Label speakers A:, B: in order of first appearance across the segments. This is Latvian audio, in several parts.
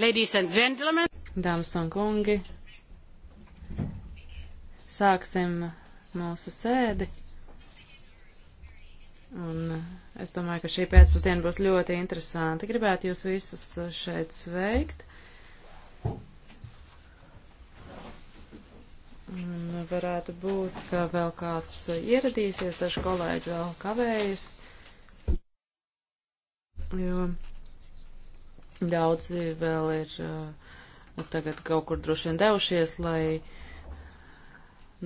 A: Ladies and gentlemen. Dāmas un kungi, sāksim mūsu sēdi. Un es domāju, ka šī pēcpusdiena būs ļoti interesanti. Gribētu jūs visus šeit sveikt. Un varētu būt, ka vēl kāds ieradīsies, daži kolēģi vēl kavējas. Jo Daudzi vēl ir uh, tagad kaut kur droši vien devušies, lai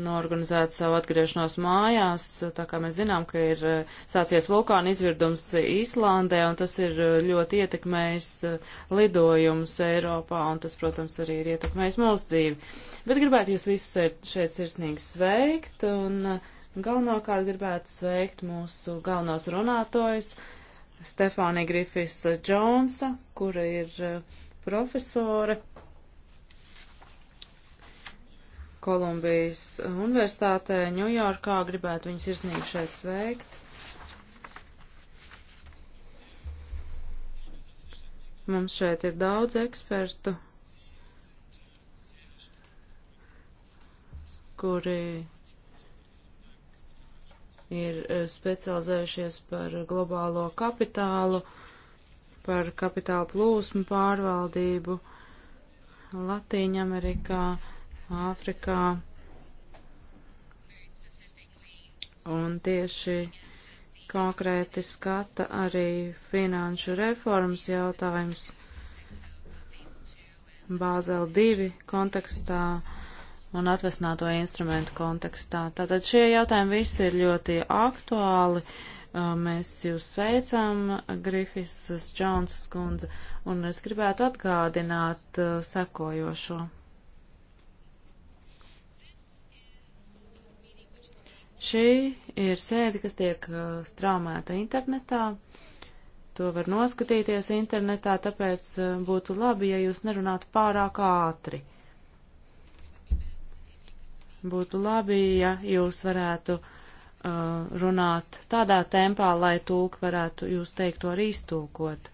A: norganizētu savu atgriešanos mājās. Tā kā mēs zinām, ka ir uh, sācies vulkāna izvirdums Īslandē, un tas ir uh, ļoti ietekmējis lidojumus Eiropā, un tas, protams, arī ir ietekmējis mūsu dzīvi. Bet gribētu jūs visus šeit sirsnīgi sveikt, un galvenokārt gribētu sveikt mūsu galvenos runātājus Stefānija Grifis Džonsa, kura ir eh, profesore Kolumbijas Universitātē Ņujorkā. Gribētu viņas iesnīgi šeit sveikt. Mums šeit ir daudz ekspertu, kuri ir eh, specializējušies par globālo kapitālu, par kapitāla plūsmu pārvaldību Latīņa Amerikā, Āfrikā. Un tieši konkrēti skata arī finanšu reformas jautājums Bāzel 2 kontekstā un atvesināto instrumentu kontekstā. Tātad šie jautājumi visi ir ļoti aktuāli. Uh, mēs jūs sveicam, Grifisas Džonsas kundze, un es gribētu atgādināt uh, sekojošo. Šī ir sēde, kas tiek uh, straumēta internetā. To var noskatīties internetā, tāpēc būtu labi, ja jūs nerunātu pārāk ātri. Būtu labi, ja jūs varētu uh, runāt tādā tempā, lai tulk varētu jūs teikt to arī iztulkot.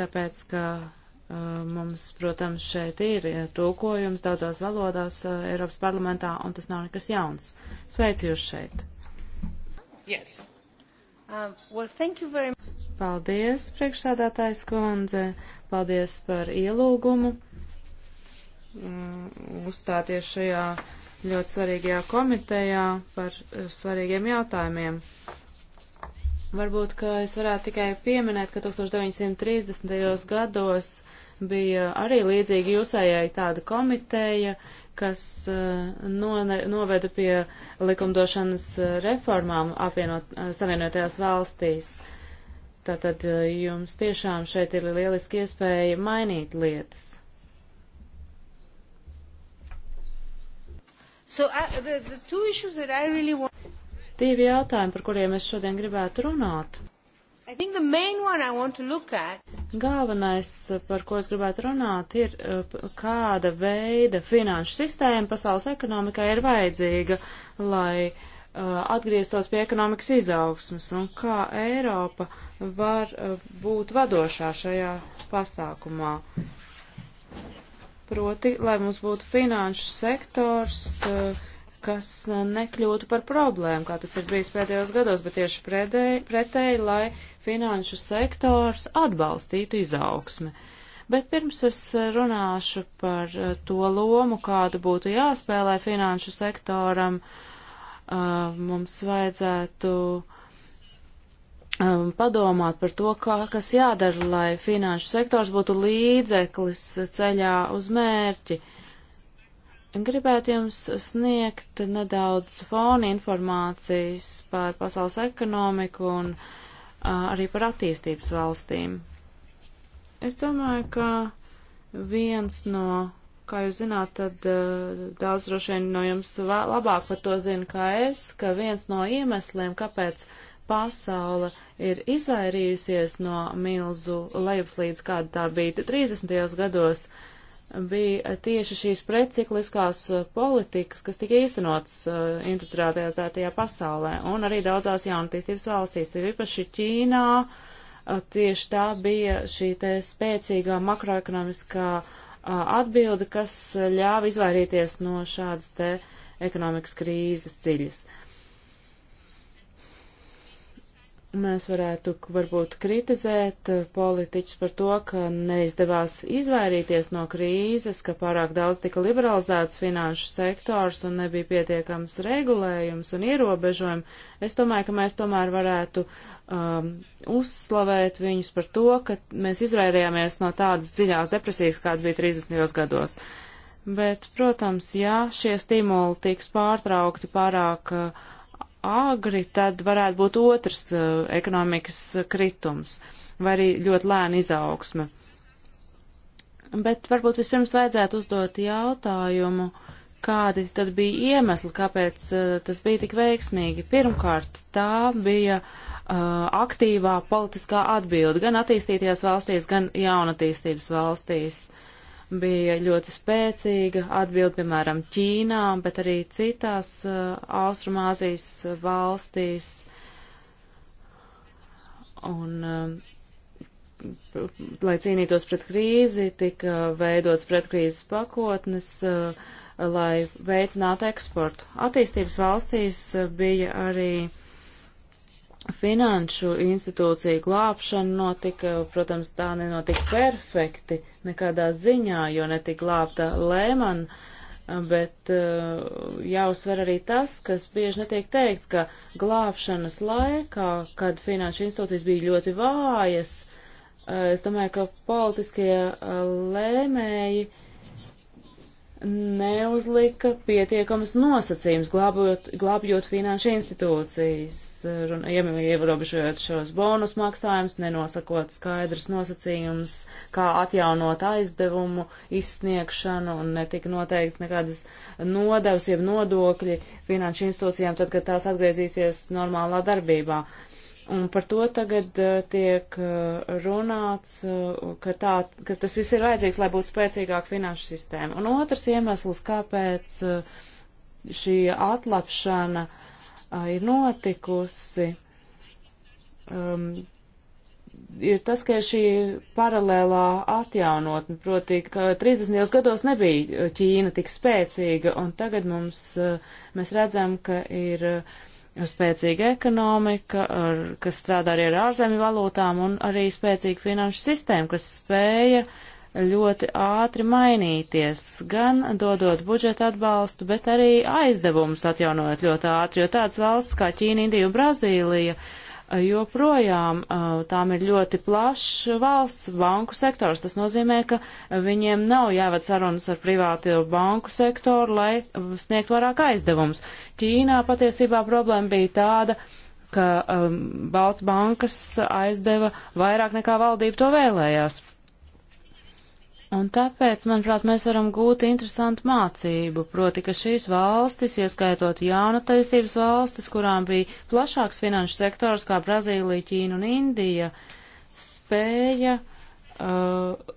A: Tāpēc, ka uh, mums, protams, šeit ir uh, tulkojums daudzās valodās uh, Eiropas parlamentā, un tas nav nekas jauns. Sveicu jūs šeit!
B: Yes. Uh, well,
A: Paldies, priekšsādātājs kundze, paldies par ielūgumu mm, uzstāties šajā ļoti svarīgajā komitejā par eh, svarīgiem jautājumiem. Varbūt, ka es varētu tikai pieminēt, ka 1930. gados bija arī līdzīgi jūsējai tāda komiteja, kas eh, no, noveda pie likumdošanas eh, reformām apvienot, savienotajās valstīs. Tātad jums tiešām šeit ir lieliski iespēja mainīt lietas. So, uh, the, the two issues that I really want... Divi jautājumi, par kuriem es šodien gribētu runāt. I think the main one I want to look at. Galvenais, eh, par ko es gribētu runāt, ir, eh, kāda veida finanšu sistēma pasaules ekonomikai ir vajadzīga, lai uh, atgrieztos pie ekonomikas izaugsmas un kā Eiropa var uh, būt vadošā šajā pasākumā proti, lai mums būtu finanšu sektors, eh, kas eh, nekļūtu par problēmu, kā tas ir bijis pēdējos gados, bet tieši pretēji, pretēji lai finanšu sektors atbalstītu izaugsmi. Bet pirms es eh, runāšu par to lomu, kādu būtu jāspēlē finanšu sektoram, mums vajadzētu uh, Um, padomāt par to, kā, kas jādara, lai finanšu sektors būtu līdzeklis ceļā uz mērķi. Gribētu jums sniegt nedaudz fona informācijas par pasaules ekonomiku un arī par attīstības valstīm. Es domāju, ka viens no, kā jūs zināt, tad daudz droši vien no jums labāk par to zina kā es, ka viens no iemesliem, kāpēc uh, pasaule ir izvairījusies no milzu lejupslīdes, kāda tā bija 30. gados, bija tieši šīs precikliskās uh, politikas, kas tika īstenotas uh, industrializētajā pasaulē un arī daudzās jaunatīstības valstīs, ir īpaši Ķīnā, uh, tieši tā bija šī te spēcīgā makroekonomiskā uh, atbilde, kas ļāva izvairīties no šādas te ekonomikas krīzes dziļas. Uh, mēs varētu varbūt kritizēt eh, politiķus par to, ka neizdevās izvairīties no krīzes, ka pārāk daudz tika liberalizēts finanšu sektors un nebija pietiekams regulējums un ierobežojumi. Es domāju, ka mēs tomēr varētu um, uzslavēt viņus par to, ka mēs izvairījāmies no tādas dziļās depresijas, kāda bija 30. gados. Bet, protams, ja šie stimuli tiks pārtraukti pārāk uh, agri, tad varētu būt otrs uh, ekonomikas kritums vai arī ļoti lēna izaugsme. Bet varbūt vispirms vajadzētu uzdot jautājumu, kādi tad bija iemesli, kāpēc uh, tas bija tik veiksmīgi. Pirmkārt, tā bija uh, aktīvā politiskā atbilde gan attīstītajās valstīs, gan jaunatīstības valstīs. Uh, bija ļoti spēcīga atbild, piemēram, Ķīnā, bet arī citās uh, Austrumāzijas valstīs. Un, uh, lai cīnītos pret krīzi, tika veidots pretkrīzes pakotnes, uh, lai veicinātu eksportu. Attīstības valstīs bija arī finanšu institūciju glābšana notika, protams, tā nenotika perfekti nekādā ziņā, jo netika glābta Lēman, bet uh, jāuzsver arī tas, kas bieži netiek teikts, ka glābšanas laikā, kad finanšu institūcijas bija ļoti vājas, uh, es domāju, ka politiskie uh, lēmēji uh, neuzlika pietiekamas nosacījums, glābjot, glābjot finanšu institūcijas, ierobežojot šos bonus maksājumus, nenosakot skaidrs nosacījums, kā atjaunot aizdevumu izsniegšanu un netika noteikti nekādas nodevs, jeb nodokļi finanšu institūcijām, tad, kad tās atgriezīsies normālā darbībā. Uh, Un par to tagad uh, tiek uh, runāts, uh, ka, tā, ka tas viss ir vajadzīgs, lai būtu spēcīgāka finanšu sistēma. Un otrs iemesls, kāpēc šī atlapšana ir notikusi, um, ir tas, ka šī paralēlā atjaunotne, proti, ka 30. gados nebija Ķīna tik spēcīga, un tagad mums, mēs redzam, ka ir spēcīga ekonomika, ar, kas strādā arī ar ārzemju valūtām, un arī spēcīga finanšu sistēma, kas spēja ļoti ātri mainīties, gan dodot budžeta atbalstu, bet arī aizdevumus atjaunojot ļoti ātri, jo tādas valsts kā Ķīna, Indija un Brazīlija Eh, joprojām eh, tām ir ļoti plašs valsts banku sektors. Tas nozīmē, ka eh, viņiem nav jāved sarunas ar privātu banku sektoru, lai sniegt vairāk aizdevums. Ķīnā patiesībā problēma bija tāda, ka um, valsts bankas aizdeva vairāk nekā valdība to vēlējās. Un tāpēc, manuprāt, mēs varam gūt interesantu mācību, proti, ka šīs valstis, ieskaitot jaunatīstības valstis, kurām bija plašāks finanšu sektors kā Brazīlija, Ķīna un Indija, spēja uh,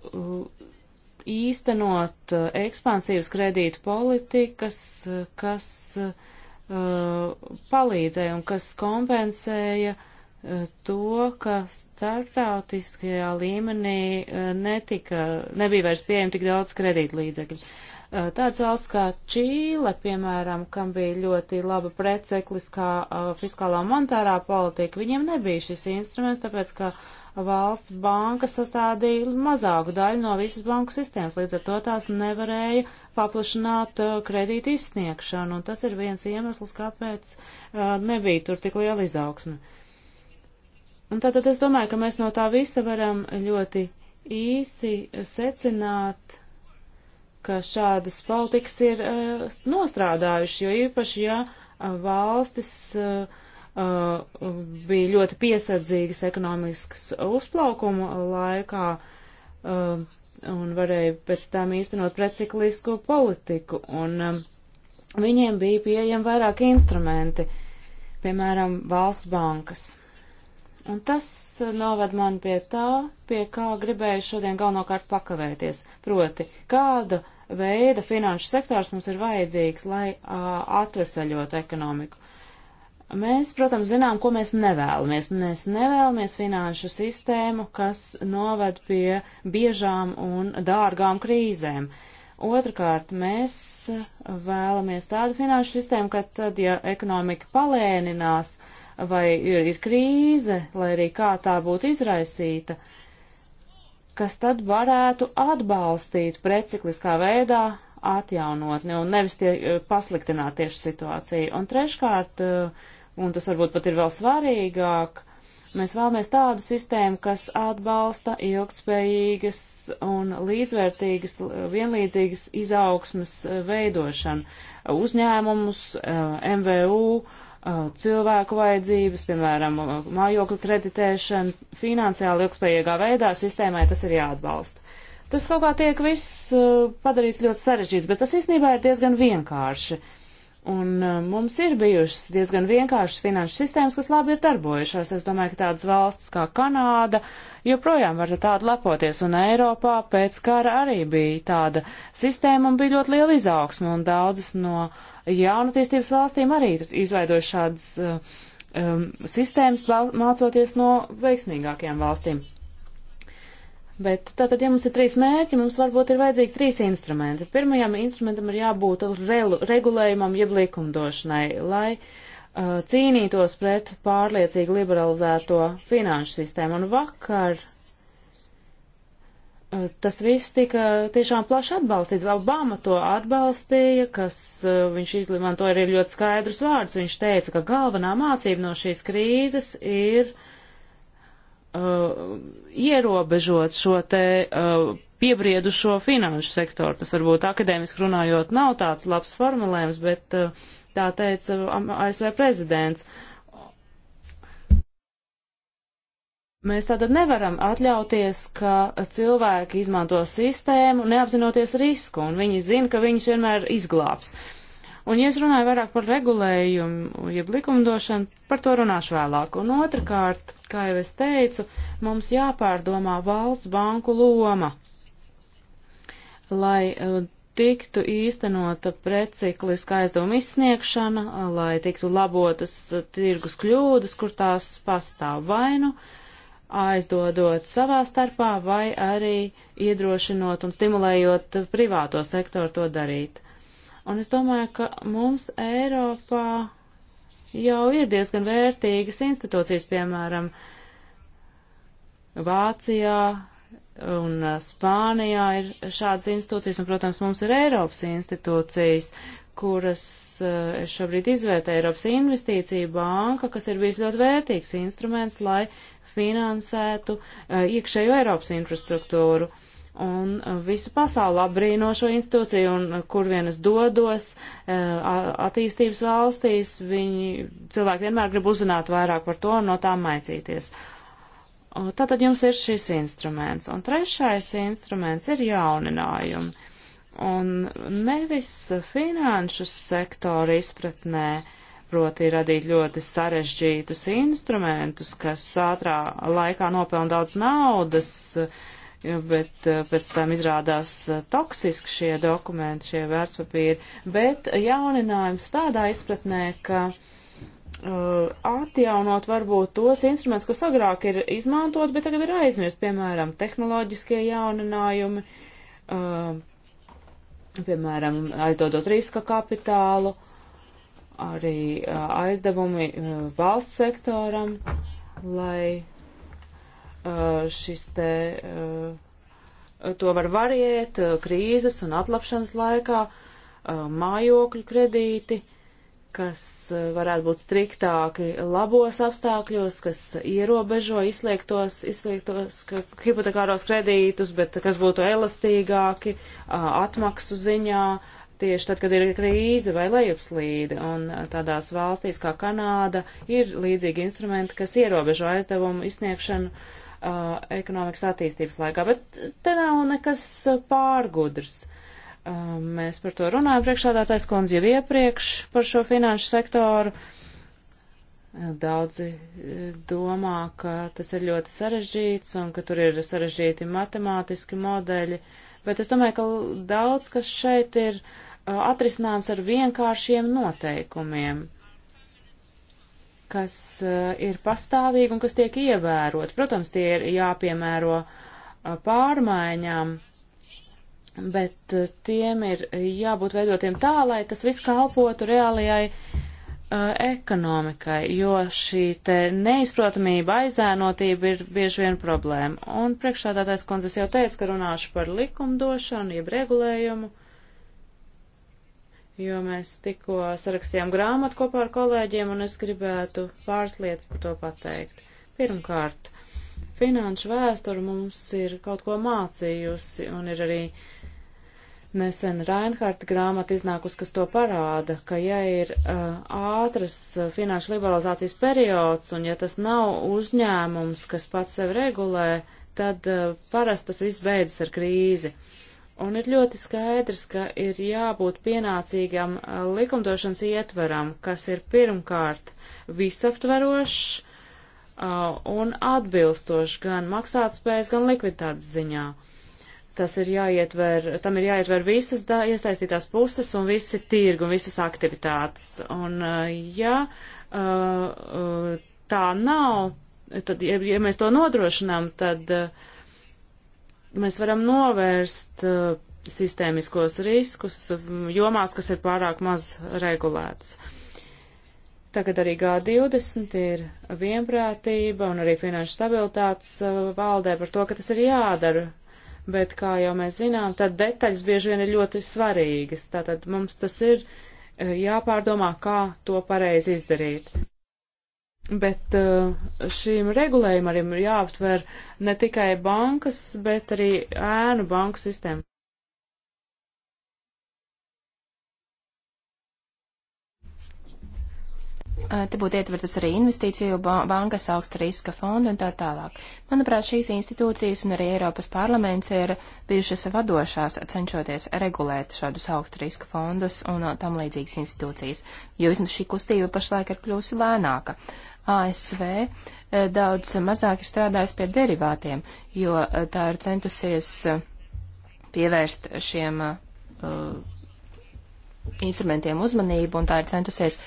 A: īstenot uh, ekspansīvas kredītu politikas, uh, kas uh, palīdzēja un kas kompensēja uh, to, ka starptautiskajā līmenī e, netika, nebija vairs pieejami tik daudz kredītlīdzekļu. E, Tāds valsts kā Čīle, piemēram, kam bija ļoti laba precekliskā e, fiskālā monetārā politika, viņiem nebija šis instruments, tāpēc, ka valsts banka sastādīja mazāku daļu no visas banku sistēmas, līdz ar to tās nevarēja paplašināt kredītu izsniegšanu, un tas ir viens iemesls, kāpēc nebija tur tik liela izaugsme. Un tātad es domāju, ka mēs no tā visa varam ļoti īsi secināt, ka šādas politikas ir uh, nostrādājušas, jo īpaši, ja uh, valstis uh, uh, bija ļoti piesardzīgas ekonomiskas uzplaukuma laikā uh, un varēja pēc tam īstenot preciklisko politiku. Un, um, Viņiem bija pieejami vairāki instrumenti, piemēram, valsts bankas. Un tas eh, noved man pie tā, pie kā gribēju šodien galvenokārt pakavēties. Proti, kāda veida finanšu sektors mums ir vajadzīgs, lai atvesaļotu ekonomiku. Mēs, protams, zinām, ko mēs nevēlamies. Mēs nevēlamies finanšu sistēmu, kas noved pie biežām un dārgām krīzēm. Otrakārt, mēs vēlamies tādu finanšu sistēmu, ka tad, ja ekonomika palēninās, vai ir, ir krīze, lai arī kā tā būtu izraisīta, kas tad varētu atbalstīt precikliskā veidā atjaunotni un nevis tie eh, pasliktināt tieši situāciju. Un treškārt, eh, un tas varbūt pat ir vēl svarīgāk, mēs vēlamies tādu sistēmu, kas atbalsta ilgtspējīgas un līdzvērtīgas, eh, vienlīdzīgas izaugsmas veidošanu uzņēmumus, MVU, Uh, cilvēku vajadzības, piemēram, uh, mājokļu kreditēšanu, finansiāli ilgspējīgā veidā sistēmai tas ir jāatbalsta. Tas kaut kā tiek viss uh, padarīts ļoti sarežģīts, bet tas īstenībā ir diezgan vienkārši. Un mums ir bijušas diezgan vienkāršas finanšu sistēmas, kas labi ir darbojušās. Es domāju, ka tādas valstis kā Kanāda joprojām var tādu lepoties, un Eiropā pēc kara arī bija tāda sistēma un bija ļoti liela izaugsme, un daudzas no uh, jaunatīstības valstīm arī ir izveidojuši šādas eh, um, sistēmas, mācoties no veiksmīgākajām valstīm. Bet tātad, ja mums ir trīs mērķi, mums varbūt ir vajadzīgi trīs instrumenti. Pirmajam instrumentam ir jābūt regulējumam, jeb likumdošanai, lai uh, cīnītos pret pārliecīgi liberalizēto finanšu sistēmu. Un vakar tas viss tika tiešām plaši atbalstīts. Obama to atbalstīja, kas viņš izlimantoja arī ļoti skaidrus vārdus. Viņš teica, ka galvenā mācība no šīs krīzes ir uh, ierobežot šo te uh, piebriedušo finanšu sektoru. Tas varbūt akadēmiski runājot nav tāds labs formulējums, bet uh, tā teica ASV prezidents. Uh, Mēs tātad nevaram atļauties, ka cilvēki izmanto sistēmu, neapzinoties risku, un viņi zina, ka viņus vienmēr izglābs. Un, ja es runāju vairāk par regulējumu, jeb likumdošanu, par to runāšu vēlāk. Un otrkārt, kā jau es teicu, mums jāpārdomā valsts banku loma, lai uh, tiktu īstenota precikliska aizdevuma izsniegšana, uh, lai tiktu labotas uh, tirgus kļūdas, kur tās pastāv vainu. Uh, aizdodot savā starpā vai arī iedrošinot un stimulējot privāto sektoru to darīt. Un es domāju, ka mums Eiropā jau ir diezgan vērtīgas institūcijas, piemēram, Vācijā un uh, Spānijā ir šādas institūcijas, un, protams, mums ir Eiropas institūcijas, kuras uh, šobrīd izvērtē Eiropas investīcija banka, kas ir bijis ļoti vērtīgs instruments, lai finansētu eh, iekšējo Eiropas infrastruktūru. Un eh, visu pasauli apbrīno šo institūciju, un eh, kur vien es dodos, attīstības valstīs, viņi, cilvēki vienmēr grib uzzināt vairāk par to un no tām maicīties. Tātad jums ir šis instruments. Un trešais instruments ir jauninājumi. Un nevis finanšu sektora izpratnē, uh, proti radīt ļoti sarežģītus instrumentus, kas ātrā laikā nopelna daudz naudas, bet eh, pēc tam izrādās eh, toksiski šie dokumenti, šie vērtspapīri. Bet jauninājums tādā izpratnē, ka uh, atjaunot varbūt tos instrumentus, kas agrāk ir izmantot, bet tagad ir aizmirst, piemēram, tehnoloģiskie jauninājumi, uh, piemēram, aizdodot riska kapitālu, uh, arī aizdevumi valsts sektoram, lai šis te, to var variēt krīzes un atlapšanas laikā, mājokļu kredīti, kas varētu būt striktāki labos apstākļos, kas ierobežo izliektos, izliektos hipotekāros kredītus, bet kas būtu elastīgāki atmaksu ziņā, uh, tieši tad, kad ir krīze vai lejupslīde, un tādās valstīs kā Kanāda ir līdzīgi instrumenti, kas ierobežo aizdevumu izsniegšanu uh, ekonomikas attīstības laikā, bet te nav nekas uh, pārgudrs. Uh, mēs par to runājam priekšādātais kundze jau iepriekš par šo finanšu sektoru. Uh, daudzi uh, domā, ka tas ir ļoti sarežģīts un ka tur ir sarežģīti matemātiski modeļi, bet es domāju, ka daudz kas šeit ir uh, Uh, atrisināms ar vienkāršiem noteikumiem, kas uh, ir pastāvīgi un kas tiek ievērot. Protams, tie ir jāpiemēro uh, pārmaiņām, bet tiem ir jābūt veidotiem tā, lai tas viss kalpotu reālajai ekonomikai, jo šī te neizprotamība, aizēnotība ir bieži vien problēma. Un priekšādātais konzes jau teica, ka runāšu par likumdošanu, jeb regulējumu. Uh, jo mēs tikko sarakstījām grāmatu kopā ar kolēģiem, un es gribētu pāris lietas par to pateikt. Pirmkārt, finanšu vēsture mums ir kaut ko mācījusi, un ir arī nesen Reinhardt grāmata iznākus, kas to parāda, ka ja ir uh, ātras uh, finanšu liberalizācijas periods, un ja tas nav uzņēmums, kas pats sevi regulē, tad uh, parasti tas viss beidzas ar krīzi. Uh, Un ir ļoti skaidrs, ka ir jābūt pienācīgam eh, likumdošanas ietveram, kas ir pirmkārt visaptverošs uh, un atbilstošs gan maksātspējas, gan likviditātes ziņā. Tas ir jāietver, tam ir jāietver visas da, iesaistītās puses un visi tirgi un visas aktivitātes. Un uh, ja uh, tā nav, tad, ja, ja mēs to nodrošinām, tad uh, mēs varam novērst uh, sistēmiskos riskus uh, jomās, kas ir pārāk maz regulēts. Tagad arī G20 ir vienprātība un arī finanšu stabilitātes uh, valdē par to, ka tas ir jādara. Bet, kā jau mēs zinām, tad detaļas bieži vien ir ļoti svarīgas. Tātad mums tas ir uh, jāpārdomā, kā to pareizi izdarīt. Bet eh, šīm regulējumam arī ir jāaptver ne tikai bankas, bet arī ēnu
C: banku sistēmu. Eh, te būtu ietvertas arī investīciju bankas, augsta riska fonda un tā tālāk. Manuprāt, šīs institūcijas un arī Eiropas parlaments ir bijušas vadošās cenšoties regulēt šādus augsta riska fondus un eh, tam līdzīgas institūcijas, jo vismaz šī kustība pašlaik ir kļūsi lēnāka. ASV eh, daudz mazāk ir strādājusi pie derivātiem, jo eh, tā ir centusies eh, pievērst šiem instrumentiem uzmanību un tā ir centusies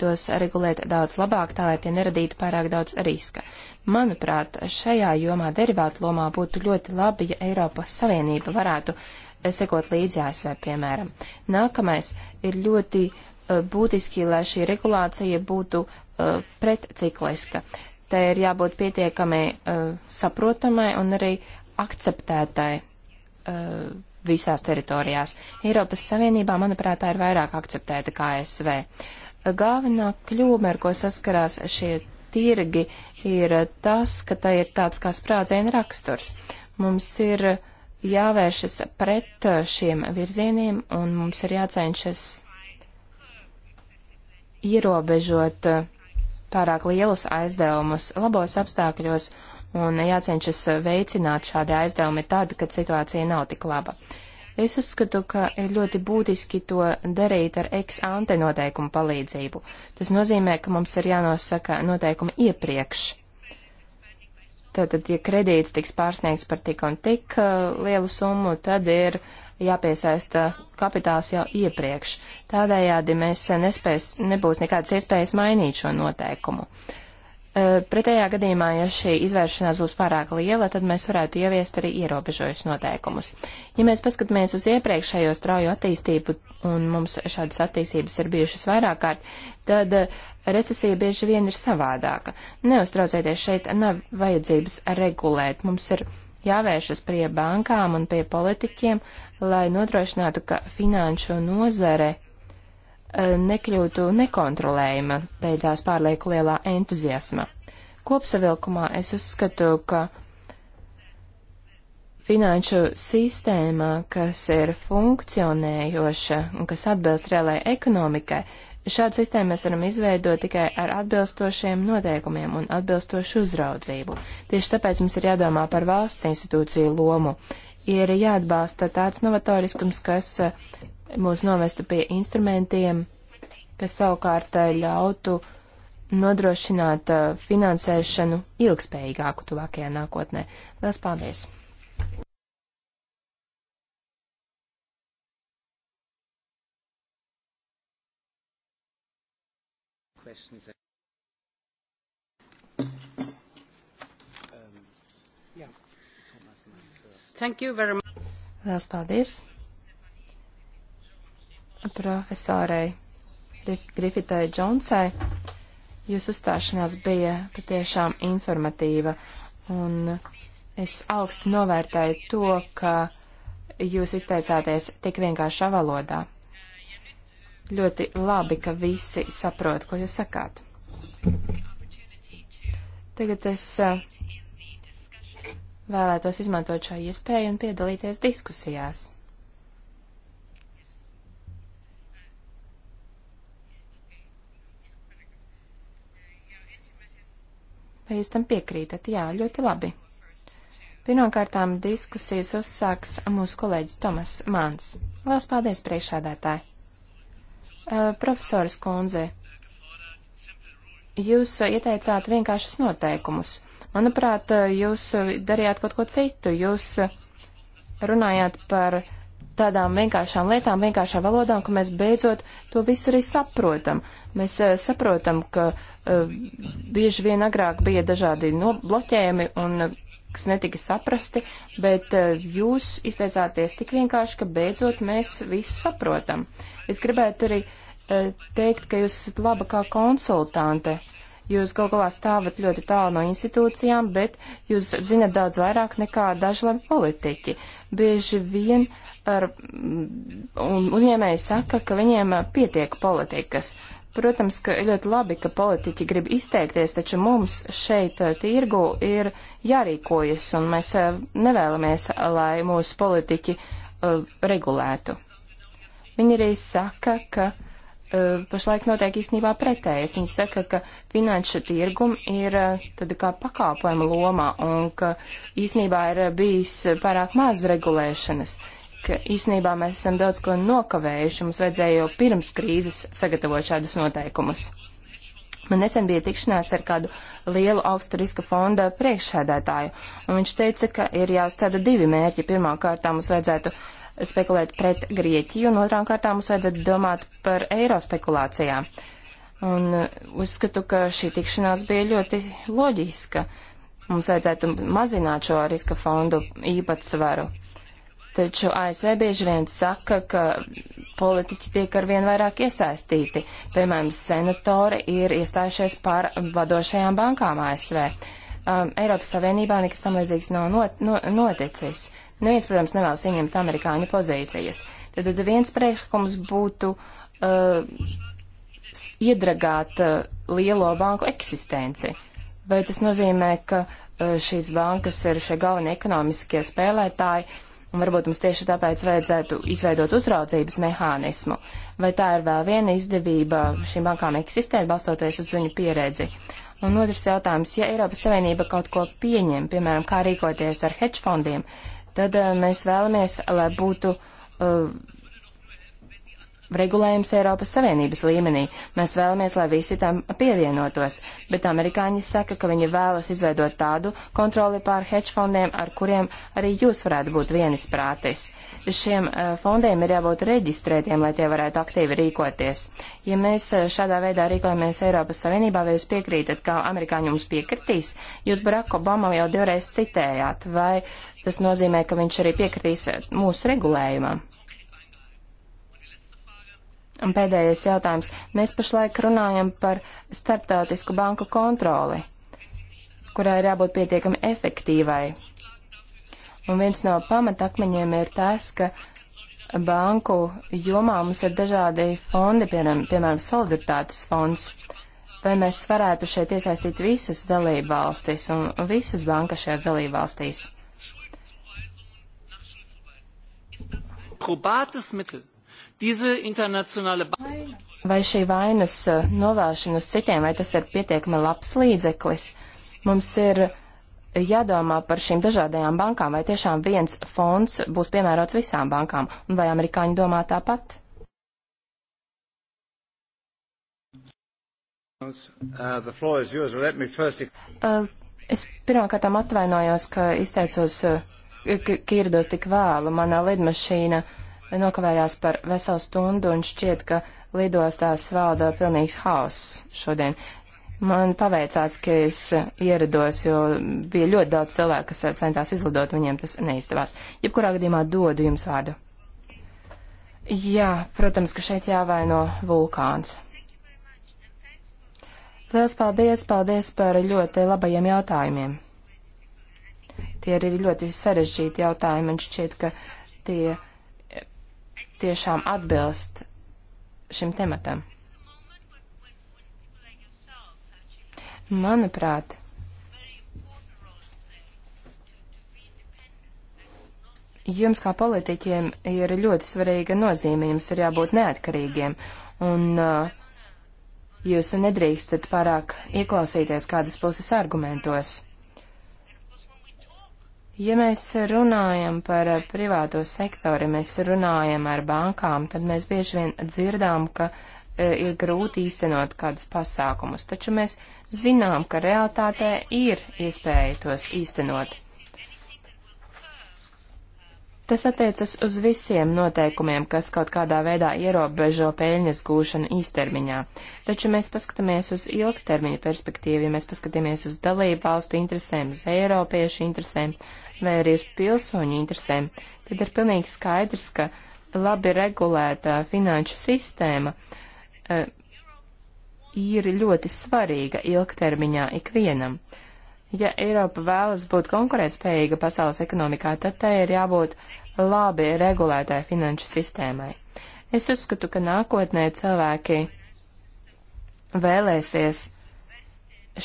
C: tos regulēt daudz labāk, tā lai tie neradītu pārāk daudz riska. Manuprāt, šajā jomā derivātu lomā būtu ļoti labi, ja Eiropas Savienība varētu sekot līdzi ASV, piemēram. Nākamais ir ļoti būtiski, lai šī regulācija būtu uh, pretcikliska. Te ir jābūt pietiekami uh, saprotamai un arī akceptētai uh, visās teritorijās. Eiropas Savienībā, manuprāt, tā ir vairāk akceptēta kā ASV. Galvenā kļūme, ar ko saskarās šie tirgi, ir tas, ka tai ir tāds kā sprādziena raksturs. Mums ir jāvēršas pret šiem virzieniem un mums ir jācenšas ierobežot uh, pārāk lielus aizdevumus labos apstākļos un jācenšas veicināt šādi aizdevumi tad, kad situācija nav tik laba. Es uzskatu, ka ir ļoti būtiski to darīt ar ex ante noteikumu palīdzību. Tas nozīmē, ka mums ir jānosaka noteikumi iepriekš. Tātad, ja kredīts tiks pārsniegts par tik un tik uh, lielu summu, tad ir uh, jāpiesaista kapitāls jau iepriekš. Tādējādi mēs nespēs, nebūs nekādas iespējas mainīt šo noteikumu. E, pretējā gadījumā, ja šī izvēršanās būs pārāk liela, tad mēs varētu ieviest arī ierobežojus noteikumus. Ja mēs paskatāmies uz iepriekšējo strauju attīstību, un mums šādas attīstības ir bijušas vairāk kārt, tad recesija bieži vien ir savādāka. Neuztraucieties, šeit nav vajadzības regulēt. Mums ir jāvēršas pie bankām un pie politiķiem, lai nodrošinātu, ka finanšu nozare eh, nekļūtu nekontrolējama dēļ tās pārlieku lielā entuziasma. Kopsavilkumā es uzskatu, ka finanšu sistēmā, kas ir funkcionējoša un kas atbilst reālajai ekonomikai, Šādu sistēmu mēs varam izveidot tikai ar atbilstošiem noteikumiem un atbilstošu uzraudzību. Tieši tāpēc mums ir jādomā par valsts institūciju lomu. Ir jāatbalsta tāds novatoriskums, kas eh, mūs novestu pie instrumentiem, kas savukārt eh, ļautu nodrošināt eh, finansēšanu ilgspējīgāku tuvākajā nākotnē. Lielas paldies!
D: questions. Um, yeah. Thank you
B: very
C: much. Lielas paldies profesorei Grifitai Džonsai. Jūsu uzstāšanās bija patiešām informatīva, un es augstu novērtēju to, ka jūs izteicāties tik vienkāršā valodā. Ļoti labi, ka visi saprot, ko jūs sakāt. Tagad es eh, vēlētos izmantot šo iespēju un piedalīties diskusijās. Vai jūs tam piekrītat? Jā, ļoti labi. Pirmkārtām diskusijas uzsāks mūsu kolēģis Tomas Mans. Lielas paldies, priekšādētāji! Eh, Profesors Kunze, jūs eh, ieteicāt vienkāršus noteikumus. Manuprāt, eh, jūs darījāt kaut ko citu. Jūs runājāt par tādām vienkāršām lietām, vienkāršām valodām, ka mēs beidzot to visu arī saprotam. Mēs uh, saprotam, ka uh, bieži vien agrāk bija dažādi nobloķējumi un uh, kas netika saprasti, bet eh, jūs izteicāties tik vienkārši, ka beidzot mēs visu saprotam. Es gribētu arī eh, teikt, ka jūs esat laba kā konsultante. Jūs gal galā stāvat ļoti tālu no institūcijām, bet jūs zinat daudz vairāk nekā daži labi politiķi. Bieži vien ar, mm, un uzņēmēji saka, ka viņiem pietiek politikas. Protams, ka ļoti labi, ka politiķi grib izteikties, taču mums šeit eh, tirgu ir jārīkojas, un mēs eh, nevēlamies, eh, lai mūsu politiķi uh, regulētu. Viņi arī saka, ka uh, pašlaik notiek īstenībā pretējais. Viņi saka, ka finanšu tirgum ir uh, tad kā pakāpojuma loma, un ka īstenībā ir bijis pārāk maz regulēšanas ka īsnībā mēs esam daudz ko nokavējuši, mums vajadzēja jau pirms krīzes sagatavot šādus noteikumus. Man nesen bija tikšanās ar kādu lielu augsta riska fonda priekšsēdētāju, un viņš teica, ka ir jāuzstāda divi mērķi. Pirmā kārtā mums vajadzētu spekulēt pret Grieķiju, un otrām kārtām mums vajadzētu domāt par eiro spekulācijām. Un uh, uzskatu, ka šī tikšanās bija ļoti loģiska. Mums vajadzētu mazināt šo riska fondu īpatsvaru. Taču ASV bieži vien saka, ka politiķi tiek arvien vairāk iesaistīti. Piemēram, senatori ir iestājušies par vadošajām bankām ASV. Um, Eiropas Savienībā nekas tam līdzīgs nav not, no, noticis. Neviens, protams, nevēlas ieņemt amerikāņu pozīcijas. Tad, tad viens priekšlikums būtu uh, iedragāt uh, lielo banku eksistenci. Vai tas nozīmē, ka uh, šīs bankas ir šie galvenie ekonomiskie spēlētāji, Un varbūt mums tieši tāpēc vajadzētu izveidot uzraudzības mehānismu. Vai tā ir vēl viena izdevība šīm bankām eksistēt, balstoties uz viņu pieredzi? Un otrs jautājums, ja Eiropas Savienība kaut ko pieņem, piemēram, kā rīkoties ar hedge fondiem, tad uh, mēs vēlamies, lai būtu uh, regulējums Eiropas Savienības līmenī. Mēs vēlamies, lai visi tam pievienotos, bet amerikāņi saka, ka viņi vēlas izveidot tādu kontroli pār hedge fondiem, ar kuriem arī jūs varētu būt vienis prātis. Šiem eh, fondiem ir jābūt reģistrētiem, lai tie varētu aktīvi rīkoties. Ja mēs eh, šādā veidā rīkojamies Eiropas Savienībā, vai jūs piekrītat, ka amerikāņi mums piekritīs, jūs Barack Obama jau divreiz citējāt, vai tas nozīmē, ka viņš arī piekritīs eh, mūsu regulējumam? Un pēdējais jautājums. Mēs pašlaik runājam par starptautisku banku kontroli, kurai ir jābūt pietiekami efektīvai. Un viens no pamatakmeņiem ir tas, ka banku jomā mums ir dažādi fondi, piemēram, piemēram solidaritātes fonds. Vai mēs varētu šeit iesaistīt visas dalībvalstis un visas bankas šajās dalībvalstīs?
E: Probates mittel
C: Vai šī vainas eh, novēršana uz citiem, vai tas ir pietiekami labs līdzeklis? Mums ir jādomā par šīm dažādajām bankām, vai tiešām viens fonds būs piemērots visām bankām, un vai amerikāņi domā tāpat?
D: Uh, yours, first...
C: uh, es pirmkārtām atvainojos, ka izteicos, ka, uh, ka ierados tik vēlu. Manā lidmašīna uh, nokavējās par veselu stundu un šķiet, ka lidostās valda pilnīgs haoss šodien. Man paveicās, ka es ierados, jo bija ļoti daudz cilvēku, kas eh, centās izlidot, viņiem tas neizdevās. Jebkurā gadījumā dodu jums vārdu. Jā, protams, ka šeit jāvaino vulkāns. Liels paldies, paldies par ļoti labajiem jautājumiem. Tie ir ļoti sarežģīti jautājumi, man šķiet, ka tie tiešām atbilst šim tematam. Manuprāt, jums kā politiķiem ir ļoti svarīga nozīme, jums ir jābūt neatkarīgiem, un uh, jūs nedrīkstat pārāk ieklausīties kādas puses argumentos. Ja mēs runājam par eh, privāto sektoru, ja mēs runājam ar bankām, tad mēs bieži vien dzirdām, ka eh, ir grūti īstenot kādus pasākumus, taču mēs zinām, ka realitātē ir iespēja tos īstenot. Tas attiecas uz visiem noteikumiem, kas kaut kādā veidā ierobežo peļņas gūšanu īstermiņā. Taču mēs paskatāmies uz ilgtermiņa perspektīvu, ja mēs paskatāmies uz dalību valstu interesēm, uz eiropiešu interesēm vai arī uz pilsoņu interesēm, tad ir pilnīgi skaidrs, ka labi regulēta finanšu sistēma e, ir ļoti svarīga ilgtermiņā ikvienam. Ja Eiropa vēlas būt konkurētspējīga pasaules ekonomikā, tad tai ir jābūt labi regulētai finanšu sistēmai. Es uzskatu, ka nākotnē cilvēki vēlēsies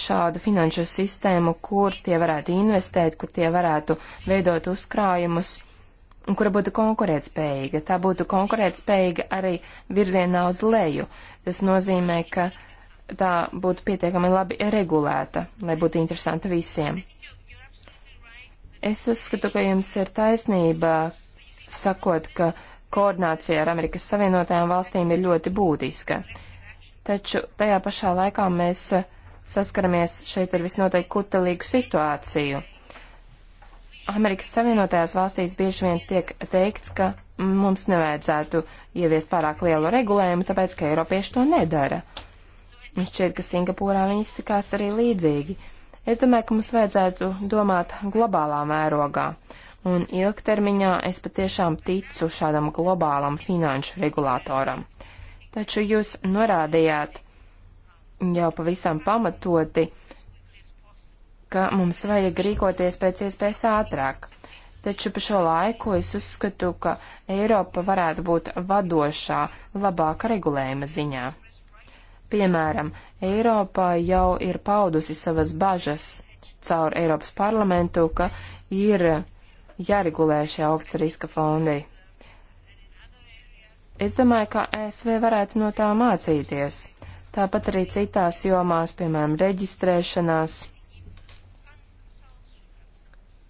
C: šādu finanšu sistēmu, kur tie varētu investēt, kur tie varētu veidot uzkrājumus un kura būtu konkurētspējīga. Tā būtu konkurētspējīga arī virzienā uz leju. Tas nozīmē, ka uh, tā būtu pietiekami labi regulēta, lai būtu interesanta visiem. Es uzskatu, ka jums ir taisnība sakot, ka koordinācija ar Amerikas Savienotajām valstīm ir ļoti būtiska. Taču tajā pašā laikā mēs saskaramies šeit ar visnotaļ kutelīgu situāciju. Amerikas Savienotajās valstīs bieži vien tiek teikts, ka mums nevajadzētu ieviest pārāk lielu regulējumu, tāpēc, ka Eiropieši to nedara. Uh, Un šķiet, ka Singapūrā viņi izsakās arī līdzīgi. Es domāju, ka mums vajadzētu domāt globālā mērogā. Un ilgtermiņā es patiešām ticu šādam globālam finanšu regulātoram. Taču jūs norādījāt jau pavisam pamatoti, ka mums vajag rīkoties pēc iespējas ātrāk. Taču pa šo laiku es uzskatu, ka Eiropa varētu būt vadošā, labāka regulējuma ziņā. Piemēram, Eiropā jau ir paudusi savas bažas caur Eiropas parlamentu, ka ir jāregulē šie augsta riska fondi. Es domāju, ka ASV varētu no tā mācīties. Tāpat arī citās jomās, piemēram, reģistrēšanās.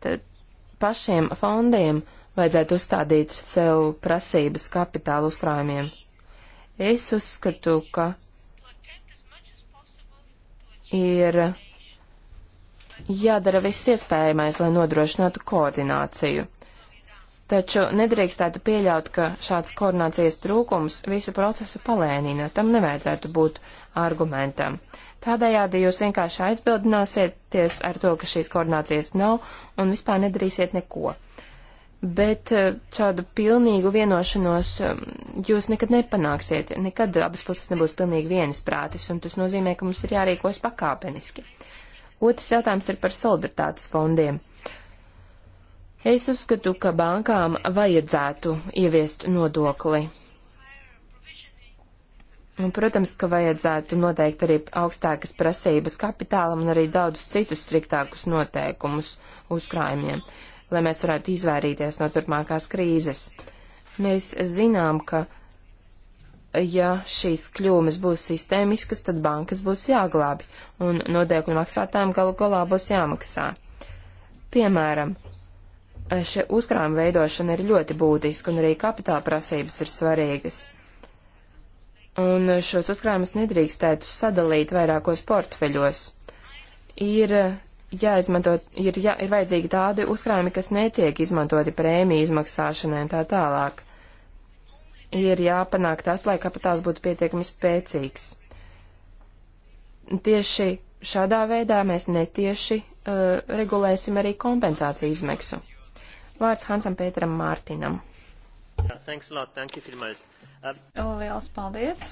C: Tad pašiem fondiem vajadzētu uzstādīt sev prasības kapitāla uzkrājumiem. Es uzskatu, ka ir jādara viss iespējamais, lai nodrošinātu koordināciju. Taču nedrīkstētu pieļaut, ka šāds koordinācijas trūkums visu procesu palēnina. Tam nevajadzētu būt argumentam. Tādējādi jūs vienkārši aizbildināsieties ar to, ka šīs koordinācijas nav un vispār nedarīsiet neko bet eh, šādu pilnīgu vienošanos um, jūs nekad nepanāksiet. Nekad abas puses nebūs pilnīgi vienisprātis, un tas nozīmē, ka mums ir jārīkos pakāpeniski. Otrs jautājums ir par solidaritātes fondiem. Es uzskatu, ka bankām vajadzētu ieviest nodokli. Un, protams, ka vajadzētu noteikt arī augstākas prasības kapitālam un arī daudzus citus striktākus noteikumus uzkrājumiem. Uh, lai mēs varētu izvairīties no turpmākās krīzes. Mēs zinām, ka ja šīs kļūmes būs sistēmiskas, tad bankas būs jāglābi un nodēkļu maksātājiem galu galā būs jāmaksā. Piemēram, šie uzkrājuma veidošana ir ļoti būtiska un arī kapitāla prasības ir svarīgas. Un šos uzkrājumus nedrīkstētu sadalīt vairākos portfeļos. Ir jāizmanto, ir, jā, ir vajadzīgi tādi uzkrājumi, kas netiek izmantoti prēmiju izmaksāšanai un tā tālāk. Ir jāpanāk tas, lai kapitāls būtu pietiekami spēcīgs. Tieši šādā veidā mēs netieši uh, regulēsim arī kompensāciju izmaksu. Vārds Hansam Pēteram Mārtinam.
B: Uh, Liels paldies!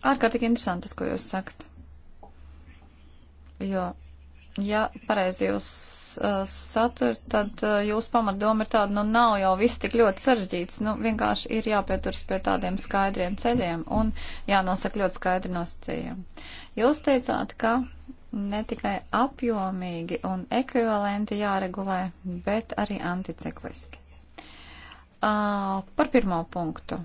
B: Ārkārtīgi interesantas, ko jūs sakat. Jo, ja pareizi jūs uh, satur, tad uh, jūsu pamatdoma ir tāda, nu nav jau viss tik ļoti sarežģīts, nu vienkārši ir jāpieturas pie tādiem skaidriem ceļiem un jānosaka ļoti skaidri nosacījumi. Jūs teicāt, ka ne tikai apjomīgi un ekvivalenti jāregulē, bet arī anticikliski. Uh, par pirmo punktu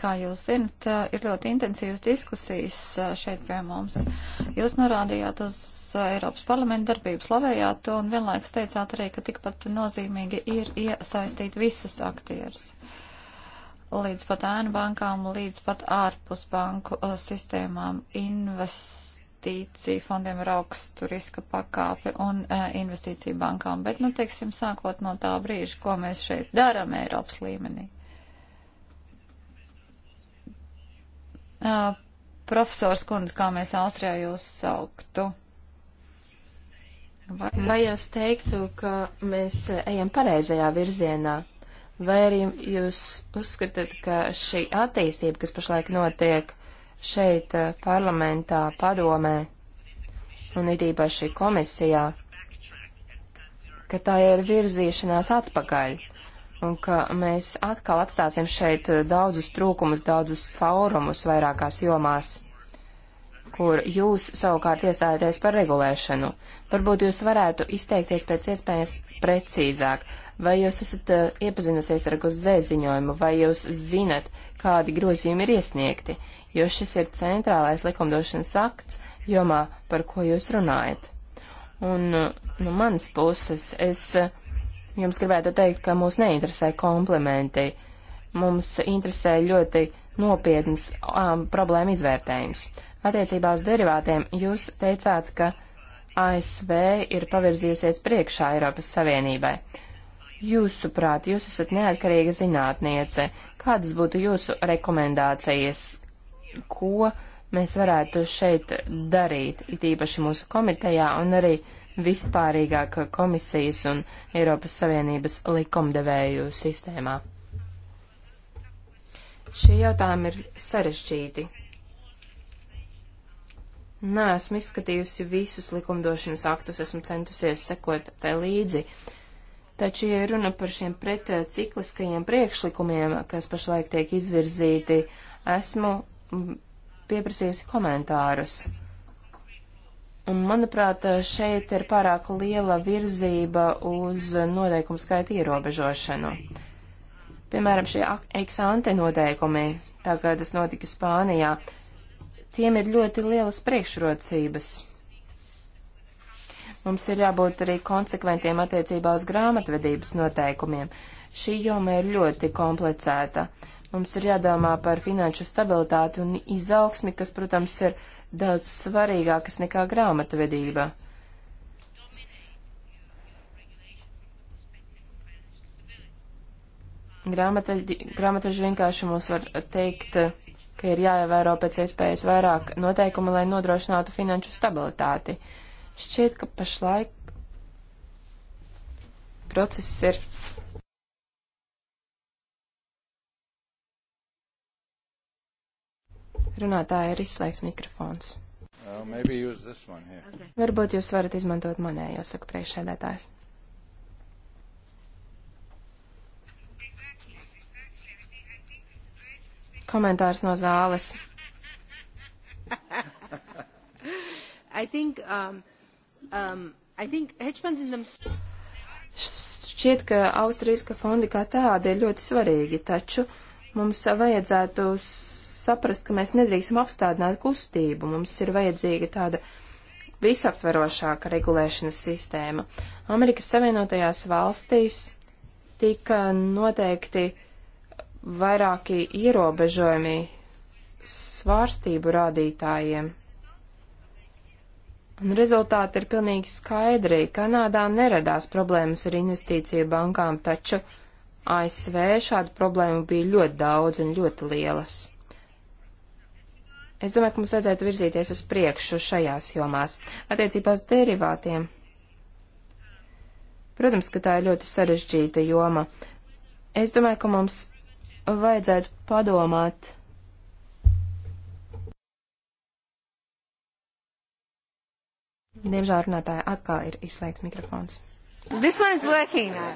B: Kā jūs zinat, ir ļoti intensīvas diskusijas šeit pie mums. Jūs norādījāt uz Eiropas parlamenta darbību, slavējāt to un vienlaikus teicāt arī, ka tikpat nozīmīgi ir iesaistīt visus aktierus. Līdz pat ēnu bankām, līdz pat ārpus banku sistēmām investīciju fondiem ir augstu riska pakāpe un investīciju bankām. Bet, nu, teiksim, sākot no tā brīža, ko mēs šeit darām Eiropas līmenī Uh, profesors kundze, kā mēs Austrijā jūs sauktu?
C: Vai... vai jūs teiktu, ka mēs ejam pareizajā virzienā? Vai arī jūs uzskatāt, ka šī attīstība, kas pašlaik notiek šeit uh, parlamentā, padomē un it īpaši komisijā, ka tā ir virzīšanās atpakaļ? un ka mēs atkal atstāsim šeit eh, daudzus trūkumus, daudzus caurumus vairākās jomās, kur jūs savukārt iestājāties par regulēšanu. Varbūt jūs varētu izteikties pēc iespējas precīzāk, vai jūs esat eh, iepazinusies ar gozē ziņojumu, vai jūs zinat, kādi grozījumi ir iesniegti, jo šis ir centrālais likumdošanas akts jomā, par ko jūs runājat. Un eh, no nu, manas puses es uh, jums gribētu teikt, ka mūs neinteresē komplimenti. Mums interesē ļoti nopietnas um, problēma izvērtējums. Attiecībā uz derivātiem jūs teicāt, ka ASV ir pavirzījusies priekšā Eiropas Savienībai. Jūsuprāt, jūs esat neatkarīga zinātniece. Kādas būtu jūsu rekomendācijas, ko mēs varētu šeit darīt, it īpaši mūsu komitejā un arī uh, vispārīgāk komisijas un Eiropas Savienības likumdevēju sistēmā. Šie jautājumi ir sarežģīti. Nē, esmu izskatījusi visus likumdošanas aktus, esmu centusies sekot tai līdzi. Taču, ja runa par šiem pretcikliskajiem priekšlikumiem, kas pašlaik tiek izvirzīti, esmu mm, pieprasījusi komentārus. Un, manuprāt, šeit ir pārāk liela virzība uz noteikumu skaita ierobežošanu. Piemēram, šie eksante noteikumi, tā kā tas notika Spānijā, tiem ir ļoti lielas priekšrocības. Mums ir jābūt arī konsekventiem attiecībā uz grāmatvedības noteikumiem. Šī joma ir ļoti komplicēta. Mums ir jādomā par finanšu stabilitāti un izaugsmi, kas, protams, ir daudz svarīgākas nekā grāmatvedība. Grāmatveži vienkārši mums var teikt, ka ir jāievēro pēc iespējas vairāk noteikumu, lai nodrošinātu finanšu stabilitāti. Šķiet, ka pašlaik process ir runātāja ir izslēgts mikrofons.
E: Uh, okay. Varbūt
C: jūs varat izmantot manējo, saka priekšsēdētājs. Komentārs no zāles.
B: I think, um,
D: um, I think hedge funds in themselves
C: šķiet, ka austrijas fondi kā tādi ir ļoti svarīgi, taču Mums vajadzētu saprast, ka mēs nedrīkstam apstādināt kustību. Mums ir vajadzīga tāda visaptverošāka regulēšanas sistēma. Amerikas Savienotajās valstīs tika noteikti vairāki ierobežojumi svārstību rādītājiem. Un rezultāti ir pilnīgi skaidri. Kanādā neradās problēmas ar investīciju bankām, taču ASV šādu problēmu bija ļoti daudz un ļoti lielas. Es domāju, ka mums vajadzētu virzīties uz priekšu šajās jomās, attiecībās derivātiem. Protams, ka tā ir ļoti sarežģīta joma. Es domāju, ka mums vajadzētu padomāt. Diemžēl runātāja atkal ir izslēgts mikrofons.
B: This one is working now.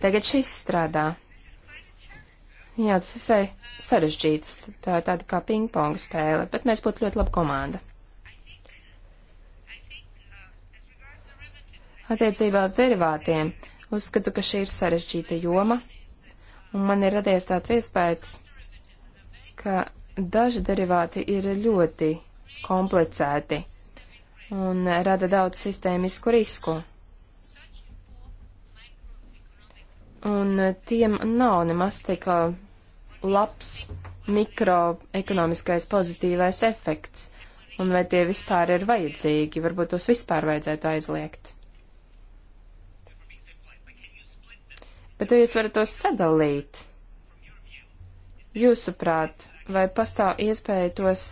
C: Tagad šis strādā. Jā, tas visai sarežģīts. Tā ir tāda kā ping-pong spēle, bet mēs būtu ļoti laba komanda. Attiecībā uz derivātiem uzskatu, ka šī ir sarežģīta joma, un man ir radies tāds iespējas, ka daži derivāti ir ļoti komplicēti un rada daudz sistēmisku risku. un eh, tiem nav nemaz tik eh, labs mikroekonomiskais pozitīvais efekts, un vai tie vispār ir vajadzīgi, varbūt tos vispār vajadzētu aizliegt. Bet jūs varat tos sadalīt. Jūsuprāt, vai pastāv iespēja tos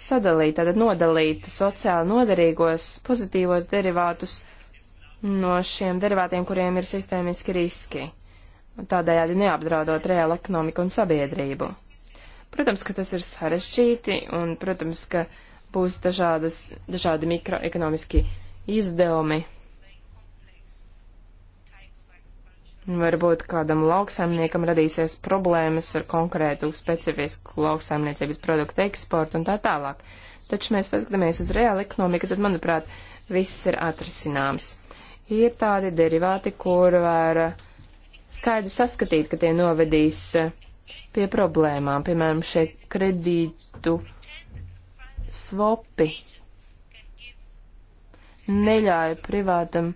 C: sadalīt, tātad nodalīt sociāli noderīgos pozitīvos derivātus no šiem derivātiem, kuriem ir sistēmiski riski, tādējādi neapdraudot reālu ekonomiku un sabiedrību. Protams, ka tas ir sarežģīti un, protams, ka būs dažādas, dažādi mikroekonomiski izdevumi. Varbūt kādam lauksaimniekam radīsies problēmas ar konkrētu specifisku lauksaimniecības produktu eksportu un tā tālāk. Taču mēs paskatāmies uz reālu ekonomiku, tad, manuprāt, viss ir atrisināms. Ir tādi derivāti, kur var skaidri saskatīt, ka tie novedīs eh, pie problēmām, piemēram, šie kredītu svopi neļauj privātam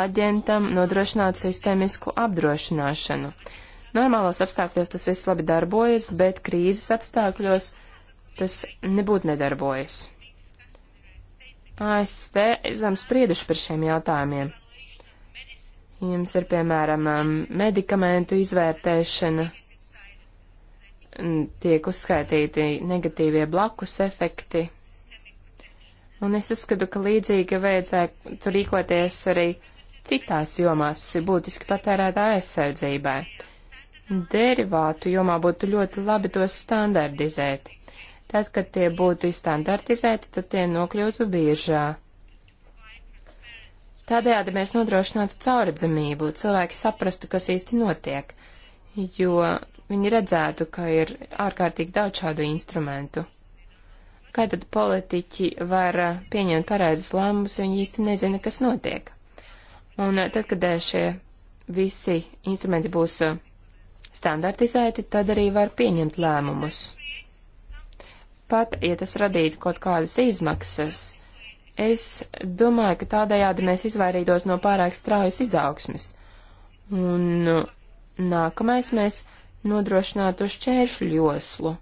C: āģentam nodrošināt sistēmisku apdrošināšanu. Normālos apstākļos tas viss labi darbojas, bet krīzes apstākļos tas nebūtu nedarbojas. ASV esam sprieduši par šiem jautājumiem. Jums ir, piemēram, um, medikamentu izvērtēšana, tiek uzskaitīti negatīvie blakus efekti. Un es uzskatu, ka līdzīgi vajadzētu rīkoties arī citās jomās, tas ir būtiski patērētā aizsardzībai derivātu jomā būtu ļoti labi tos standardizēt. Tad, kad tie būtu standartizēti, tad tie nokļūtu biežā. Tādējādi mēs nodrošinātu cauradzamību, cilvēki saprastu, kas īsti notiek, jo viņi redzētu, ka ir ārkārtīgi daudz šādu instrumentu. Kā tad politiķi var pieņemt pareizus lēmumus, viņi īsti nezina, kas notiek. Un eh, tad, kad eh, šie visi instrumenti būs eh, standartizēti, tad arī var pieņemt lēmumus pat ja tas radītu kaut kādas izmaksas. Es domāju, ka tādējādi mēs izvairītos no pārāk straujas izaugsmes. Un nu, nākamais mēs nodrošinātu šķēršļu joslu.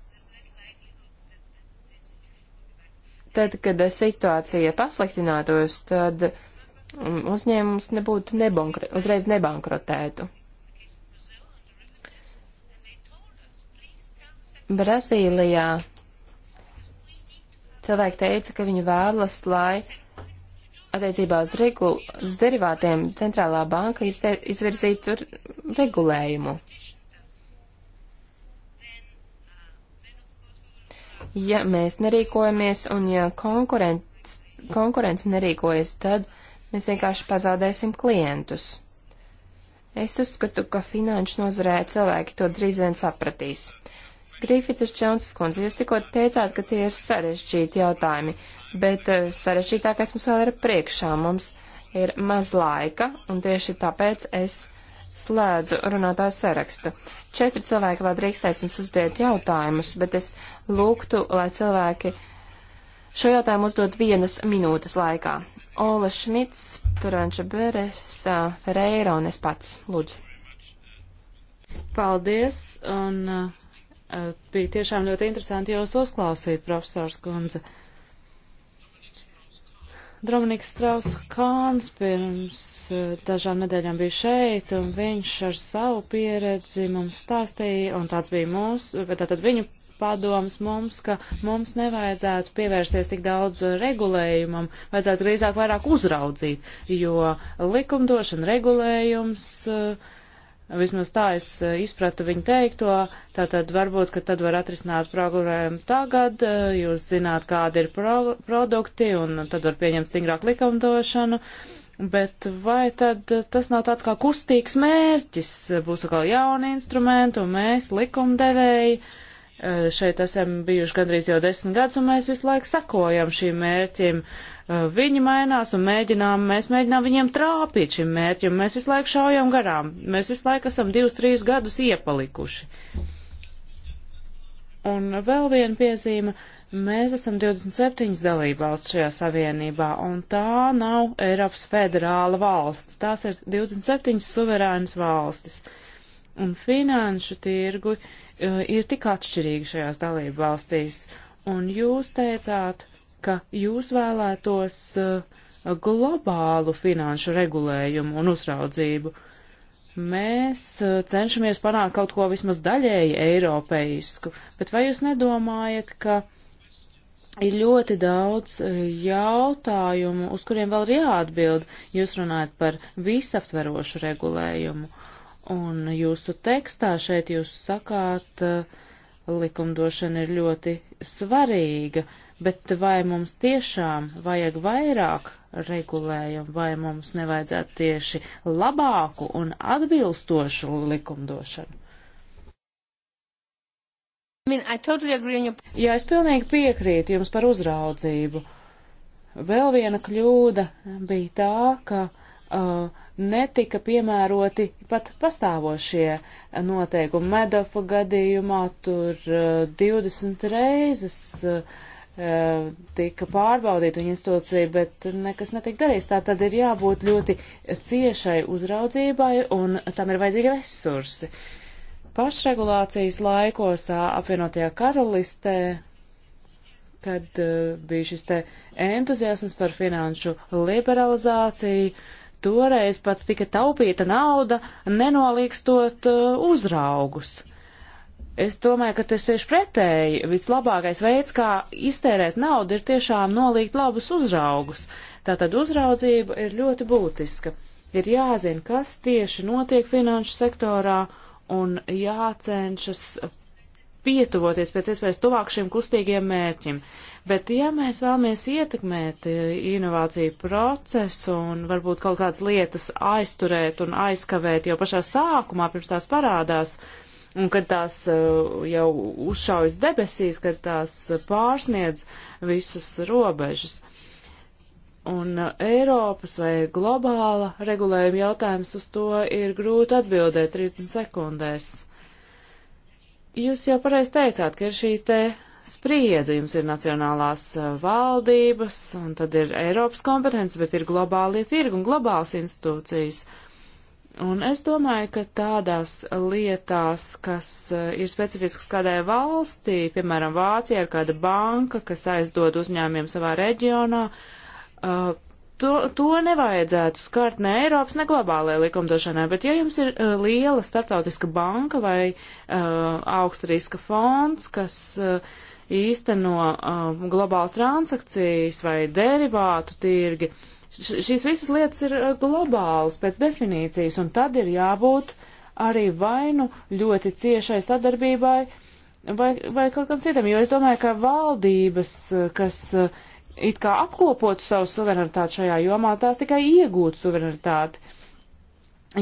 C: Tad, kad situācija pasliktinātos, tad um, uzņēmums nebūtu nebankro, uzreiz nebankrotētu. Brazīlijā Cilvēki teica, ka viņi vēlas, lai attiecībā uz, regul, uz derivātiem centrālā banka izvirzītu regulējumu. Ja mēs nerīkojamies un ja konkurence, konkurence nerīkojas, tad mēs vienkārši pazaudēsim klientus. Es uzskatu, ka finanšu nozarē cilvēki to drīz vien sapratīs. Grīfitas Čaunsas kundze, jūs tikko teicāt, ka tie ir sarežģīti jautājumi, bet eh, sarežģītākais mums vēl ir priekšā. Mums ir maz laika, un tieši tāpēc es slēdzu runātāju sarakstu. Četri cilvēki vēl drīkstēs jums uzdot jautājumus, bet es lūgtu, lai cilvēki šo jautājumu uzdod vienas minūtes laikā. Ola Šmits, Puranča Beres, eh, Ferreira un es pats. Lūdzu. Paldies, un uh, bija tiešām ļoti
A: interesanti jūs uzklausīt, profesors Kundze. Dominiks Strauss Kāns pirms eh, dažām nedēļām bija šeit, un viņš ar savu pieredzi mums stāstīja, un tāds bija mūsu, tātad viņu padoms mums, ka mums nevajadzētu pievērsties tik daudz eh, regulējumam, vajadzētu drīzāk vairāk uzraudzīt, jo likumdošana regulējums uh, Vismaz tā es e, izpratu viņu teikto, tātad varbūt, ka tad var atrisināt problēmu tagad, e, jūs zināt, kādi ir pro produkti, un tad var pieņemt stingrāk likumdošanu, bet vai tad tas nav tāds kā kustīgs mērķis, būs atkal jauni instrumenti, un mēs, likumdevēji, e, šeit esam bijuši gandrīz jau desmit gadus, un mēs visu laiku sakojam šīm mērķim, uh, Viņi mainās un mēģinām, mēs mēģinām viņiem trāpīt šim mērķim, mēs visu laiku šaujam garām, mēs visu laiku esam divus, trīs gadus iepalikuši. Un vēl viena piezīme, mēs esam 27 dalībvalsts šajā savienībā, un tā nav Eiropas federāla valsts, tās ir 27 suverēnas valstis. Un finanšu tirgu ir tik atšķirīgi šajās dalībvalstīs, un jūs teicāt, ka jūs vēlētos uh, globālu finanšu regulējumu un uzraudzību. Mēs uh, cenšamies panākt kaut ko vismaz daļēji eiropeisku, bet vai jūs nedomājat, ka ir ļoti daudz uh, jautājumu, uz kuriem vēl ir jāatbild? Jūs runājat par visaptverošu regulējumu, un jūsu tekstā šeit jūs sakāt, likumdošana ir ļoti svarīga, uh, bet vai mums tiešām vajag vairāk regulējumu, vai mums nevajadzētu tieši labāku un atbilstošu likumdošanu? I mean, I totally your... Jā, es pilnīgi piekrītu jums par uzraudzību. Vēl viena kļūda bija tā, ka uh, netika piemēroti pat pastāvošie noteikumi. Medofa gadījumā tur uh, 20 reizes uh, Eh, tika pārbaudīta viņa institūcija, bet nekas netika darīts. Tā tad ir jābūt ļoti ciešai uzraudzībai un tam ir vajadzīgi resursi. Pašregulācijas laikos apvienotajā karalistē, kad eh, bija šis te entuziasms par finanšu liberalizāciju, toreiz pat tika taupīta nauda, nenolīkstot eh, uzraugus. Uh, Es domāju, ka tas tieši pretēji. Vislabākais veids, kā iztērēt naudu, ir tiešām nolikt labus uzraugus. Tātad uzraudzība ir ļoti būtiska. Ir jāzina, kas tieši notiek finanšu sektorā un jācenšas pietuvoties pēc iespējas tuvāk šiem kustīgiem mērķim. Bet, ja mēs vēlamies ietekmēt eh, inovāciju procesu un varbūt kaut kādas lietas aizturēt un aizkavēt jau pašā sākumā, pirms tās parādās, uh, Un kad tās eh, jau uzšaujas debesīs, kad tās pārsniedz visas robežas. Un eh, Eiropas vai globāla regulējuma jautājums uz to ir grūti atbildēt 30 sekundēs. Jūs jau pareizi teicāt, ka ir šī te spriedze. Jums ir nacionālās eh, valdības, un tad ir Eiropas kompetence, bet ir globālie tirgi un globāls institūcijas. Uh, Un es domāju, ka tādās lietās, kas eh, ir specifiskas kādai valstī, piemēram, Vācija ir kāda banka, kas aizdod uzņēmiem savā reģionā, eh, to, to nevajadzētu skart ne Eiropas, ne globālajai likumdošanai, bet ja jums ir eh, liela starptautiska banka vai augsta riska fonds, kas īsteno globālas transakcijas vai derivātu tirgi, Šīs visas lietas ir eh, globālas pēc definīcijas, un tad ir jābūt arī vainu ļoti ciešai sadarbībai vai, vai kaut kam citam, jo es domāju, ka valdības, eh, kas eh, it kā apkopotu savu suverenitāti šajā jomā, tās tikai iegūtu suverenitāti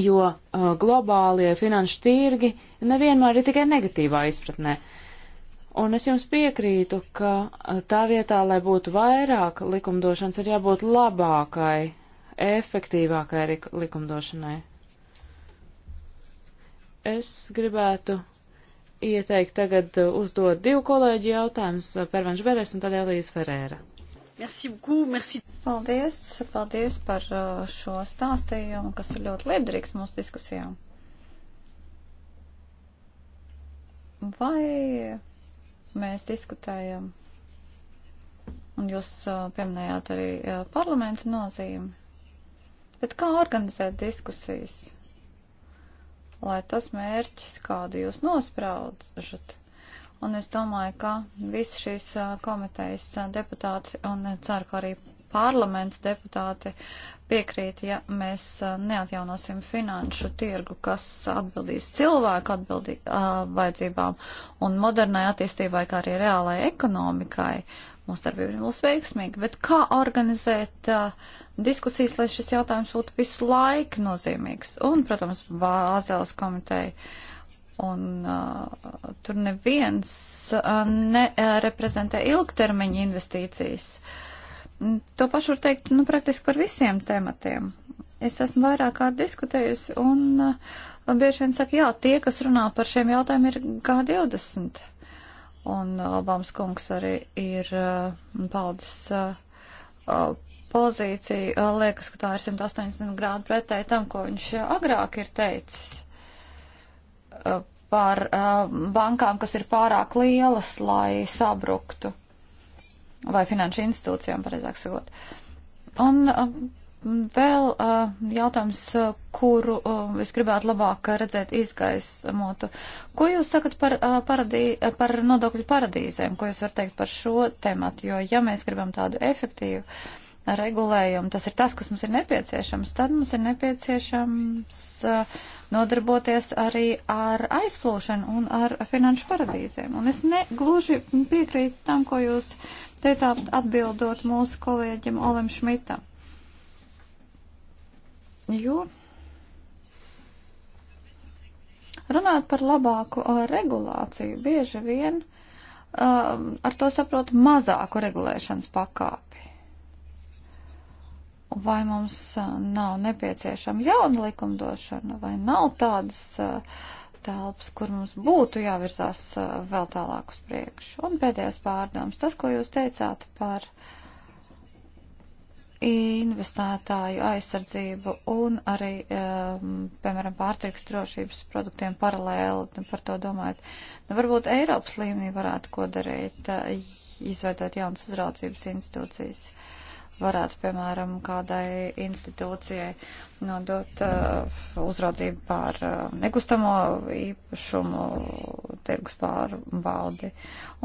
A: jo uh, globālie finanšu tirgi nevienmēr ir tikai negatīvā izpratnē. Un es jums piekrītu, ka eh, tā vietā, lai būtu vairāk likumdošanas, ir jābūt labākai, efektīvākai likumdošanai. Es gribētu ieteikt tagad eh, uzdot divu kolēģu jautājumus eh, - Pervenš Beres un tad Elīze Ferēra.
B: Merci beaucoup, merci. Paldies, paldies par šo stāstījumu, kas ir ļoti liederīgs mūsu diskusijām. Vai mēs diskutējam, un jūs pieminējāt arī parlamentu nozīmi, bet kā organizēt diskusijas, lai tas mērķis, kādu jūs nospraudzat, un es domāju, ka visi šīs komitejas deputāti un ceru, ka arī parlamenta deputāti piekrīt, ja mēs neatjaunosim finanšu tirgu, kas atbildīs cilvēku atbildī, uh, vajadzībām un modernai attīstībai, kā arī reālai ekonomikai. Mūsu darbība būs veiksmīga, bet kā organizēt uh, diskusijas, lai šis jautājums būtu visu laiku nozīmīgs? Un, protams, Bāzēlas komiteja un uh, tur neviens uh, nereprezentē uh, ilgtermiņa investīcijas. Uh, To pašu var teikt, nu, praktiski par visiem tematiem. Es esmu vairāk kārt diskutējusi, un uh, bieži vien saka, jā, tie, kas runā par šiem jautājumiem, ir G20. Un Obams kungs arī ir uh, paudis uh, uh, pozīciju. Uh, liekas, ka tā ir 180 grādu pretēji tam, ko viņš uh, agrāk ir teicis uh, par uh, bankām, kas ir pārāk lielas, lai sabruktu vai finanšu institūcijām, pareizāk sakot. Un uh, vēl uh, jautājums, uh, kuru es gribētu labāk redzēt izgaismotu. Ko jūs sakat par, paradī, par nodokļu paradīzēm? Ko jūs varat teikt par šo tematu? Jo, ja mēs gribam tādu efektīvu regulējumu, tas ir tas, kas mums ir nepieciešams, tad mums ir nepieciešams nodarboties arī ar aizplūšanu un ar finanšu paradīzēm. Un es negluži piekrītu tam, ko jūs teicāt atbildot mūsu kolēģim Olim Šmitam. Jo runāt par labāku uh, regulāciju bieži vien um, ar to saprot mazāku regulēšanas pakāpi. Vai mums uh, nav nepieciešama jauna likumdošana, vai nav tādas uh, telpas, kur mums būtu jāvirzās eh, vēl tālāk uz priekšu. Un pēdējais pārdoms, tas, ko jūs teicāt par investētāju aizsardzību un arī, ehm, piemēram, pārtiks drošības produktiem paralēli, par to domājot. Nu, varbūt Eiropas līmenī varētu ko darīt, eh, izveidot jaunas uzraudzības institūcijas. Uh, varētu, piemēram, kādai institūcijai nodot uh, uzraudzību pār uh, nekustamo īpašumu, tirgus pārbaudi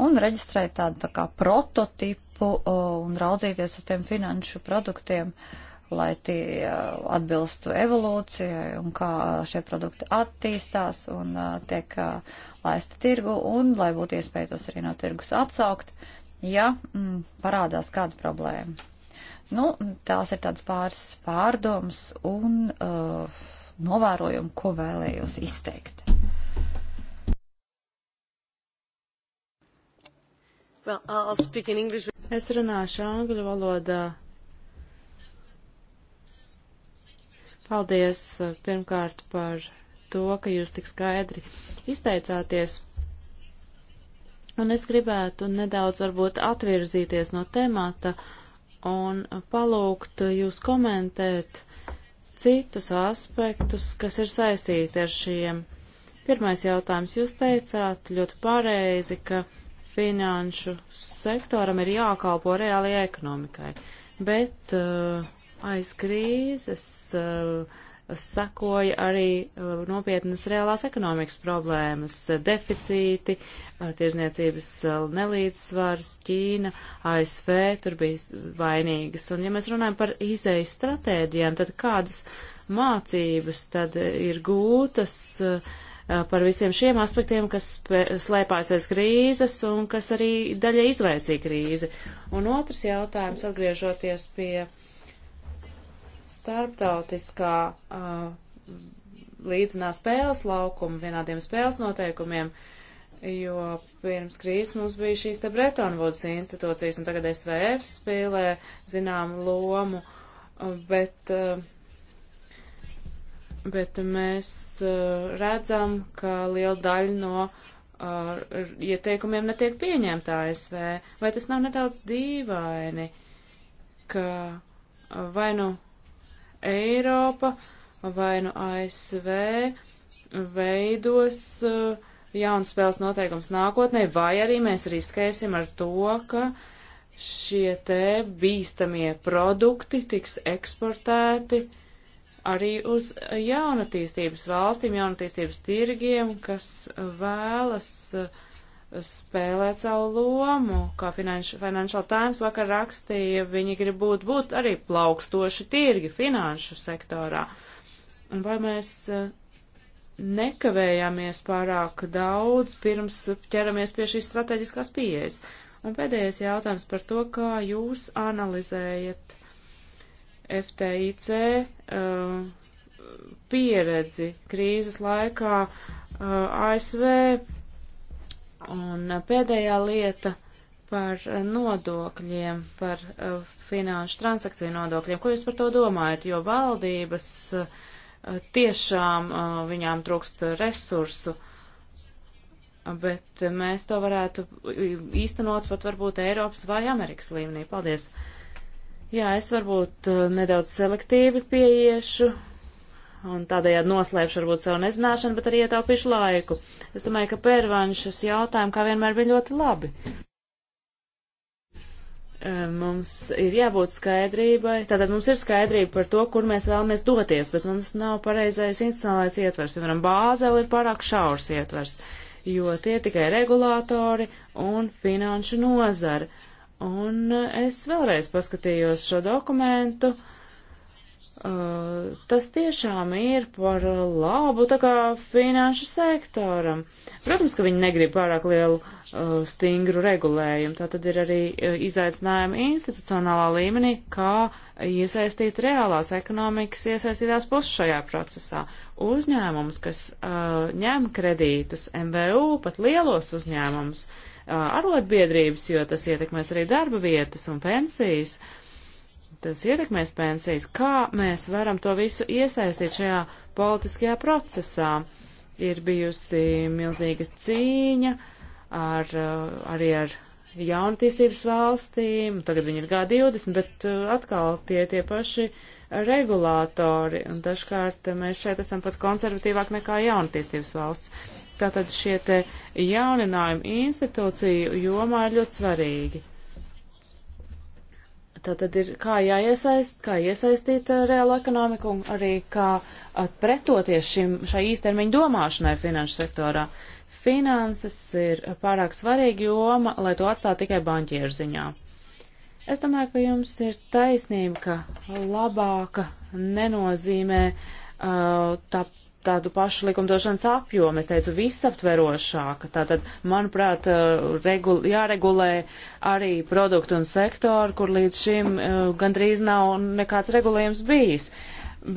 B: un reģistrēt tādu tā kā prototipu uh, un raudzīties uz tiem finanšu produktiem, lai tie uh, atbilstu evolūcijai un kā šie produkti attīstās un uh, tiek uh, laisti tirgu un lai būtu iespēja tos arī no tirgus atsaukt, ja mm, parādās kāda problēma. Nu, tās ir tādas pāris pārdomas un uh, novērojumi, ko vēlējos izteikt. Well, I'll speak
A: in English. Es runāšu angļu valodā. Paldies uh, pirmkārt par to, ka jūs tik skaidri izteicāties. Un es gribētu nedaudz varbūt atvirzīties no temata un palūgt jūs komentēt citus aspektus, kas ir saistīti ar šiem. Pirmais jautājums. Jūs teicāt ļoti pareizi, ka finanšu sektoram ir jākalpo reālajai ekonomikai, bet uh, aiz krīzes uh, sakoja arī uh, nopietnas reālās ekonomikas problēmas, uh, deficīti, uh, tirzniecības nelīdzsvars, Ķīna, ASV tur bija vainīgas. Un ja mēs runājam par izējas stratēģijām, tad kādas mācības tad ir gūtas par visiem šiem aspektiem, kas slēpās aiz krīzes un kas arī daļai izraisīja krīzi? Un otrs jautājums, atgriežoties pie starptautiskā uh, līdzinā spēles laukuma, vienādiem spēles noteikumiem, jo pirms krīzes mums bija šīs te Bretonvudas institūcijas, un tagad SVF spēlē zinām lomu, uh, bet, uh, bet mēs uh, redzam, ka liela daļa no uh, ieteikumiem netiek pieņemta ASV. Vai tas nav nedaudz dīvaini, ka uh, vai nu Eiropa vai nu ASV veidos uh, jaunas spēles noteikums nākotnē, vai arī mēs riskēsim ar to, ka šie te bīstamie produkti tiks eksportēti arī uz jaunatīstības valstīm, jaunatīstības tirgiem, kas vēlas uh, spēlēt savu lomu, kā Financial Times vakar rakstīja, viņi grib būt, būt arī plaukstoši tirgi finanšu sektorā. Un vai mēs eh, nekavējāmies pārāk daudz pirms ķeramies pie šīs strateģiskās pieejas? Un pēdējais jautājums par to, kā jūs analizējat FTIC uh, eh, pieredzi krīzes laikā uh, eh, ASV Un uh, pēdējā lieta par uh, nodokļiem, par uh, finanšu transakciju nodokļiem. Ko jūs par to domājat? Jo valdības tiešām viņām trūkst resursu, bet mēs to varētu īstenot pat varbūt Eiropas vai Amerikas līmenī. Paldies! Jā, es varbūt nedaudz selektīvi pieiešu un tādējādi noslēpšu varbūt savu nezināšanu, bet arī ietaupīšu laiku. Es domāju, ka pērvanšas jautājumi kā vienmēr bija ļoti labi. Mums ir jābūt skaidrībai, tātad mums ir skaidrība par to, kur mēs vēlamies doties, bet mums nav pareizais institucionālais ietvers. Piemēram, Bāzeli ir pārāk šaurs ietvers, jo tie tikai regulātori un finanšu nozara. Un es vēlreiz paskatījos šo dokumentu. Uh, Uh, tas tiešām ir par labu tā kā finanšu sektoram. Protams, ka viņi negrib pārāk lielu uh, stingru regulējumu. Tā tad ir arī uh, izaicinājumi institucionālā līmenī, kā iesaistīt reālās ekonomikas iesaistītās puses šajā procesā. Uzņēmums, kas uh, ņem kredītus, MVU, pat lielos uzņēmumus, uh, arotbiedrības, jo tas ietekmēs arī darba vietas un pensijas. Uh, tas ietekmēs pensijas, kā mēs varam to visu iesaistīt šajā politiskajā procesā. Ir bijusi milzīga cīņa ar, uh, arī ar jaunatīstības valstīm, tagad viņi ir G20, bet uh, atkal tie tie paši regulātori, un dažkārt mēs šeit esam pat konservatīvāk nekā jaunatīstības valsts. Tātad šie te jauninājumi institūciju jomā ir ļoti svarīgi. Tā tad ir kā jāiesaist, kā iesaistīt uh, reālu ekonomiku un arī kā uh, pretoties šim, šai īstermiņa domāšanai finanšu sektorā. Finanses ir uh, pārāk svarīga joma, lai to atstātu tikai banķieru ziņā. Es domāju, ka jums ir taisnība, ka labāka nenozīmē uh, tā tādu pašu likumdošanas apjomu, es teicu, visaptverošāka. Tātad, manuprāt, eh, regul, jāregulē arī produktu un sektoru, kur līdz šim eh, gandrīz nav nekāds regulējums bijis.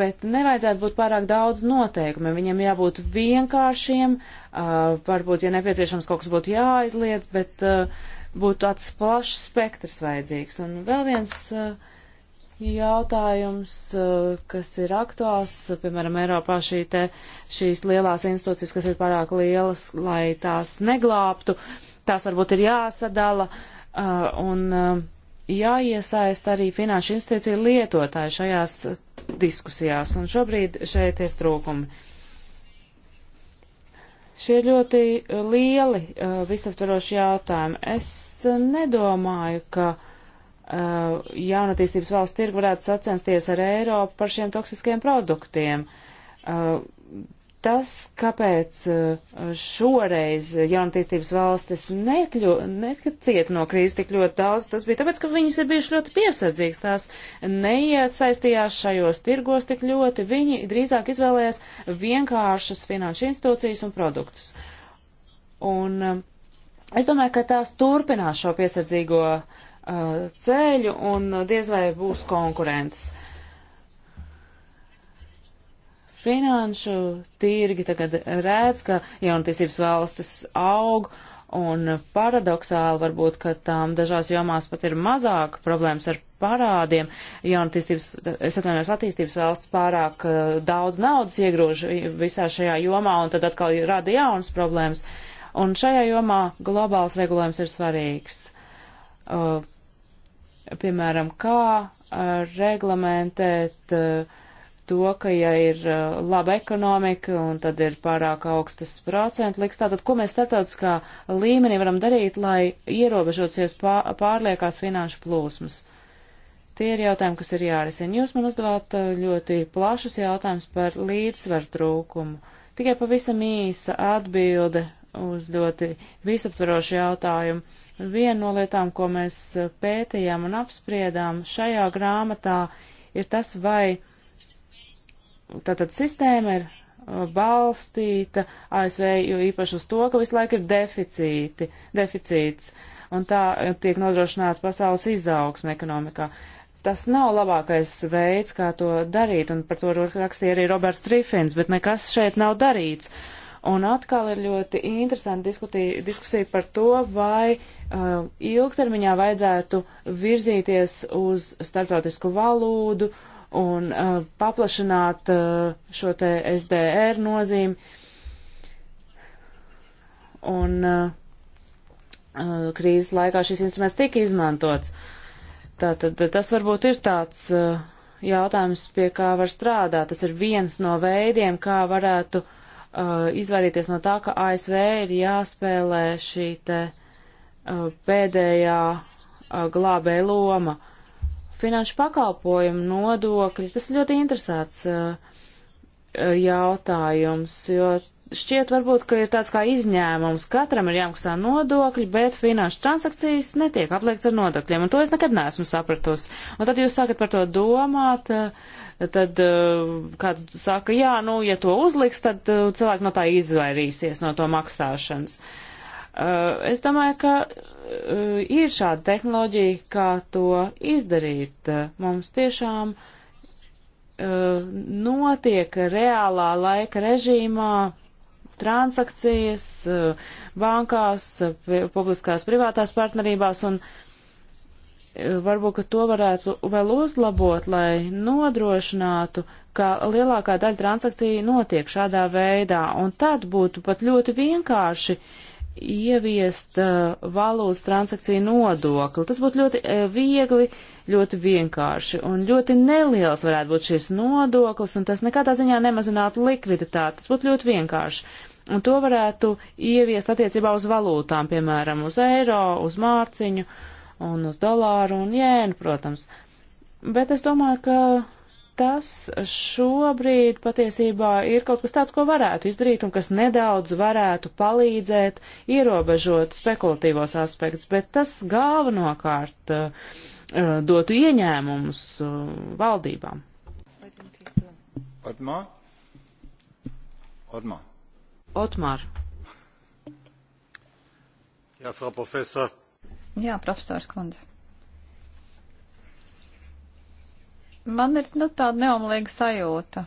A: Bet nevajadzētu būt pārāk daudz noteikumiem, viņiem jābūt vienkāršiem, eh, varbūt, ja nepieciešams, kaut kas būtu jāaizliedz, bet būtu tāds plašs spektrs vajadzīgs. Un vēl viens uh, jautājums, eh, kas ir aktuāls, piemēram, Eiropā šī te, šīs lielās institūcijas, kas ir pārāk lielas, lai tās neglābtu, tās varbūt ir jāsadala eh, un eh, jāiesaist arī finanšu institūciju lietotāji šajās diskusijās, un šobrīd šeit ir trūkumi. Šie ir ļoti lieli visaptvaroši jautājumi. Es nedomāju, ka uh, Eh, jaunatīstības valsts tirgu varētu sacensties ar Eiropu par šiem toksiskiem produktiem. Eh, tas, kāpēc eh, šoreiz jaunatīstības valstis nekļu, neciet no krīzes tik ļoti daudz, tas bija tāpēc, ka viņas ir bijušas ļoti piesardzīgas, tās neiesaistījās šajos tirgos tik ļoti, viņi drīzāk izvēlējās vienkāršas finanšu institūcijas un produktus. Un es domāju, ka tās turpinās šo piesardzīgo uh, Uh, ceļu un uh, diez vai būs konkurentes. Finanšu tīrgi tagad redz, ka jaunatīstības valstis aug un paradoxāli varbūt, ka tām dažās jomās pat ir mazāk problēmas ar parādiem. Jaunatīstības, es atvainojos, attīstības valsts pārāk uh, daudz naudas iegrūž visā šajā jomā un tad atkal rada jaunas problēmas. Un šajā jomā globāls regulējums ir svarīgs. Uh, piemēram, kā eh, reglamentēt eh, to, ka ja ir eh, laba ekonomika un tad ir pārāk augstas procentu liks, tātad ko mēs starptautiskā līmenī varam darīt, lai ierobežoties pārliekās finanšu plūsmas? Tie ir jautājumi, kas ir jārisina. Jūs man uzdevāt ļoti plašus jautājumus par līdzsvaru trūkumu. Tikai pavisam īsa atbilde uz ļoti visaptvarošu jautājumu. Viena no lietām, ko mēs eh, pētījām un apspriedām šajā grāmatā, ir tas, vai tātad sistēma ir eh, balstīta ASV, jo īpaši uz to, ka visu laiku ir deficīti, deficīts, un tā eh, tiek nodrošināta pasaules izaugsme ekonomikā. Tas nav labākais veids, kā to darīt, un par to rakstīja arī Roberts Trifins, bet nekas šeit nav darīts. Uh, Un atkal ir ļoti interesanti diskusija par to, vai uh, ilgtermiņā vajadzētu virzīties uz starptautisku valūdu un uh, paplašināt uh, šo te SDR nozīmi. Un uh, uh, krīzes laikā šis instruments tika izmantots. Tātad tas varbūt ir tāds uh, jautājums, pie kā var strādāt. Tas ir viens no veidiem, kā varētu Uh, izvairīties no tā, ka ASV ir jāspēlē šī te uh, pēdējā uh, glābē loma. Finanšu pakalpojumu nodokļi, tas ļoti interesants jautājums, jo šķiet varbūt, ka ir tāds kā izņēmums. Katram ir jāmaksā nodokļi, bet finanšu transakcijas netiek apliekts ar nodokļiem, un to es nekad neesmu sapratusi. Un tad jūs sākat par to domāt, uh, tad eh, kāds saka, jā, nu, ja to uzliks, tad eh, cilvēki no tā izvairīsies no to maksāšanas. Eh, es domāju, ka ir šāda tehnoloģija, kā to izdarīt. Mums tiešām notiek reālā laika režīmā transakcijas bankās, publiskās privātās partnerībās, un varbūt, ka to varētu vēl uzlabot, lai nodrošinātu, ka lielākā daļa transakciju notiek šādā veidā, un tad būtu pat ļoti vienkārši ieviest uh, valūtas transakciju nodokli. Tas būtu ļoti uh, viegli, ļoti vienkārši un ļoti neliels varētu būt šis nodoklis, un tas nekādā ziņā nemazinātu likviditāti. Tas būtu ļoti vienkārši. Un to varētu ieviest attiecībā uz valūtām, piemēram, uz eiro, uz mārciņu. Uh, un uz dolāru un jēnu, protams. Bet es domāju, ka tas šobrīd patiesībā ir kaut kas tāds, ko varētu izdarīt un kas nedaudz varētu palīdzēt ierobežot spekulatīvos aspektus, bet tas galvenokārt uh, uh dotu ieņēmumus uh, valdībām. Otmār? Otmār. Otmār. Jā, Frau Profesor,
B: Jā, profesors Kundze. Man ir nu, tāda neomlīga sajūta,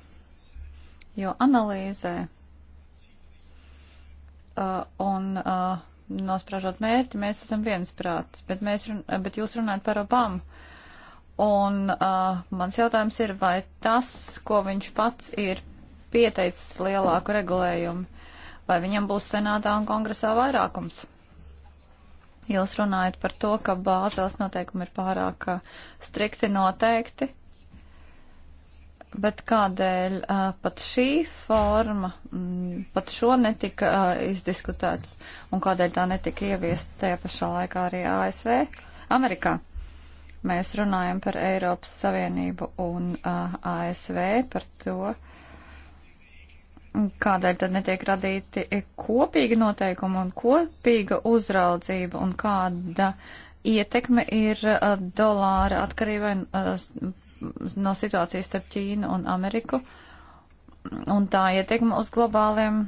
B: jo analīzē uh, un uh, nospražot mērķi, mēs esam viensprāts, bet, mēs, run, bet jūs runājat par Obamu. Un uh, mans jautājums ir, vai tas, ko viņš pats ir pieteicis lielāku regulējumu, vai viņam būs senātā un kongresā vairākums? Jūs runājat par to, ka bāzēs noteikumi ir pārāk uh, strikti noteikti, bet kādēļ uh, pat šī forma, m, mm, pat šo netika uh, izdiskutēts un kādēļ tā netika ieviest tajā pašā laikā arī ASV, Amerikā? Mēs runājam par Eiropas Savienību un uh, ASV, par to, uh, kādēļ tad netiek radīti kopīgi noteikumi un kopīga uzraudzība un kāda ietekme ir dolāra atkarībai no situācijas starp Ķīnu un Ameriku un tā ietekme uz globāliem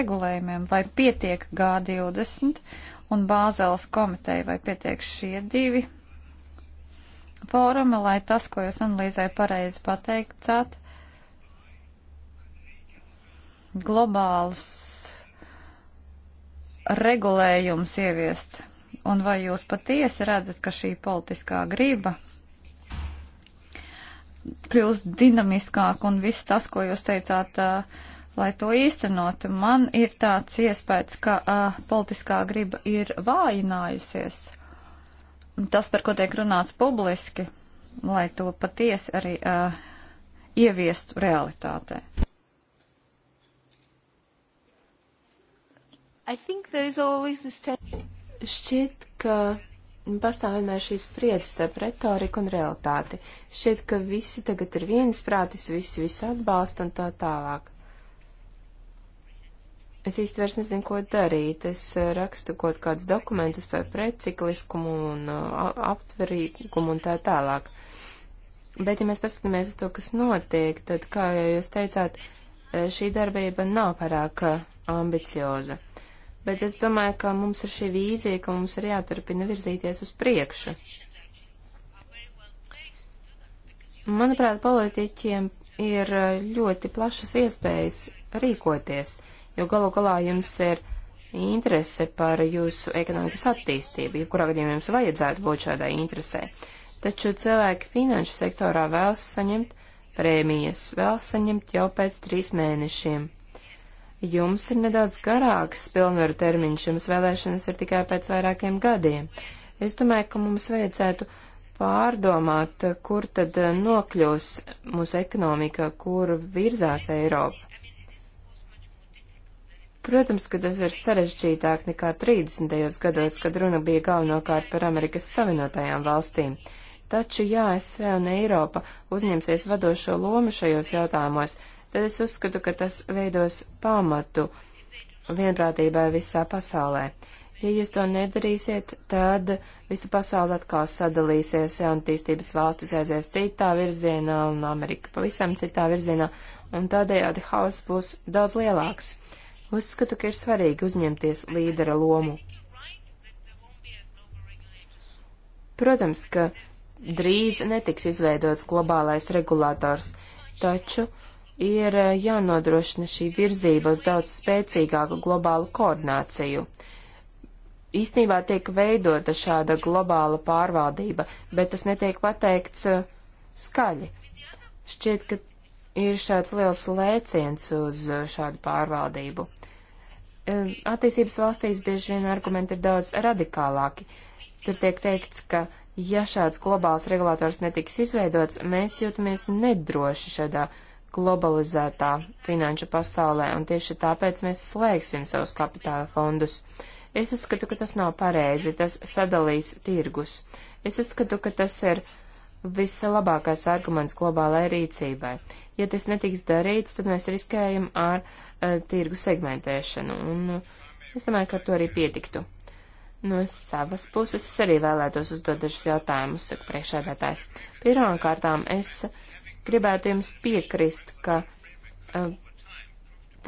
B: regulējumiem. Vai pietiek G20 un Bāzeles komiteja, vai pietiek šie divi fórumi, lai tas, ko jūs analīzē pareizi pateicāt, globālus regulējumus ieviest? Un vai jūs patiesi redzat, ka šī politiskā grība kļūst dinamiskāk un viss tas, ko jūs teicāt, uh, lai to īstenotu. Man ir tāds iespējas, ka uh, politiskā griba ir vājinājusies. Tas, par ko tiek runāts publiski, lai to patiesi arī uh, ieviestu realitātē.
C: Šķiet, ka pastāv vienmēr šī spriedze starp retoriku un realitāti. Šķiet, ka visi tagad ir viensprātis, visi visu atbalsta un tā tālāk. Es īsti vairs nezinu, ko darīt. Es eh, rakstu kaut kādus dokumentus par precikliskumu un eh, aptverīgumu un tā tālāk. Bet, ja mēs paskatāmies uz to, kas notiek, tad, kā jūs teicāt, eh, šī darbība nav pārāk ambicioza. Uh, bet es domāju, ka mums ir šī vīzija, ka mums ir jāturpina virzīties uz priekšu. Manuprāt, politiķiem ir ļoti plašas iespējas rīkoties, jo galu galā jums ir interese par jūsu ekonomikas attīstību, jebkurā gadījumā jums vajadzētu būt šādai interesē. Taču cilvēki finanšu sektorā vēlas saņemt prēmijas, vēlas saņemt jau pēc trīs mēnešiem. Jums ir nedaudz garāks pilnvaru termiņš, jums vēlēšanas ir tikai pēc vairākiem gadiem. Es domāju, ka mums vajadzētu pārdomāt, kur tad eh, nokļūs mūsu ekonomika, kur virzās Eiropa. Protams, ka tas ir sarežģītāk nekā 30. gados, kad runa bija galvenokārt par Amerikas Savienotajām valstīm. Taču, ja ASV un Eiropa uzņemsies vadošo lomu šajos jautājumos, tad es uzskatu, ka tas veidos pamatu vienprātībai visā pasaulē. Ja jūs to nedarīsiet, tad visa pasaule atkal sadalīsies, ja attīstības valstis aizies citā virzienā un Amerika pavisam citā virzienā, un tādējādi hauss būs daudz lielāks. Uzskatu, ka ir svarīgi uzņemties līdera lomu. Protams, ka drīz netiks izveidots globālais regulators, taču ir eh, jānodrošina šī virzība uz daudz spēcīgāku globālu koordināciju. Īsnībā tiek veidota šāda globāla pārvaldība, bet tas netiek pateikts eh, skaļi. Šķiet, ka ir šāds liels lēciens uz eh, šādu pārvaldību. Attīstības valstīs bieži vien argumenti ir daudz radikālāki. Tur tiek teikts, ka ja šāds globāls regulators netiks izveidots, mēs jūtamies nedroši šādā uh, globalizētā finanšu pasaulē, un tieši tāpēc mēs slēgsim savus kapitāla fondus. Es uzskatu, ka tas nav pareizi, tas sadalīs tirgus. Es uzskatu, ka tas ir vislabākais arguments globālajai rīcībai. Ja tas netiks darīts, tad mēs riskējam ar uh, tirgu segmentēšanu, un uh, es domāju, ka ar to arī pietiktu. No savas puses es arī vēlētos uzdot dažus jautājumus, saka priekšēdētājs. Pirmkārtām es uh, gribētu jums piekrist, ka e,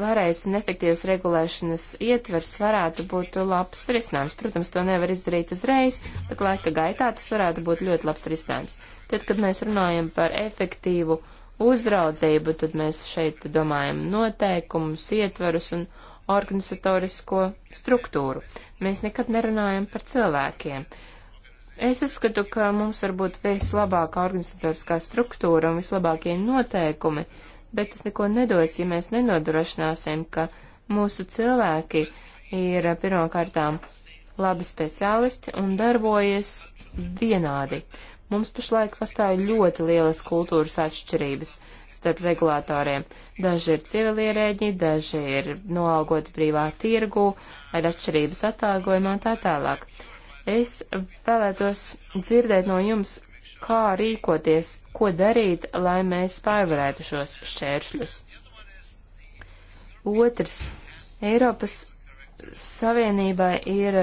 C: pareizs un efektīvs regulēšanas ietvers varētu būt labs risinājums. Protams, to nevar izdarīt uzreiz, bet laika gaitā tas varētu būt ļoti labs risinājums. Tad, kad mēs runājam par efektīvu uzraudzību, tad mēs šeit domājam noteikumus, ietverus un organizatorisko struktūru. Mēs nekad nerunājam par cilvēkiem. Uh, Es uzskatu, ka mums var būt vislabākā organizatoriskā struktūra un vislabākie noteikumi, bet tas neko nedos, ja mēs nenodrošināsim, ka mūsu cilvēki ir eh, pirmkārtām labi speciālisti un darbojas vienādi. Mums pašlaik pastāv ļoti lielas kultūras atšķirības starp regulātoriem. Daži ir civilierēģi, daži ir noalgoti privā tirgu, ir atšķirības atāgojumā un tā tālāk. Es vēlētos dzirdēt no jums, kā rīkoties, ko darīt, lai mēs pārvarētu šos šķēršļus. Otrs. Eiropas Savienībai ir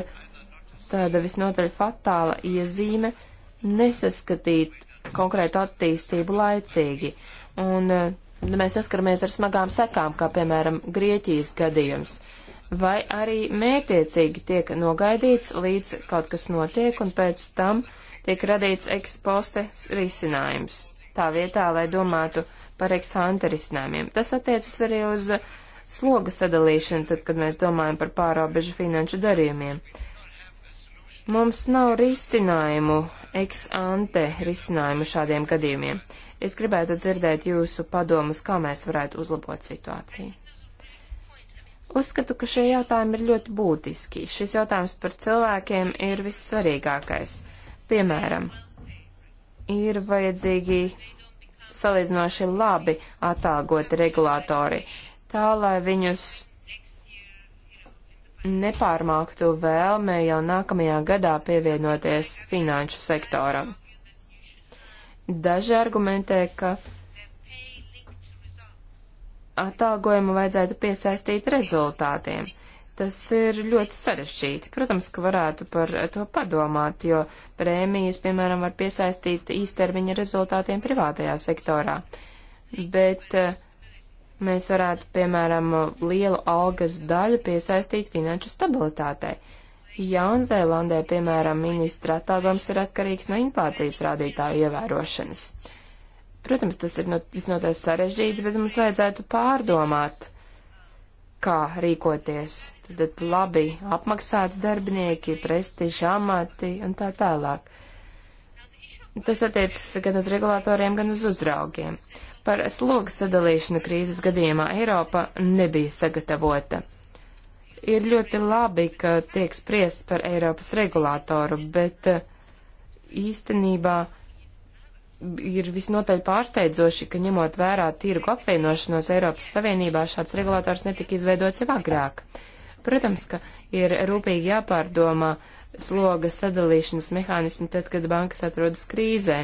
C: tāda visnotaļ fatāla iezīme nesaskatīt konkrētu attīstību laicīgi. Un eh, mēs saskaramies ar smagām sekām, kā piemēram Grieķijas gadījums. Uh, vai arī mētiecīgi tiek nogaidīts, līdz kaut kas notiek, un pēc tam tiek radīts eksposte risinājums. Tā vietā, lai domātu par eksante risinājumiem. Tas attiecas arī uz sloga sadalīšanu, tad, kad mēs domājam par pārobežu finanšu darījumiem. Mums nav risinājumu, ex-ante risinājumu šādiem gadījumiem. Es gribētu dzirdēt jūsu padomus, kā mēs varētu uzlabot situāciju. Uzskatu, ka šie jautājumi ir ļoti būtiski. Šis jautājums par cilvēkiem ir vissvarīgākais. Piemēram, ir vajadzīgi salīdzinoši labi atalgoti regulātori, tā lai viņus nepārmāktu vēlme jau nākamajā gadā pievienoties finanšu sektoram. Daži argumentē, ka atalgojumu vajadzētu piesaistīt rezultātiem. Tas ir ļoti sarežģīti. Protams, ka varētu par to padomāt, jo prēmijas, piemēram, var piesaistīt īstermiņa rezultātiem privātajā sektorā. Bet eh, mēs varētu, piemēram, lielu algas daļu piesaistīt finanšu stabilitātei. Jaunzēlandē, piemēram, ministra atalgojums ir atkarīgs no inflācijas rādītāju ievērošanas. Protams, tas ir visnotaļ sarežģīti, bet mums vajadzētu pārdomāt, kā rīkoties. Tad labi apmaksāts darbinieki, prestiži, amati un tā tālāk. Tas attiecas gan uz regulātoriem, gan uz uzraugiem. Par slogu sadalīšanu krīzes gadījumā Eiropa nebija sagatavota. Ir ļoti labi, ka tiek spriests par Eiropas regulātoru, bet uh, īstenībā uh, ir visnotaļ pārsteidzoši, ka ņemot vērā tīrgu apvienošanos Eiropas Savienībā šāds regulators netika izveidots jau agrāk. Protams, ka ir rūpīgi jāpārdomā sloga sadalīšanas mehānismi tad, kad bankas atrodas krīzē.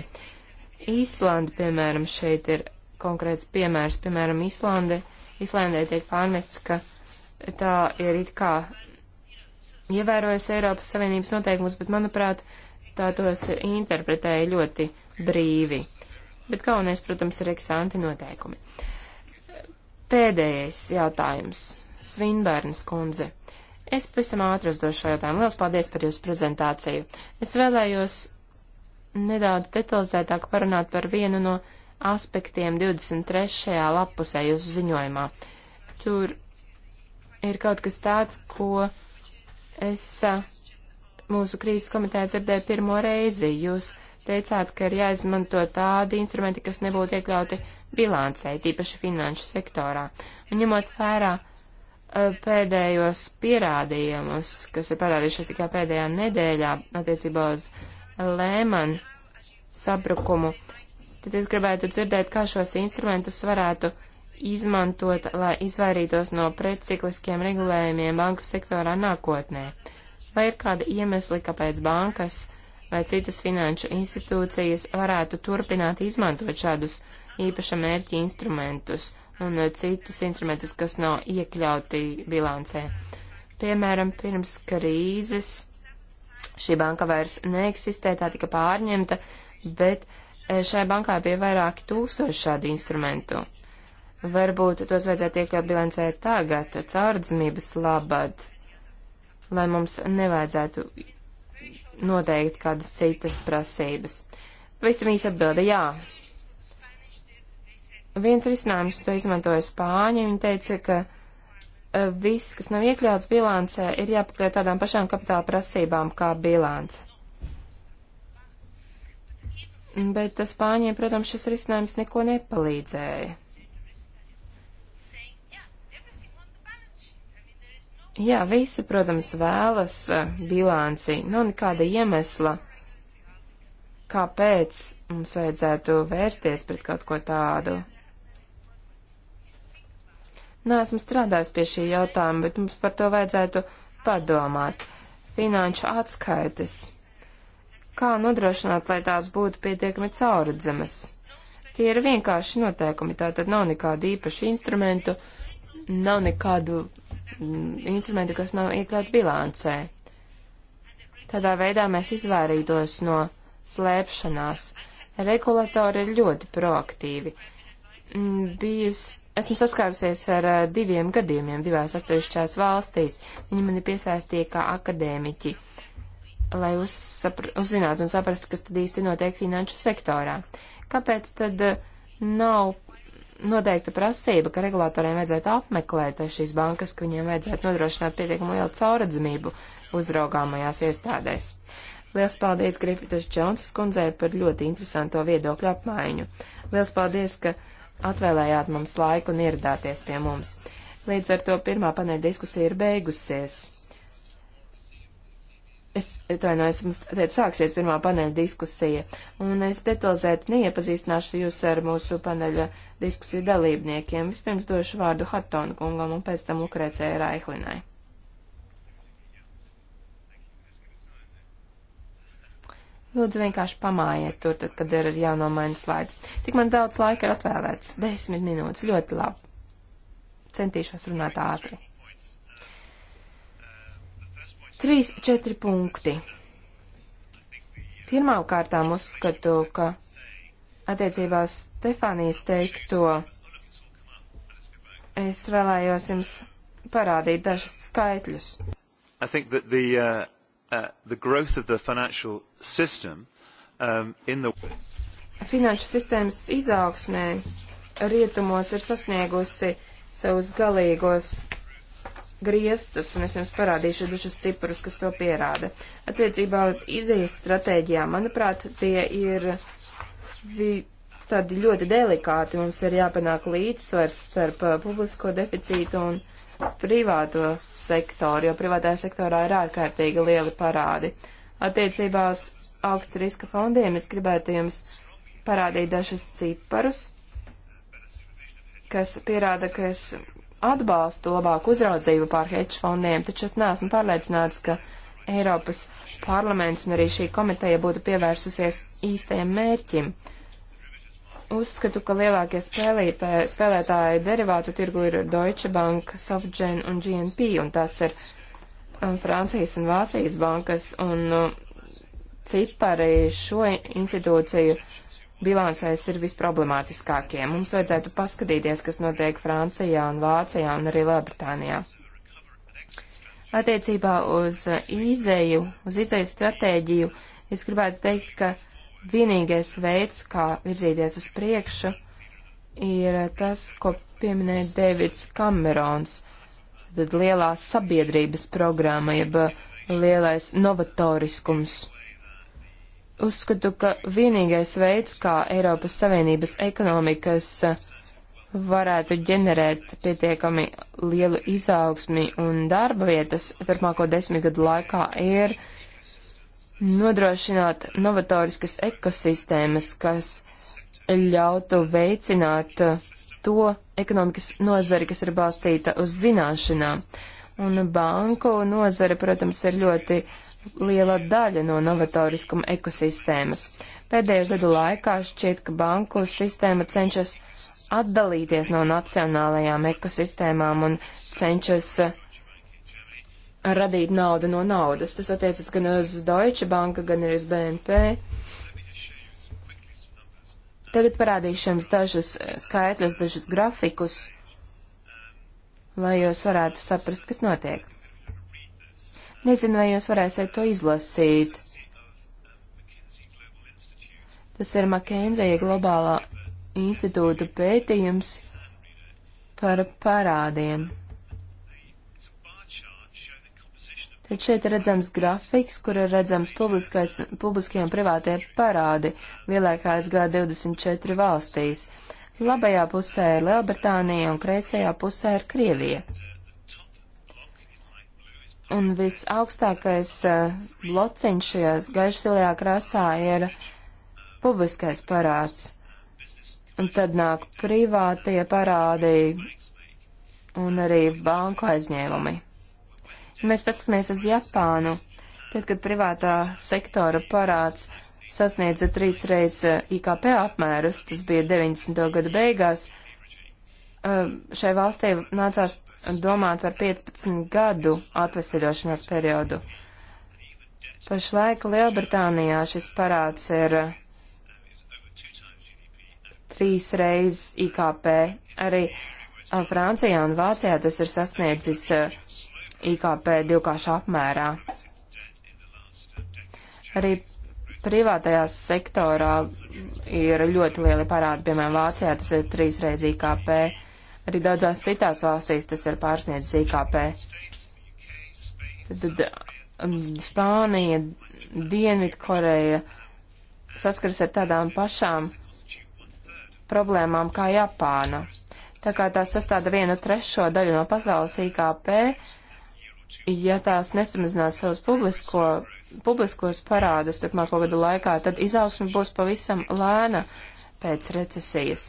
C: Īslanda, piemēram, šeit ir konkrēts piemērs. Piemēram, Īslande, Īslandē tiek pārmests, ka tā ir it kā ievērojusi Eiropas Savienības noteikumus, bet, manuprāt, tā tos interpretēja ļoti brīvi. Bet galvenais, protams, ir eksanti noteikumi. Pēdējais jautājums. Svinbērnas kundze. Es pavisam ātri uzdošu šo jautājumu. Lielas paldies par jūsu prezentāciju. Es vēlējos nedaudz detalizētāk parunāt par vienu no aspektiem 23. lapusē jūsu ziņojumā. Tur ir kaut kas tāds, ko es mūsu krīzes komitē dzirdēju pirmo reizi. Jūs teicāt, ka ir jāizmanto tādi instrumenti, kas nebūtu iekļauti bilancē, tīpaši finanšu sektorā. Un ņemot vērā e, pēdējos pierādījumus, kas ir parādījušies tikai pēdējā nedēļā attiecībā uz Lēman sabrukumu, tad es gribētu dzirdēt, kā šos instrumentus varētu izmantot, lai izvairītos no precikliskiem regulējumiem banku sektorā nākotnē. Uh, Vai ir kādi iemesli, kāpēc bankas vai citas finanšu institūcijas varētu turpināt izmantot šādus īpaša mērķa instrumentus un eh, citus instrumentus, kas nav iekļauti bilancē? Piemēram, pirms krīzes šī banka vairs neeksistē, tā tika pārņemta, bet eh, šai bankai bija vairāki tūkstoši šādu instrumentu. Varbūt tos vajadzētu iekļaut bilancē tagad, caurdzmības labad lai mums nevajadzētu noteikt kādas citas prasības. Visam īsi atbilde jā. Viens risinājums, to izmantoja Spāņi, viņi teica, ka e, viss, kas nav iekļauts bilancē, ir jāpakaļ tādām pašām kapitāla prasībām kā bilance. Bet Spāņiem, protams, šis risinājums neko nepalīdzēja. Jā, visi, protams, vēlas e, bilanci. Nav nekāda iemesla, kāpēc mums vajadzētu vērsties pret kaut ko tādu. Nē, esmu strādājis pie šī jautājuma, bet mums par to vajadzētu padomāt. Finanšu atskaites. Kā nodrošināt, lai tās būtu pietiekami cauradzemas? Tie ir vienkārši noteikumi, tā tad nav nekādu īpašu instrumentu, nav nekādu Mm, instrumenti, kas nav iekļauti bilancē. Tādā veidā mēs izvairītos no slēpšanās. Regulatori ir ļoti proaktīvi. Mm, bijus, esmu saskārusies ar diviem gadījumiem divās atsevišķās valstīs. Viņi mani piesaistīja kā akadēmiķi, lai uzsapr, uzzinātu un saprastu, kas tad īsti notiek finanšu sektorā. Kāpēc tad nav noteikta prasība, ka regulātoriem vajadzētu apmeklēt šīs bankas, ka viņiem vajadzētu nodrošināt pietiekamu lielu cauradzamību uzraugāmajās iestādēs. Liels paldies Grifitas Džonsas kundzei par ļoti interesanto viedokļu apmaiņu. Liels paldies, ka atvēlējāt mums laiku un ieradāties pie mums. Līdz ar to pirmā paneļa diskusija ir beigusies. Es atvainojos, mums tagad sāksies pirmā paneļa diskusija, un es detalizēti neiepazīstināšu jūs ar mūsu paneļa diskusiju dalībniekiem. Vispirms došu vārdu Hattonu kungam un pēc tam Lukrēcēja Raihlinai. Lūdzu, vienkārši pamājiet tur, tad, kad ir jānomaina slaids. Cik man daudz laika ir atvēlēts? Desmit minūtes. Ļoti labi. Centīšos runāt ātri. Trīs, četri punkti. Pirmām kārtām uzskatu, ka attiecībā uz Stefānijas teikto es vēlējos jums parādīt dažus skaitļus.
D: The, uh, uh, the system, um, the...
C: Finanšu sistēmas izaugsmē rietumos ir sasniegusi savus galīgos griestus, un es jums parādīšu dažus ciparus, kas to pierāda. Attiecībā uz izējas stratēģijām, manuprāt, tie ir tādi ļoti delikāti. Mums ir jāpanāk līdzsvars starp uh, publisko deficītu un privāto sektoru, jo privātajā sektorā ir ārkārtīgi lieli parādi. Attiecībā uz augsta riska fondiem es gribētu jums parādīt dažus ciparus, kas pierāda, ka es atbalstu labāku uzraudzību pār hedge fondiem, taču es neesmu pārliecināts, ka Eiropas parlaments un arī šī komiteja būtu pievērsusies īstajam mērķim. Uzskatu, ka lielākie spēlītē, spēlētāji derivātu tirgu ir Deutsche Bank, Softgen un GNP, un tās ir um, Francijas un Vācijas bankas, un uh, cipari šo institūciju bilancēs ir visproblemātiskākie. Mums vajadzētu paskatīties, kas notiek Francijā un Vācijā un arī Lielbritānijā. Attiecībā uz izēju, uz izēju stratēģiju, es gribētu teikt, ka vienīgais veids, kā virzīties uz priekšu, ir tas, ko pieminēja Davids Kamerons, tad lielā sabiedrības programma, jeb lielais novatoriskums. Uzskatu, ka vienīgais veids, kā Eiropas Savienības ekonomikas uh, varētu ģenerēt pietiekami lielu izaugsmi un darba vietas turpmāko desmitgadu laikā, ir nodrošināt novatoriskas ekosistēmas, kas ļautu veicināt uh, to ekonomikas nozari, kas ir balstīta uz zināšanām. Un banku nozare, protams, ir ļoti uh, liela daļa no novatoriskuma ekosistēmas. Pēdējo gadu laikā šķiet, ka banku sistēma cenšas atdalīties no nacionālajām ekosistēmām un cenšas uh, radīt naudu no naudas. Tas attiecas gan uz Deutsche Banka, gan arī uz BNP. Tagad parādīšu jums dažus uh, skaitļus, dažus grafikus, lai jūs varētu saprast, kas notiek. Nezinu, vai jūs varēsiet to izlasīt. Tas ir McKenzie globālā institūta pētījums par parādiem. Tad šeit ir redzams grafiks, kur ir redzams publiskie un privātie parādi lielākās G24 valstīs. Labajā pusē ir Lielbritānija un kreisajā pusē ir Krievija. Un visaugstākais eh, blociņš šajā gaišsilajā krāsā ir publiskais parāds. Un tad nāk privātie parādi un arī banku aizņēmumi. Ja mēs paskatāmies uz Japānu, tad, kad privātā sektora parāds sasniedza trīs reizes eh, IKP apmērus, tas bija 90. gada beigās, eh, šai valstī nācās domāt par 15 gadu atvesaļošanās periodu. Pašlaik Lielbritānijā šis parāds ir uh, trīs reizes IKP. Arī uh, Francijā un Vācijā tas ir sasniedzis uh, IKP divkāršu apmērā. Arī privātajā sektorā ir ļoti lieli parādi, piemēram, Vācijā tas ir trīs reizes IKP. Arī daudzās citās valstīs tas ir pārsniedzis IKP. Tad, tad um, Spānija, Dienvidkoreja saskaras ar tādām pašām problēmām kā Japāna. Tā kā tās sastāda vienu trešo daļu no pasaules IKP, ja tās nesamazinās savus publisko, publiskos parādus turpmāko gadu laikā, tad izaugsme būs pavisam lēna pēc recesijas.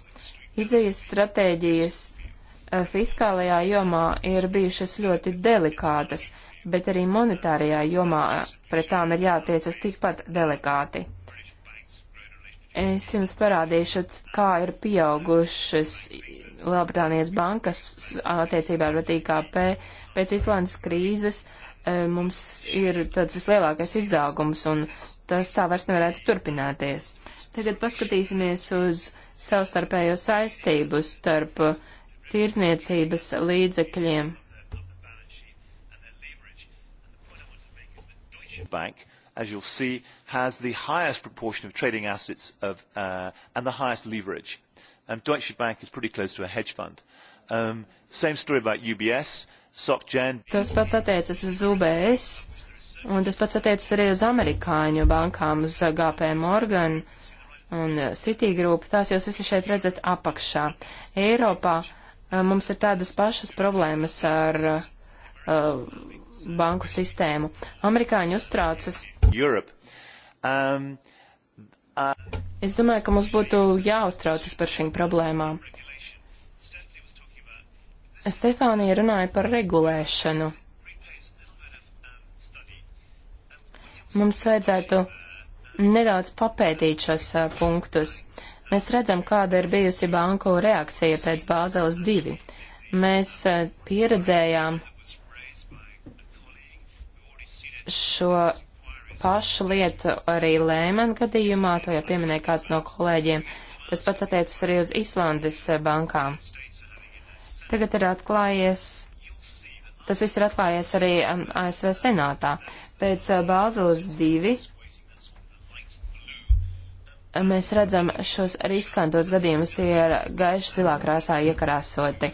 C: Izejas stratēģijas Eh, fiskālajā jomā ir bijušas ļoti delikātas, bet arī monetārajā jomā eh, pret tām ir jātiecas tikpat delikāti. Es jums parādīšu, kā ir pieaugušas Lielbritānijas bankas attiecībā ar IKP pēc Islandes krīzes eh, mums ir tāds vislielākais izaugums, un tas tā vairs nevarētu turpināties. Tagad paskatīsimies uz savstarpējo saistību starp uh, tirzniecības līdzekļiem.
D: Bank, as you'll see, has the highest proportion of trading assets of, uh, and the highest leverage. Um, Deutsche Bank is pretty close to a hedge fund. Um, same story about UBS, SocGen. Tas
C: pats attiecas uz UBS, un tas pats attiecas arī uz amerikāņu bankām, uz uh, GP Morgan un uh, Citigroup. Tās jūs visi šeit redzat apakšā. Eiropā uh, Eh, mums ir tādas pašas problēmas ar uh, banku sistēmu. Amerikāņi uztraucas. Europe. Um, uh... Es domāju, ka mums būtu jāuztraucas par šīm problēmām. Stefānija runāja par regulēšanu. Mums vajadzētu nedaudz papētīt šos punktus. Mēs redzam, kāda ir bijusi banku reakcija pēc Bāzeles 2. Mēs pieredzējām šo pašu lietu arī Lēman gadījumā, to jau pieminēja kāds no kolēģiem. Tas pats attiecas arī uz Islandes bankām. Tagad ir atklājies, tas viss ir atklājies arī ASV senātā. Pēc Bāzeles 2 mēs redzam šos riskantos gadījumus, tie ir gaiši zilā krāsā iekarāsoti.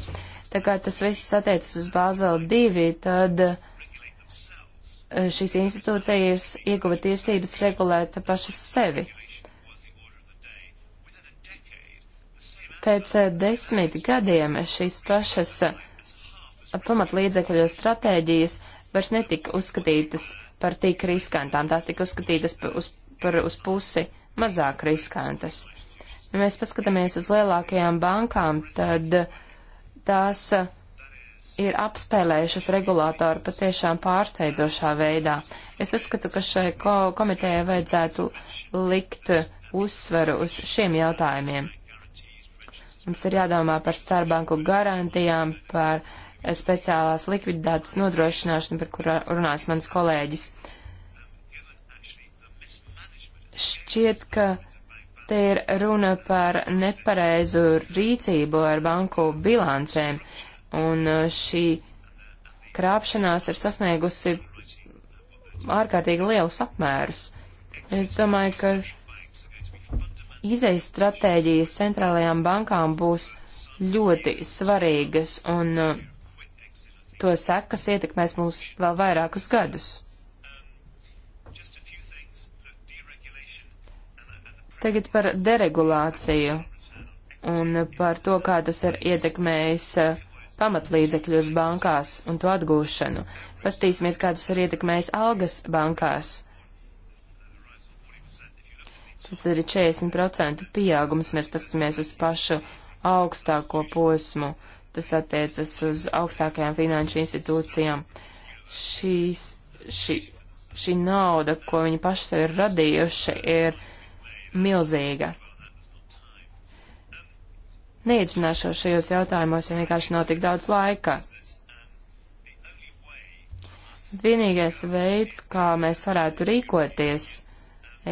C: Tā kā tas viss attiecas uz Bāzeli 2, tad eh, šīs institūcijas ieguva tiesības regulēt pašas sevi. Pēc eh, desmit gadiem šīs pašas eh, pamatlīdzekļu stratēģijas vairs netika uzskatītas par tik riskantām, tās tika uzskatītas par, uz, par, uz pusi uh, mazāk riskantas. Ja mēs paskatāmies uz lielākajām bankām, tad tās uh, ir apspēlējušas regulātoru patiešām pārsteidzošā veidā. Es uzskatu, ka šai ko komitejai vajadzētu likt uzsvaru uz šiem jautājumiem. Mums ir jādomā par starpbanku garantijām, par speciālās likviditātes nodrošināšanu, par kur runās mans kolēģis. Uh, Šķiet, ka te ir runa par nepareizu rīcību ar banku bilancēm, un uh, šī krāpšanās ir sasniegusi ārkārtīgi lielus apmērus. Es domāju, ka izejas stratēģijas centrālajām bankām būs ļoti svarīgas, un uh, to sekas ietekmēs mūs vēl vairākus gadus. Tagad par deregulāciju un par to, kā tas ir ietekmējis uh, pamatlīdzekļus bankās un to atgūšanu. Pastīsimies, kā tas ir ietekmējis algas bankās. Tad ir 40% pieaugums, mēs paskatāmies uz pašu augstāko posmu. Tas attiecas uz augstākajām finanšu institūcijām. Šīs, šī, šī nauda, ko viņi paši sev ir radījuši, ir milzīga. Neiedzināšos šajos jautājumos, ja vienkārši nav tik daudz laika. Vienīgais veids, kā mēs varētu rīkoties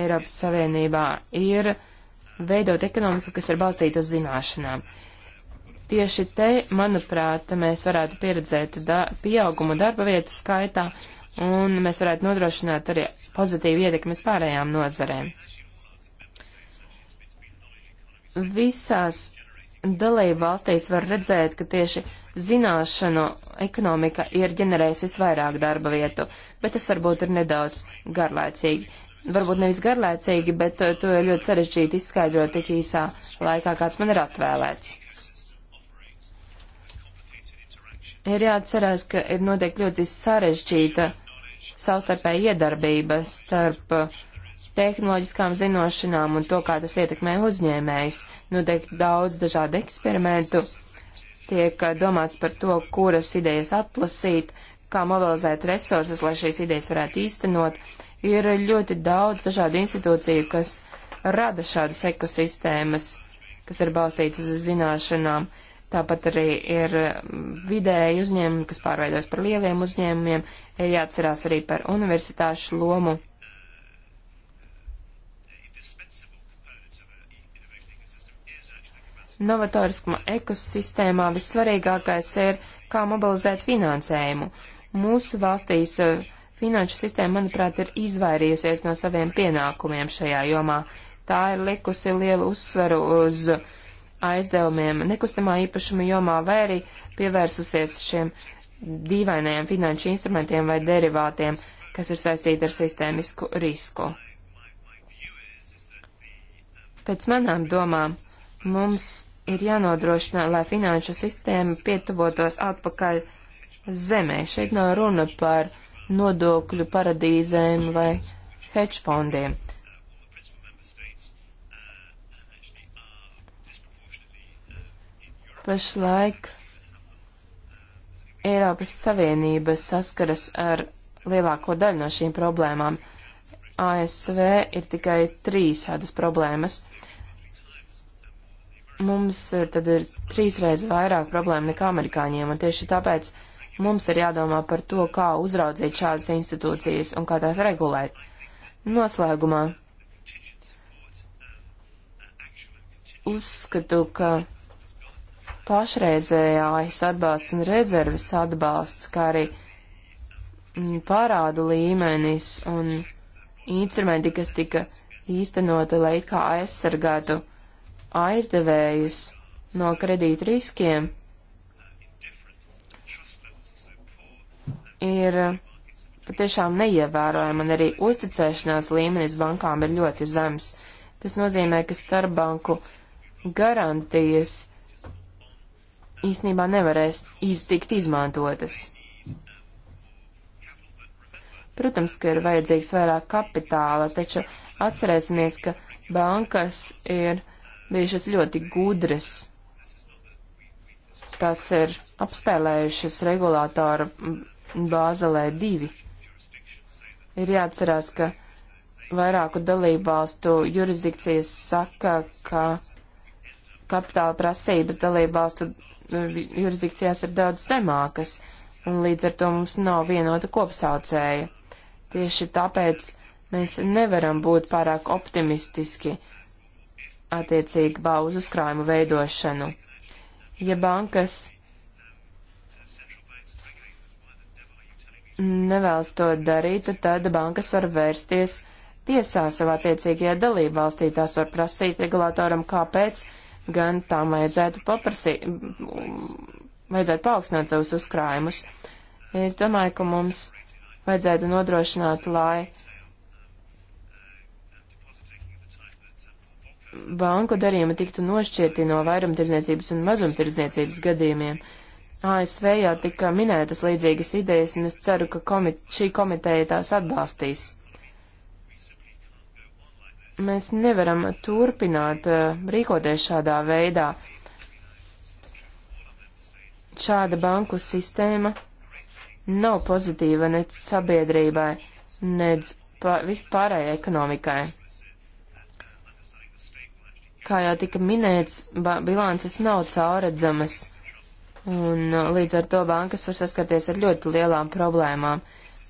C: Eiropas Savienībā, ir veidot ekonomiku, kas ir balstīta uz zināšanām. Tieši te, manuprāt, mēs varētu pieredzēt da pieaugumu darba vietu skaitā, un mēs varētu nodrošināt arī pozitīvu ietekmi uz pārējām nozarēm visās dalību valstīs var redzēt, ka tieši zināšanu ekonomika ir ģenerējusi visvairāk darba vietu, bet tas varbūt ir nedaudz garlaicīgi. Varbūt nevis garlaicīgi, bet to, eh, to ir ļoti sarežģīti izskaidrot tik īsā laikā, kāds man ir atvēlēts. Ir jāatcerās, ka ir notiek ļoti sarežģīta savstarpēja iedarbība starp uh, tehnoloģiskām zinošanām un to, kā tas ietekmē uzņēmējs. Notiek nu, daudz dažādu eksperimentu, tiek uh, domāts par to, kuras idejas atlasīt, kā mobilizēt resursus, lai šīs idejas varētu īstenot. Ir ļoti daudz dažādu institūciju, kas rada šādas ekosistēmas, kas ir balstītas uz zināšanām. Tāpat arī ir mm, vidēji uzņēmumi, kas pārveidojas par lieliem uzņēmumiem, jāatcerās arī par universitāšu lomu. Novatoriskuma ekosistēmā vissvarīgākais ir, kā mobilizēt finansējumu. Mūsu valstīs eh, finanšu sistēma, manuprāt, ir izvairījusies no saviem pienākumiem šajā jomā. Tā ir likusi lielu uzsvaru uz aizdevumiem nekustamā īpašuma jomā vai arī pievērsusies šiem dīvainajiem finanšu instrumentiem vai derivātiem, kas ir saistīti ar sistēmisku risku. Pēc manām domām mums ir jānodrošina, lai finanšu sistēma pietuvotos atpakaļ zemē. Šeit nav runa par nodokļu paradīzēm vai hedge fondiem. Pašlaik Eiropas Savienība saskaras ar lielāko daļu no šīm problēmām. ASV ir tikai trīs šādas problēmas. Mums ir, tad ir trīsreiz vairāk problēmu nekā amerikāņiem, un tieši tāpēc mums ir jādomā par to, kā uzraudzīt šādas institūcijas un kā tās regulēt. Noslēgumā uzskatu, ka pašreizējais atbalsts un rezerves atbalsts, kā arī parādu līmenis un instrumenti, kas tika īstenoti, lai kā aizsargātu aizdevējus no kredītu riskiem, ir patiešām neievērojama, un arī uzticēšanās līmenis bankām ir ļoti zems. Tas nozīmē, ka starpbanku garantijas īsnībā nevarēs iztikt izmantotas. Protams, ka ir vajadzīgs vairāk kapitāla, taču atcerēsimies, ka bankas ir bijušas ļoti gudras. Tās ir apspēlējušas regulātoru bāzelē divi. Ir jāatcerās, ka vairāku dalībvalstu jurisdikcijas saka, ka kapitāla prasības dalībvalstu nu, jurisdikcijās ir daudz zemākas, un līdz ar to mums nav vienota kopsaucēja. Tieši tāpēc mēs nevaram būt pārāk optimistiski attiecībā uz uzkrājumu veidošanu. Ja bankas nevēlas to darīt, tad bankas var vērsties tiesā savā attiecīgajā dalību valstī. Tās var prasīt regulātoram, kāpēc gan tām vajadzētu paprasīt, vajadzētu paaugstināt savus uzkrājumus. Es domāju, ka mums vajadzētu nodrošināt, lai banku darījumi tiktu nošķirti no vairumtirdzniecības un mazumtirdzniecības gadījumiem. ASV jau tika minētas līdzīgas idejas, un es ceru, ka komit šī komiteja tās atbalstīs. Mēs nevaram turpināt uh, rīkoties šādā veidā. Šāda banku sistēma nav pozitīva ne sabiedrībai, nec vispārējai ekonomikai. Kā jau tika minēts, bilances nav cauredzamas, un uh, līdz ar to bankas var saskarties ar ļoti lielām problēmām,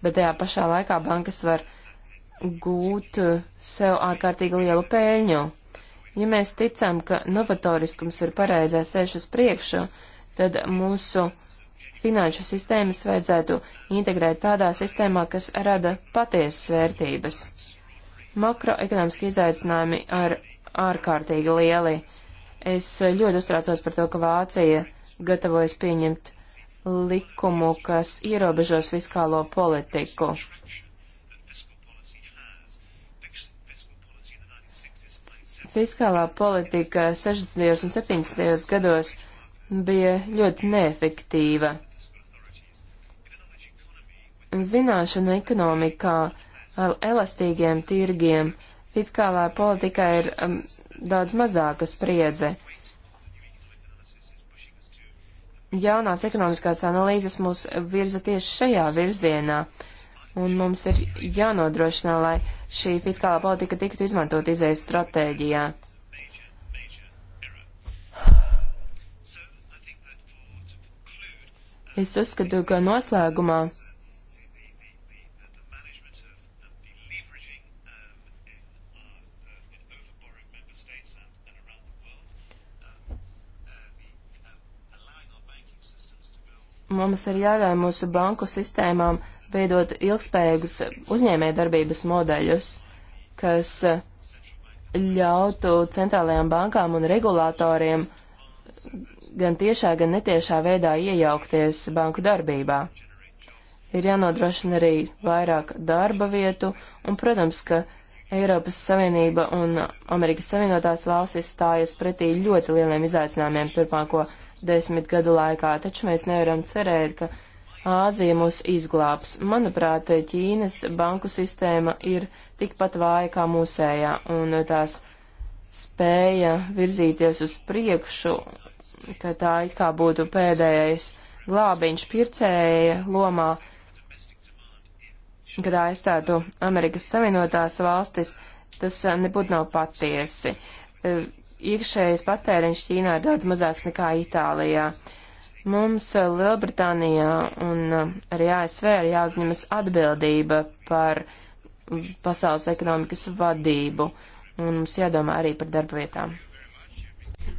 C: bet tajā pašā laikā bankas var gūt uh, sev ārkārtīgi lielu pēļņu. Ja mēs ticam, ka novatoriskums ir pareizais ceļš uz priekšu, tad mūsu uh, finanšu sistēmas vajadzētu integrēt tādā sistēmā, kas rada patiesas vērtības. Makroekonomiski izaicinājumi ir ārkārtīgi lieli. Es ļoti uztraucos par to, ka Vācija gatavojas pieņemt likumu, kas ierobežos fiskālo politiku. Fiskālā politika 60. un 70. gados bija ļoti neefektīva zināšana ekonomikā, elastīgiem tirgiem, fiskālā politikā ir um, daudz mazāka spriedze. Jaunās ekonomiskās analīzes mūs virza tieši šajā virzienā, un mums ir jānodrošina, lai šī fiskālā politika tiktu izmantot izējas stratēģijā. Es uzskatu, ka noslēgumā Mums ir jāļauj mūsu banku sistēmām veidot ilgspējīgus uzņēmējdarbības modeļus, kas eh, ļautu centrālajām bankām un regulātoriem gan tiešā, gan netiešā veidā iejaukties banku darbībā. Ir jānodrošina arī vairāk darba vietu, un, protams, ka Eiropas Savienība un Amerikas Savienotās valstis stājas pretī ļoti lieliem izaicinājumiem turpmāko desmit gadu laikā, taču mēs nevaram cerēt, ka Āzija mūs izglābs. Manuprāt, Ķīnas banku sistēma ir tikpat vāja kā mūsējā, un tās spēja virzīties uz priekšu, ka tā it kā būtu pēdējais glābiņš pircēja lomā, kad aizstātu Amerikas Savienotās valstis, tas nebūtu nav patiesi iekšējais patēriņš Ķīnā ir daudz mazāks nekā Itālijā. Mums eh, Lielbritānijā un eh, arī ASV ir jāuzņemas atbildība par mm, pasaules ekonomikas vadību, un mums jādomā arī par darba vietām.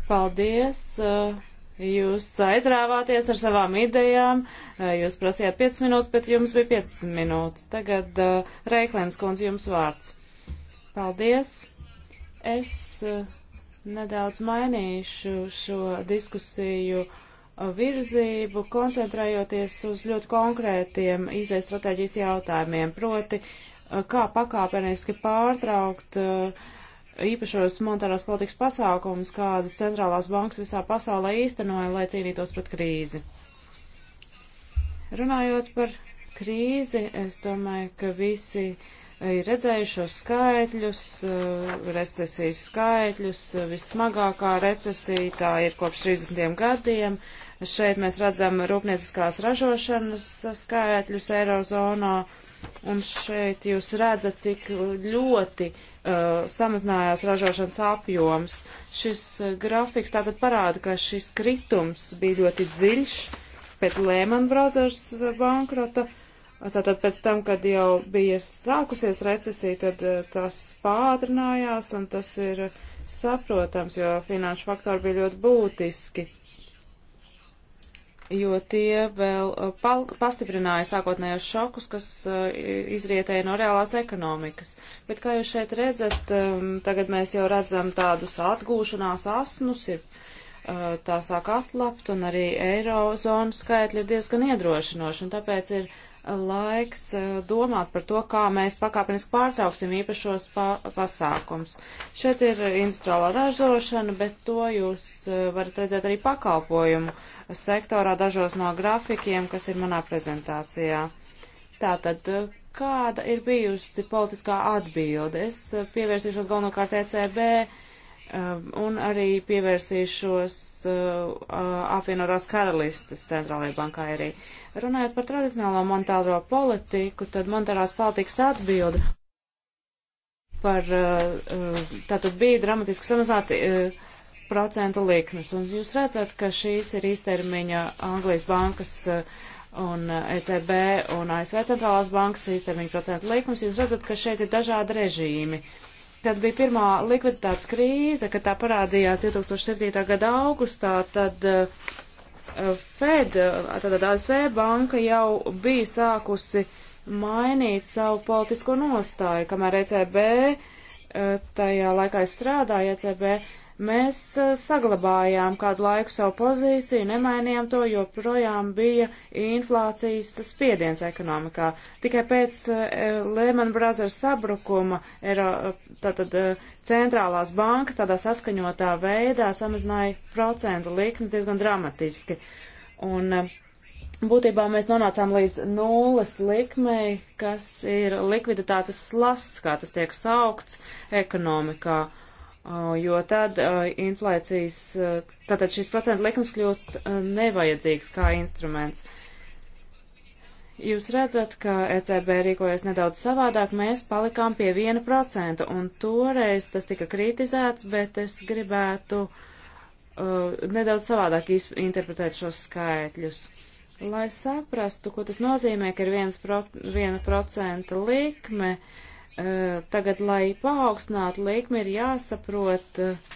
A: Paldies! Eh, jūs aizrāvāties ar savām idejām, jūs prasījāt 5 minūtes, bet jums bija 15 minūtes. Tagad uh, Reiklēns kundze jums vārds. Paldies! Es uh, nedaudz mainīšu šo diskusiju uh, virzību, koncentrējoties uz ļoti konkrētiem izējas stratēģijas jautājumiem, proti, uh, kā pakāpeniski pārtraukt uh, īpašos monetārās politikas pasākumus, kādas centrālās bankas visā pasaulē īstenoja, lai cīnītos pret krīzi. Runājot par krīzi, es domāju, ka visi uh, ir redzējušos skaitļus, eh, recesijas skaitļus, vismagākā recesija tā ir kopš 30 gadiem. Šeit mēs redzam rūpnieciskās ražošanas skaitļus Eirozonā, un šeit jūs redzat, cik ļoti uh, samazinājās ražošanas apjoms. Šis eh, grafiks tātad parāda, ka šis kritums bija ļoti dziļš pēc Lehman Brothers bankrota. Uh, Tātad pēc tam, kad jau bija sākusies recesija, tad eh, tas pātrinājās un tas ir saprotams, jo finanšu faktori bija ļoti būtiski, jo tie vēl eh, pastiprināja sākotnējos šokus, kas eh, izrietēja no reālās ekonomikas. Bet kā jūs šeit redzat, ehm, tagad mēs jau redzam tādus atgūšanās asnus, ir tā sāk atlapt un arī eirozonu skaitļi ir diezgan iedrošinoši un tāpēc ir laiks eh, domāt par to, kā mēs pakāpeniski pārtrauksim īpašos pa pasākums. Šeit ir industriālā ražošana, bet to jūs eh, varat redzēt arī pakalpojumu sektorā dažos no grafikiem, kas ir manā prezentācijā. Tātad, eh, kāda ir bijusi politiskā atbilde? Es pievērsīšos galvenokārt ECB Um, un arī pievērsīšos uh, uh, apvienotās karalistes centrālajai bankai arī. Runājot par tradicionālo monetāro politiku, tad monetārās politikas atbildi par, uh, tātad bija dramatiski samazināti procentu likmes. Un jūs redzat, ka šīs ir īstermiņa Anglijas bankas un ECB un ASV centrālās bankas īstermiņa procentu likmes. Jūs redzat, ka šeit ir dažādi režīmi. Uh, Tad bija pirmā likviditātes krīze, kad tā parādījās 2007. gada augustā, tad eh, Fed, eh, tātad ASV banka jau bija sākusi mainīt savu politisko nostāju, kamēr ECB eh, tajā laikā strādāja ECB Mēs eh, saglabājām kādu laiku savu pozīciju, nemainījām to, jo projām bija inflācijas spiediens ekonomikā. Tikai pēc eh, Lehman Brothers sabrukuma eh, tātad, centrālās bankas tādā saskaņotā veidā samazināja procentu likmes diezgan dramatiski. Un, Būtībā mēs nonācām līdz nulles likmei, kas ir likviditātes slasts, kā tas tiek saukts ekonomikā. Uh, Uh, jo tad uh, inflācijas, uh, tātad šis procentu likums kļūst nevajadzīgs kā instruments. Jūs redzat, ka ECB rīkojas nedaudz savādāk, mēs palikām pie 1%, un toreiz tas tika kritizēts, bet es gribētu uh, nedaudz savādāk interpretēt šos skaitļus. Lai saprastu, ko tas nozīmē, ka ir 1%, 1 likme, uh, Eh, tagad, lai paaugstinātu likmi, ir jāsaprot, eh,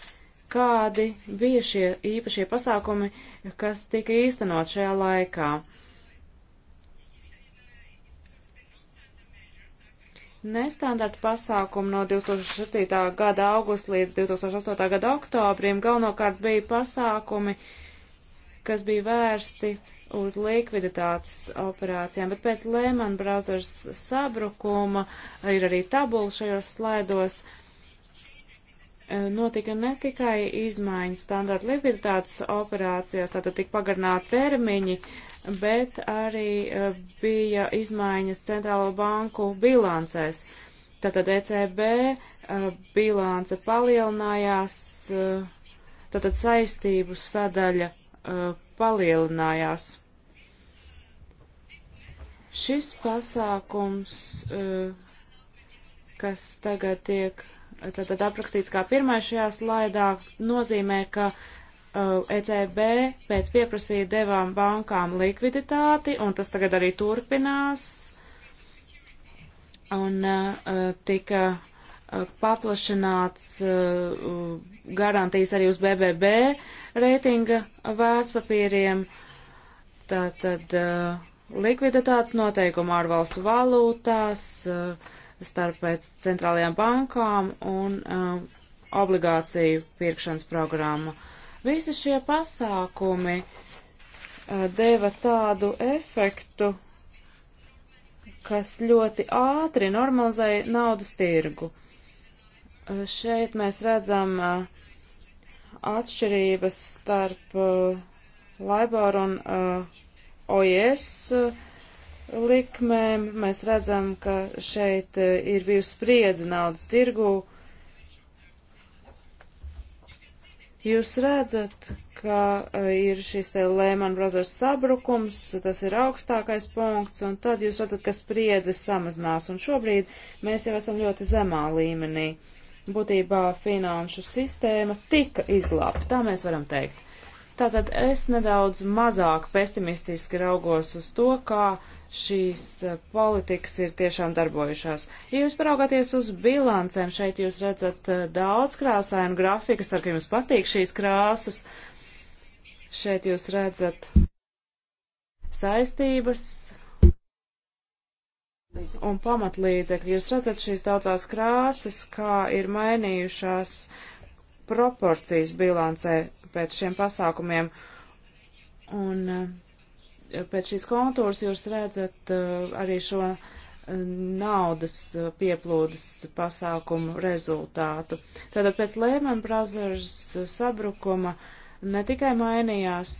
A: kādi bija šie īpašie pasākumi, kas tika īstenot šajā laikā. Nestandarta pasākumi no 2007. gada augusta līdz 2008. gada oktobrim galvenokārt bija pasākumi, kas bija vērsti uz likviditātes operācijām, bet pēc Lehman Brothers sabrukuma ir arī tabula šajos slaidos. E, notika ne tikai izmaiņas standarta likviditātes operācijās, tātad tika pagarināti termiņi, bet arī e, bija izmaiņas centrālo banku bilancēs. Tātad ECB e, bilance palielinājās, tātad saistību sadaļa Eh, palielinājās. Šis pasākums, eh, kas tagad tiek tātad aprakstīts kā pirmais šajā slaidā, nozīmē, ka ECB eh, e pēc pieprasīja devām bankām likviditāti, un tas tagad arī turpinās, un tika Eh, paplašināts eh, garantijas arī uz BBB reitinga vērtspapīriem, tātad eh, likviditātes noteikumu ārvalstu valūtās, starp centrālajām bankām un obligāciju pirkšanas programma. Visi šie pasākumi deva tādu efektu, kas ļoti ātri normalizēja naudas tirgu. Uh, Šeit mēs redzam uh, atšķirības starp uh, Laibor un uh, OIS e likmēm. Mēs redzam, ka šeit ir bijusi spriedze naudas tirgū. Jūs redzat, ka ir šis te Lehman Brothers sabrukums, tas ir augstākais punkts, un tad jūs redzat, ka spriedze samazinās, un šobrīd mēs jau esam ļoti zemā līmenī. Uh, Būtībā finanšu sistēma tika izglābta, tā mēs varam teikt. Tātad es nedaudz mazāk pesimistiski raugos uz to, kā šīs eh, politikas ir tiešām darbojušās. Ja jūs paraugāties uz bilancēm, šeit jūs redzat eh, daudz krāsainu grafikas, ar kuriem jums patīk šīs krāsas. Šeit jūs redzat saistības, un pamatlīdzekļi. Jūs redzat šīs daudzās krāsas, kā ir mainījušās proporcijas bilancē pēc šiem pasākumiem. Un eh, pēc šīs kontūras jūs redzat eh, arī šo eh, naudas pieplūdes pasākumu rezultātu. Tātad pēc Lehman Brothers sabrukuma ne tikai mainījās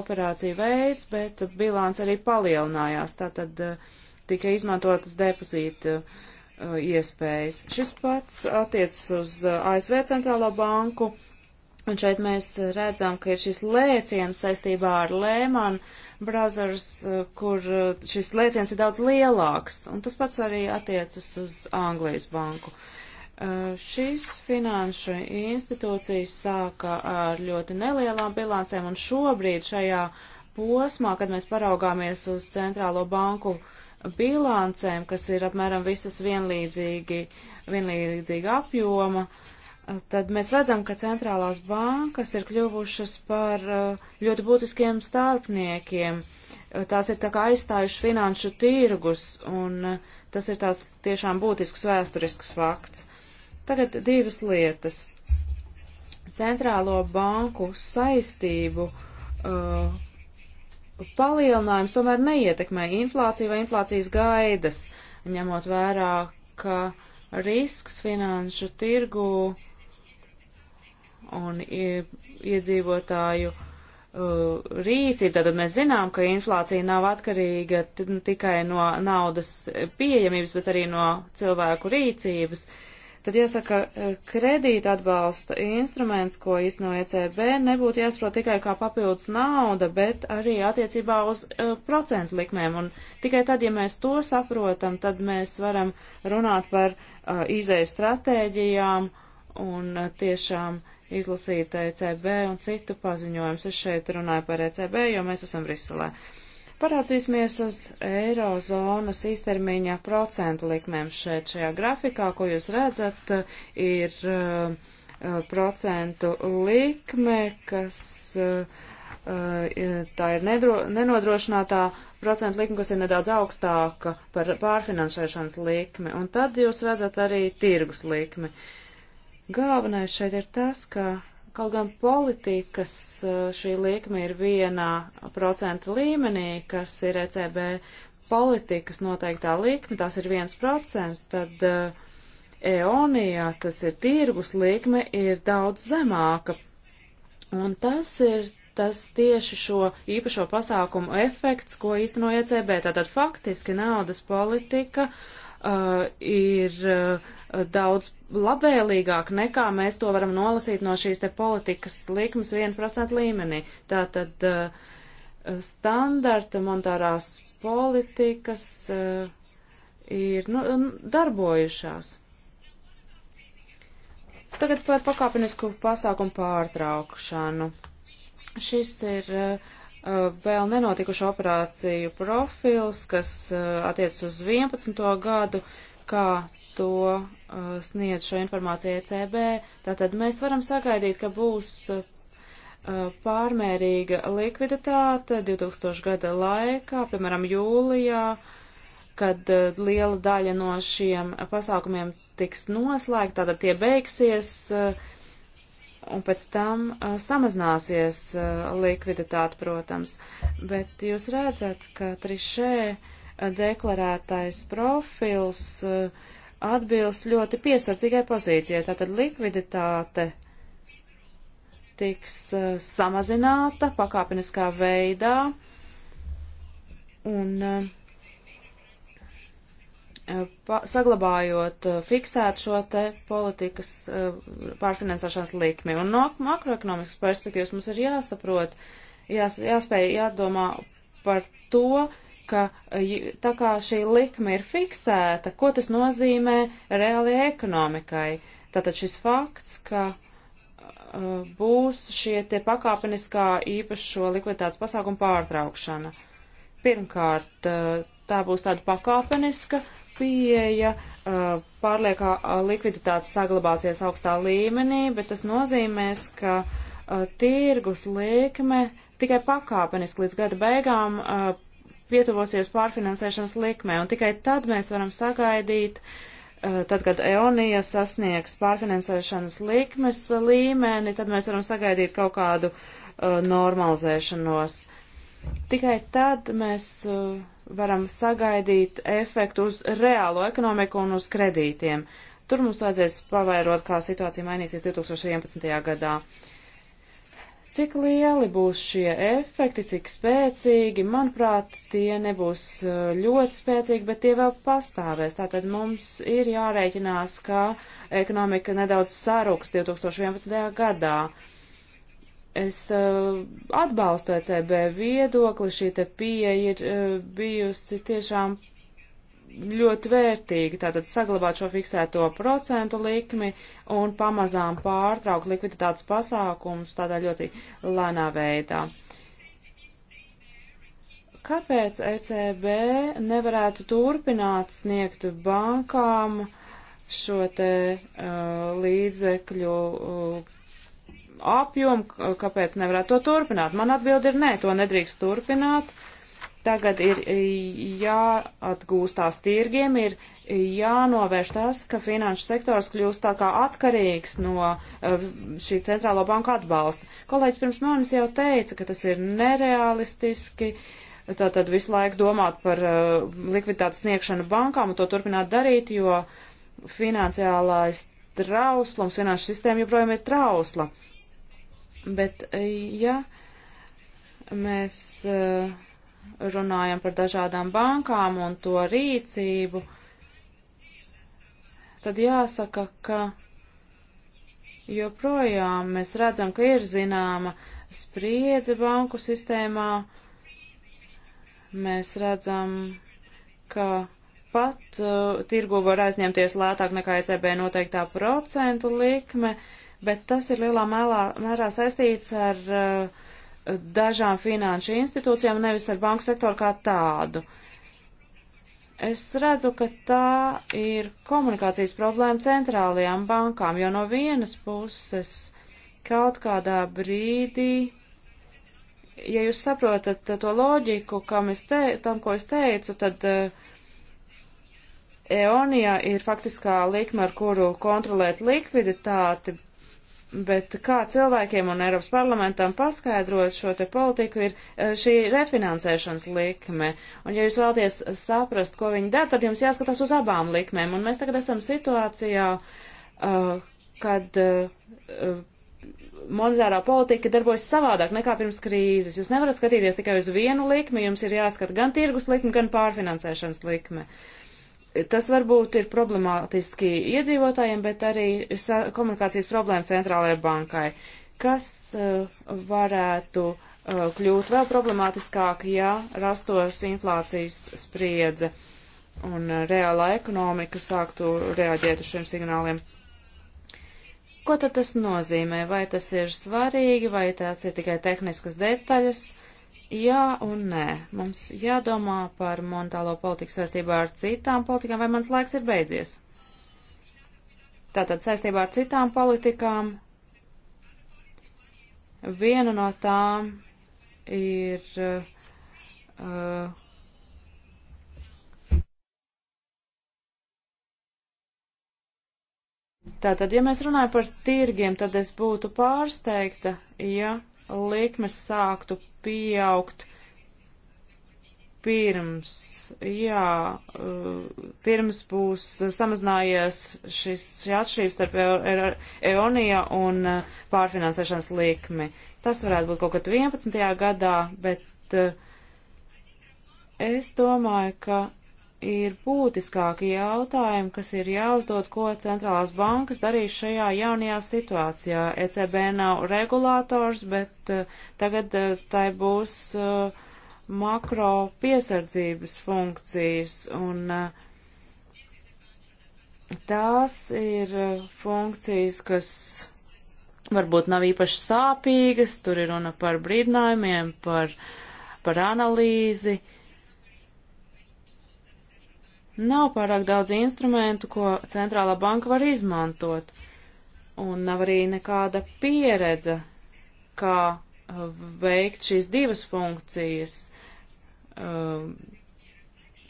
A: operācija veids, bet bilāns arī palielinājās. Tātad uh, tika izmantotas depozīta uh, iespējas. Šis pats attiecas uz uh, ASV centrālo banku, un šeit mēs redzam, ka ir šis lēciens saistībā ar Lehman Brothers, uh, kur šis lēciens ir daudz lielāks, un tas pats arī attiecas uz Anglijas banku. Šīs finanšu institūcijas sāka ar ļoti nelielām bilancēm, un šobrīd šajā posmā, kad mēs paraugāmies uz centrālo banku uh, bilancēm, kas ir apmēram visas vienlīdzīgi, vienlīdzīga apjoma, tad mēs redzam, ka centrālās bankas ir kļuvušas par eh, ļoti būtiskiem starpniekiem. Tās ir tā kā aizstājušas finanšu tirgus, un eh, tas ir tāds tiešām būtisks vēsturisks fakts. Tagad divas lietas. Centrālo banku saistību uh, palielinājums tomēr neietekmē inflāciju vai inflācijas gaidas, ņemot vērā, ka risks finanšu tirgu un iedzīvotāju uh, rīcība. Tātad mēs zinām, ka inflācija nav atkarīga tikai no naudas pieejamības, bet arī no cilvēku rīcības. Uh, tad jāsaka, e, kredīta atbalsta instruments, ko izno ECB, nebūtu jāsprot tikai kā papildus nauda, bet arī attiecībā uz uh, procentu likmēm. Un tikai tad, ja mēs to saprotam, tad mēs varam runāt par uh, izējas stratēģijām un uh, tiešām izlasīt ECB un citu paziņojumus. Es šeit runāju par ECB, jo mēs esam Briselē. Uh, Parādzīsimies uz eirozonas īstermiņa procentu likmēm šeit šajā grafikā, ko jūs redzat, ir uh, uh procentu likme, kas uh, uh, tā ir nedro, nenodrošinātā procentu likme, kas ir nedaudz augstāka par pārfinansēšanas likmi, un tad jūs redzat arī tirgus likmi. Galvenais šeit ir tas, ka Kaut gan politikas uh, šī likme ir vienā procenta līmenī, kas ir ECB politikas noteiktā likme, tas ir viens procents, tad uh, EONijā tas ir tirgus likme, ir daudz zemāka. Un tas ir tas tieši šo īpašo pasākumu efekts, ko īsteno ECB. Tātad faktiski naudas politika uh, ir uh, daudz labvēlīgāk nekā mēs to varam nolasīt no šīs te politikas likmes 1% līmenī. Tātad uh, standarta monetārās politikas uh, ir nu, darbojušās. Tagad par pakāpenisku pasākumu pārtraukšanu. Šis ir uh, Eh, vēl nenotikušu operāciju profils, kas eh, attiecas uz 11. gadu, kā to eh, sniedz šo informāciju ECB. Tātad mēs varam sagaidīt, ka būs pārmērīga likviditāte 2000 gada laikā, piemēram, jūlijā, kad liela daļa no šiem pasākumiem tiks noslēgta, tātad tie beigsies. Uh, un pēc tam uh, samazināsies uh, likviditāte, protams. Bet jūs redzat, ka trišē uh, deklarētais profils uh, atbilst ļoti piesardzīgai pozīcijai. Tātad likviditāte tiks uh, samazināta pakāpeniskā veidā. Un, uh, Eh, saglabājot, eh, fiksēt šo te politikas eh, pārfinansēšanas likmi. Un no makroekonomikas perspektīvas mums ir jāsaprot, jās, jāspēj jādomā par to, ka tā kā šī likme ir fiksēta, ko tas nozīmē reālajai ekonomikai. Tātad šis fakts, ka būs šie tie pakāpeniskā īpašo likviditātes pasākumu pārtraukšana. Pirmkārt, tā būs tāda pakāpeniska uh, pieeja, uh, pārliekā uh, likviditāte saglabāsies augstā līmenī, bet tas nozīmēs, ka uh, tirgus likme tikai pakāpeniski līdz gada beigām pietuvosies pārfinansēšanas likmē, un tikai tad mēs varam sagaidīt, tad, kad Eonija sasniegs pārfinansēšanas likmes līmeni, tad mēs varam sagaidīt kaut kādu normalizēšanos. Tikai tad mēs uh, varam sagaidīt efektu uz reālo ekonomiku un uz kredītiem. Tur mums vajadzēs pavērot, kā situācija mainīsies 2011. gadā. Cik lieli būs šie efekti, cik spēcīgi, manuprāt, tie nebūs uh, ļoti spēcīgi, bet tie vēl pastāvēs. Tātad mums ir jārēķinās, ka ekonomika nedaudz sarūks 2011. gadā. Es uh, atbalstu ECB viedokli, šī te pieeja ir uh, bijusi tiešām ļoti vērtīgi tātad saglabāt šo fiksēto procentu likmi un pamazām pārtraukt likviditātes pasākumus tādā ļoti lēnā veidā. Kāpēc ECB nevarētu turpināt sniegt bankām šo te uh, līdzekļu uh, apjomu, kāpēc nevarētu to turpināt. Man atbildi ir nē, to nedrīkst turpināt. Tagad ir jāatgūstās tirgiem, ir jānovērš tas, ka finanšu sektors kļūst tā kā atkarīgs no e, šī centrālo banku atbalsta. Kolēģis pirms manis jau teica, ka tas ir nerealistiski, tātad visu laiku domāt par e, likviditātes sniegšanu bankām un to turpināt darīt, jo finansiālais trauslums, finanšu sistēma joprojām ir trausla. Bet, ja mēs eh, runājam par dažādām bankām un to rīcību, tad jāsaka, ka joprojām mēs redzam, ka ir zināma spriedze banku sistēmā. Mēs redzam, ka pat uh, tirgu var aizņemties lētāk nekā ECB noteiktā procentu likme, uh, bet tas ir lielā mēlā, mērā saistīts ar uh, dažām finanšu institūcijām, nevis ar banku sektoru kā tādu. Es redzu, ka tā ir komunikācijas problēma centrālajām bankām, jo no vienas puses kaut kādā brīdī, ja jūs saprotat eh, to loģiku, kam es te, tam, ko es teicu, tad uh, eh, Eonija ir faktiskā likme, ar kuru kontrolēt likviditāti, Bet kā cilvēkiem un Eiropas parlamentam paskaidrot šo te politiku ir eh, šī refinansēšanas likme. Un ja jūs vēlaties saprast, ko viņi dara, tad jums jāskatās uz abām likmēm. Un mēs tagad esam situācijā, eh, kad eh, monetārā politika darbojas savādāk nekā pirms krīzes. Jūs nevarat skatīties tikai uz vienu likmi, jums ir jāskat gan tirgus likme, gan pārfinansēšanas likme. Uh, Tas varbūt ir problemātiski iedzīvotājiem, bet arī komunikācijas problēma centrālajai bankai, kas uh, varētu uh, kļūt vēl problemātiskāk, ja rastos inflācijas spriedze un uh, reālā ekonomika sāktu reaģēt uz šiem signāliem. Ko tad tas nozīmē? Vai tas ir svarīgi, vai tās ir tikai tehniskas detaļas? Uh, jā un nē. Mums jādomā par monetālo politiku saistībā ar citām politikām, vai mans laiks ir beidzies. Tātad saistībā ar citām politikām viena no tām ir. Uh, Tātad, ja mēs runājam par tirgiem, tad es būtu pārsteigta, ja likmes sāktu pieaugt pirms, jā, uh, pirms būs samazinājies šis, šī atšķirības starp e-, e-, Eonija un uh, pārfinansēšanas likmi. Tas varētu būt kaut kad 11. gadā, bet uh, es domāju, ka ir būtiskāki jautājumi, kas ir jāuzdod, ko centrālās bankas darīs šajā jaunajā situācijā. ECB nav regulators, bet uh, tagad uh, tai būs uh, makro piesardzības funkcijas, un tās ir funkcijas, kas varbūt nav īpaši sāpīgas, tur ir runa par brīdinājumiem, par, par analīzi, uh, Nav pārāk daudz instrumentu, ko centrālā banka var izmantot, un nav arī nekāda pieredze, kā uh, veikt šīs divas funkcijas, uh,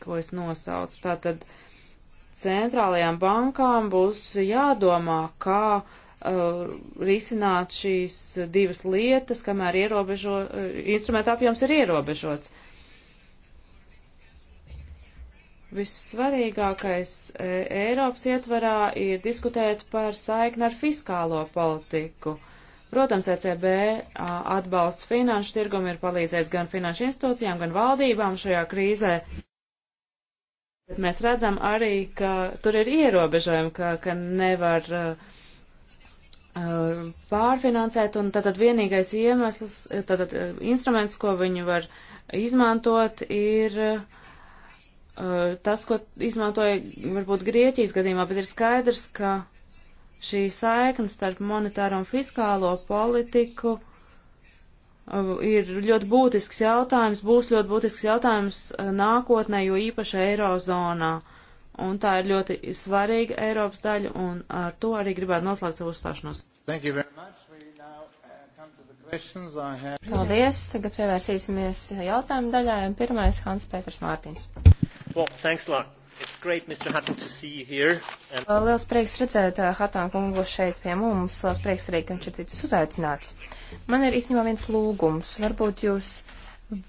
A: ko es nosaucu. Tātad centrālajām bankām būs jādomā, kā uh, risināt šīs divas lietas, kamēr ierobežo, uh, instrumenta apjoms ir ierobežots. Vissvarīgākais e, Eiropas ietvarā ir diskutēt par saikni ar fiskālo politiku. Protams, ECB atbalsts finanšu tirgum ir palīdzējis gan finanšu institūcijām, gan valdībām šajā krīzē. Bet mēs redzam arī, ka tur ir ierobežojumi, ka, ka nevar uh, pārfinansēt, un tad vienīgais iemesls, tad instruments, ko viņi var izmantot, ir uh, Eh, tas, ko izmantoja varbūt Grieķijas gadījumā, bet ir skaidrs, ka šī saikna starp monetāro un fiskālo politiku eh, ir ļoti būtisks jautājums, būs ļoti būtisks jautājums eh, nākotnē, jo īpaši Eirozonā. Un tā ir ļoti svarīga Eiropas daļa, un ar to arī gribētu noslēgt savu uzstāšanos.
C: Uh, Paldies, tagad pievērsīsimies jautājumu daļai, un pirmais Hans Pēters Mārtiņs.
D: Well, thanks a lot. It's great, Mr. Hutton, to see you here.
C: And... Liels prieks redzēt uh, Hatan kungu šeit pie mums. Liels prieks arī, ka viņš ir ticis uzaicināts. Man ir īstenībā viens lūgums. Varbūt jūs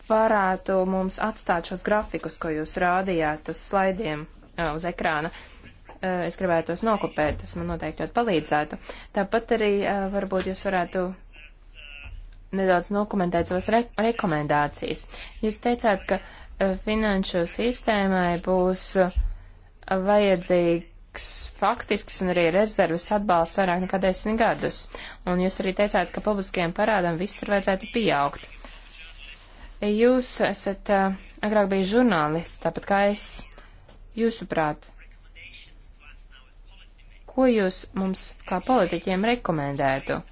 C: varētu mums atstāt šos grafikus, ko jūs rādījāt uz slaidiem, uh, uz ekrāna. Uh, es gribētu tos nokopēt, tas man noteikti ļoti palīdzētu. Tāpat arī varbūt jūs varētu nedaudz nokomentēt savas re rekomendācijas. Jūs teicāt, ka Eh, finanšu sistēmai būs eh, vajadzīgs faktisks un arī rezerves atbalsts vairāk nekā desmit gadus. Un jūs arī teicāt, ka publiskajiem parādam viss ir vajadzētu pieaugt. Jūs esat eh, agrāk bijis žurnālists, tāpat kā es. Jūsuprāt, ko jūs mums kā politiķiem rekomendētu?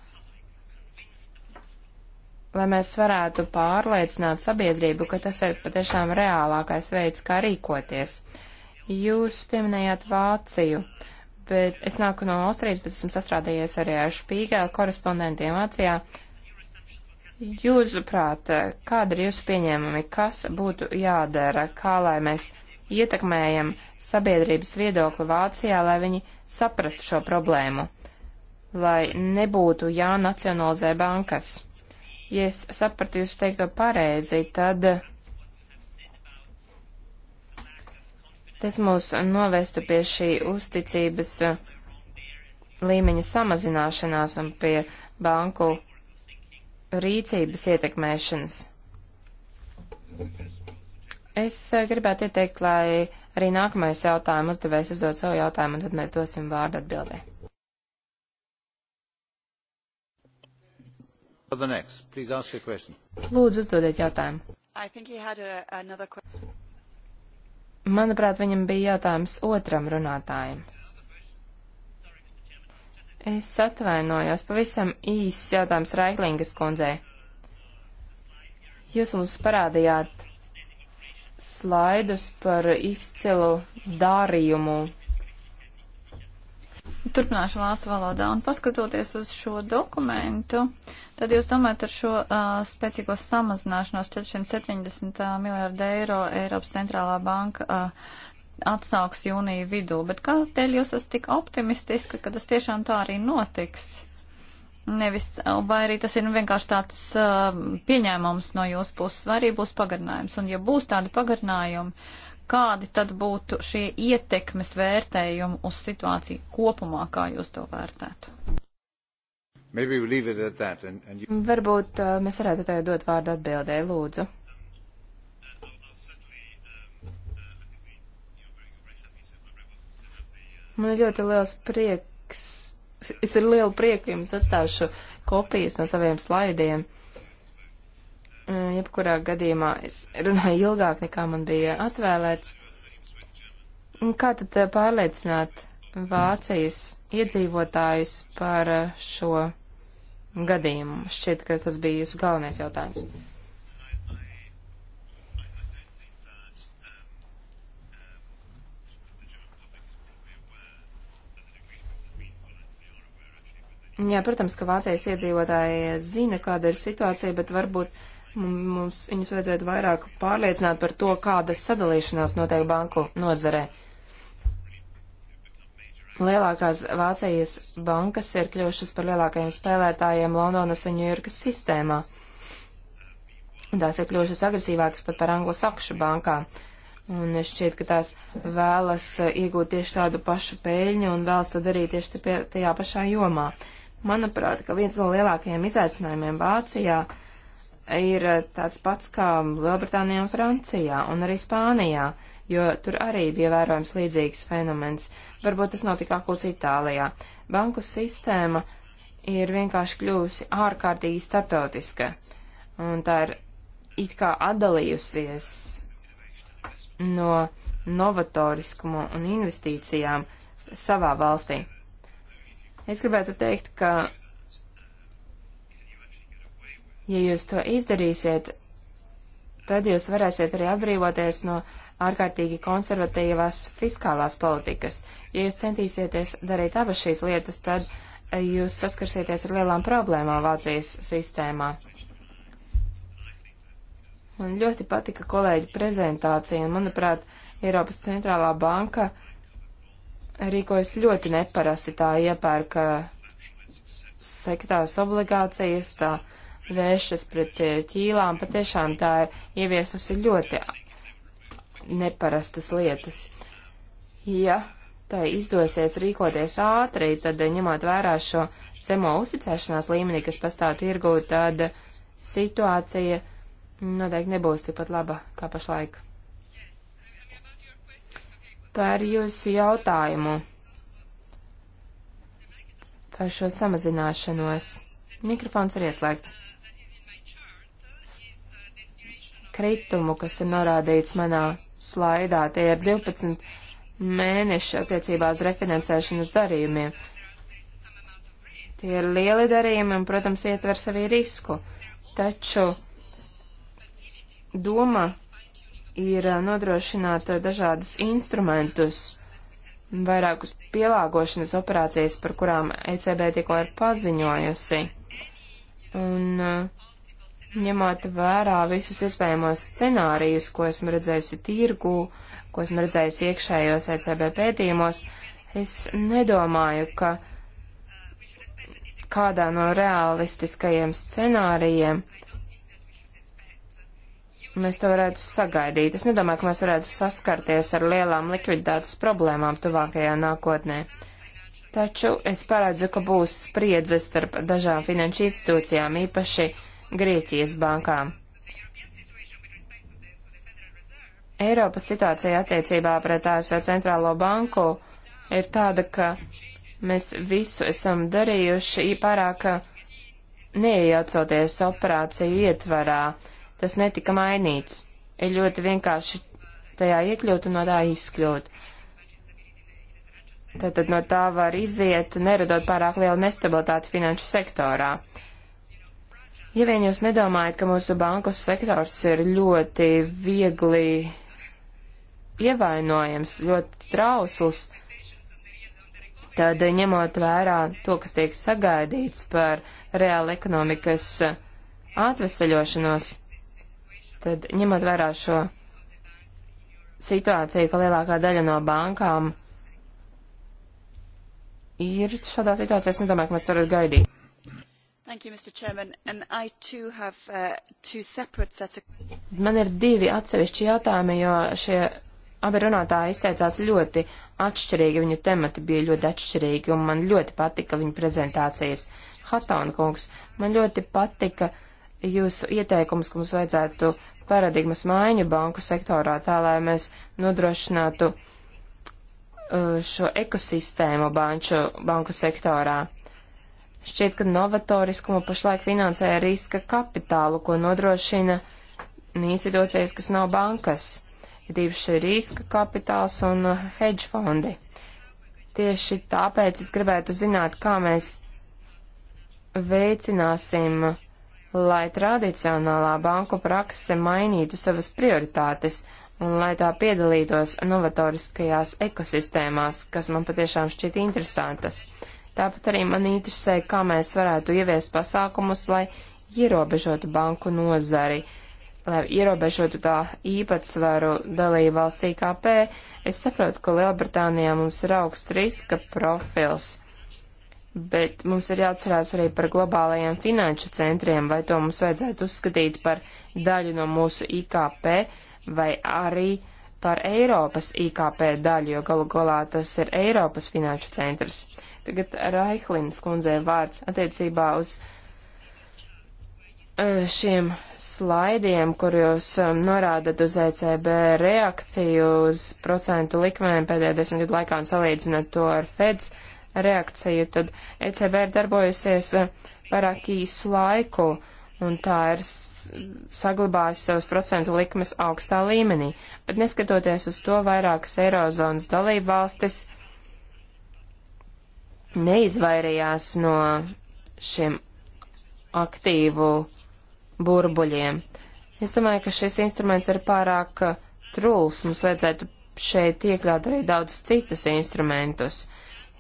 C: lai mēs varētu pārliecināt sabiedrību, ka tas ir patiešām reālākais veids, kā rīkoties. Jūs pieminējāt Vāciju, bet es nāku no Austrijas, bet esmu sastrādījies arī ar Špīgēlu korespondentiem Vācijā. Jūsuprāt, kāda ir jūsu pieņēmumi, kas būtu jādara, kā lai mēs ietekmējam sabiedrības viedokli Vācijā, lai viņi saprastu šo problēmu, lai nebūtu jānacionalizē bankas? Ja es sapratu jūs teikto pareizi, tad tas mūs novestu pie šī uzticības uh, līmeņa samazināšanās un pie banku rīcības ietekmēšanas. Es uh, gribētu ieteikt, lai arī nākamais jautājums uzdevējs uzdod savu jautājumu, un tad mēs dosim vārdu atbildē.
D: Lūdzu,
C: uzdodiet jautājumu. Another... Manuprāt, viņam bija jautājums otram runātājam. Es atvainojos, pavisam īss jautājums Raiklingas kundzei. Jūs mums parādījāt slaidus par izcilu dārījumu Turpināšu vācu valodā. Un paskatoties uz šo
B: dokumentu, tad jūs domājat ar šo uh, spēcīgo samazināšanos 470 uh, miljārdu eiro Eiropas centrālā banka uh, atsauks jūnija vidū. Bet kādēļ jūs esat tik optimistiski, ka tas tiešām tā arī notiks? Nevis, vai arī tas ir vienkārši tāds uh, pieņēmums no jūsu puses, vai arī būs pagarinājums. Un ja būs tādi pagarinājumi, kādi tad būtu šie ietekmes vērtējumi uz situāciju kopumā, kā jūs to vērtētu?
D: And, and you...
C: Varbūt uh, mēs varētu tev dot vārdu atbildē, lūdzu. Man ir ļoti liels prieks, es ar lielu prieku jums atstāšu kopijas no saviem slaidiem. Eh, jebkurā gadījumā es runāju ilgāk nekā man bija atvēlēts. Kā tad eh, pārliecināt Vācijas iedzīvotājus par eh, šo gadījumu? Šķiet, ka tas bija jūsu galvenais jautājums. Jā, protams, ka Vācijas iedzīvotāji zina, kāda ir situācija, bet varbūt Mums viņus vajadzētu vairāk pārliecināt par to, kādas sadalīšanās notiek banku nozarē. Lielākās Vācijas bankas ir kļuvušas par lielākajiem spēlētājiem Londonas un Ņujorkas sistēmā. Tās ir kļuvušas agresīvākas pat par anglosakšu bankām. Un šķiet, ka tās vēlas uh, iegūt tieši tādu pašu peļņu un vēlas to darīt tieši tajā pašā jomā. Manuprāt, ka viens no lielākajiem izaicinājumiem Vācijā ir eh, tāds pats kā Lielbritānijā un Francijā un arī Spānijā, jo tur arī bija vērojams līdzīgs fenomens. Varbūt tas nav tik akūts Itālijā. Banku sistēma ir vienkārši kļuvusi ārkārtīgi startautiska, un tā ir it kā atdalījusies no novatoriskuma un investīcijām savā valstī. Es gribētu teikt, ka Ja jūs to izdarīsiet, tad jūs varēsiet arī atbrīvoties no ārkārtīgi konservatīvās fiskālās politikas. Ja jūs centīsieties darīt abas šīs lietas, tad eh, jūs saskarsieties ar lielām problēmām Vācijas sistēmā. Man ļoti patika kolēģi prezentācija, un, manuprāt, Eiropas centrālā banka rīkojas ļoti neparasti. Tā iepērka sektās obligācijas, tā vēršas pret eh, ķīlām, patiešām tā ir ieviesusi ļoti neparastas lietas. Ja tai izdosies rīkoties ātri, tad eh, ņemot vērā šo zemo uzticēšanās līmenī, kas pastāv tirgū, tad situācija noteikti nebūs tikpat laba kā pašlaik. Par jūsu jautājumu par šo samazināšanos. Mikrofons ir ieslēgts. kritumu, kas ir norādīts manā slaidā. Tie ir 12 mēneši attiecībā uz refinansēšanas darījumiem. Tie ir lieli darījumi un, protams, ietver sevī risku. Taču doma ir nodrošināt dažādus instrumentus, vairākus pielāgošanas operācijas, par kurām ECB tikko ir paziņojusi. Un uh, ņemot vērā visus iespējamos scenārijus, ko esmu redzējusi tirgu, ko esmu redzējusi iekšējos ECB pētījumos, es nedomāju, ka kādā no realistiskajiem scenārijiem mēs to varētu sagaidīt. Es nedomāju, ka mēs varētu saskarties ar lielām likviditātes problēmām tuvākajā nākotnē. Taču es paredzu, ka būs spriedzes starp dažām finanšu institūcijām, īpaši uh, Grieķijas bankām. Eiropas situācija attiecībā pret ASV centrālo banku ir tāda, ka mēs visu esam darījuši pārāk neiejaucoties operāciju ietvarā. Tas netika mainīts. Ir ļoti vienkārši tajā iekļūt un no tā izkļūt. Tātad no tā var iziet, neradot pārāk lielu nestabilitāti finanšu sektorā. Ja vien jūs nedomājat, ka mūsu banku sektors ir ļoti viegli ievainojams, ļoti trausls, tad ņemot vērā to, kas tiek sagaidīts par reāli ekonomikas atveseļošanos, tad ņemot vērā šo situāciju, ka lielākā daļa no bankām ir šādā situācijā, es nedomāju, ka mēs varam gaidīt.
B: You, And I too have, uh, two separate sets of...
C: Man ir divi atsevišķi jautājumi, jo šie abi runātāji izteicās ļoti atšķirīgi, viņu temati bija ļoti atšķirīgi, un man ļoti patika viņa prezentācijas. Hatona kungs, man ļoti patika jūsu ieteikums, ka mums vajadzētu paradigmas maiņu banku sektorā, tā lai mēs nodrošinātu uh, šo ekosistēmu banču, banku sektorā Šķiet, ka novatoriskumu pašlaik finansē riska kapitālu, ko nodrošina institūcijas, kas nav bankas, ir īpaši riska kapitāls un uh, hedge fondi. Tieši tāpēc es gribētu zināt, kā mēs veicināsim, lai tradicionālā banku prakse mainītu savas prioritātes un lai tā piedalītos novatoriskajās ekosistēmās, kas man patiešām šķiet interesantas. Tāpat arī man interesē, kā mēs varētu ieviest pasākumus, lai ierobežotu banku nozari, lai ierobežotu tā īpatsvaru dalību valsts IKP. Es saprotu, ka Lielbritānijā mums ir augsts riska profils, bet mums ir jāatcerās arī par globālajiem finanšu centriem, vai to mums vajadzētu uzskatīt par daļu no mūsu IKP, vai arī par Eiropas IKP daļu, jo galu galā tas ir Eiropas finanšu centrs. Tagad Raihlins kundzē vārds attiecībā uz e, šiem slaidiem, kur jūs e, norādat uz ECB reakciju uz procentu likmēm pēdējo desmit gadu laikā un salīdzinat to ar Feds reakciju, tad ECB ir darbojusies pārāk e, īsu laiku un tā ir saglabājusi savas procentu likmes augstā līmenī. Bet neskatoties uz to, vairākas Eirozonas dalību valstis neizvairījās no šiem aktīvu burbuļiem. Es domāju, ka šis instruments ir pārāk uh, trūls. Mums vajadzētu šeit iekļaut arī daudz citus instrumentus.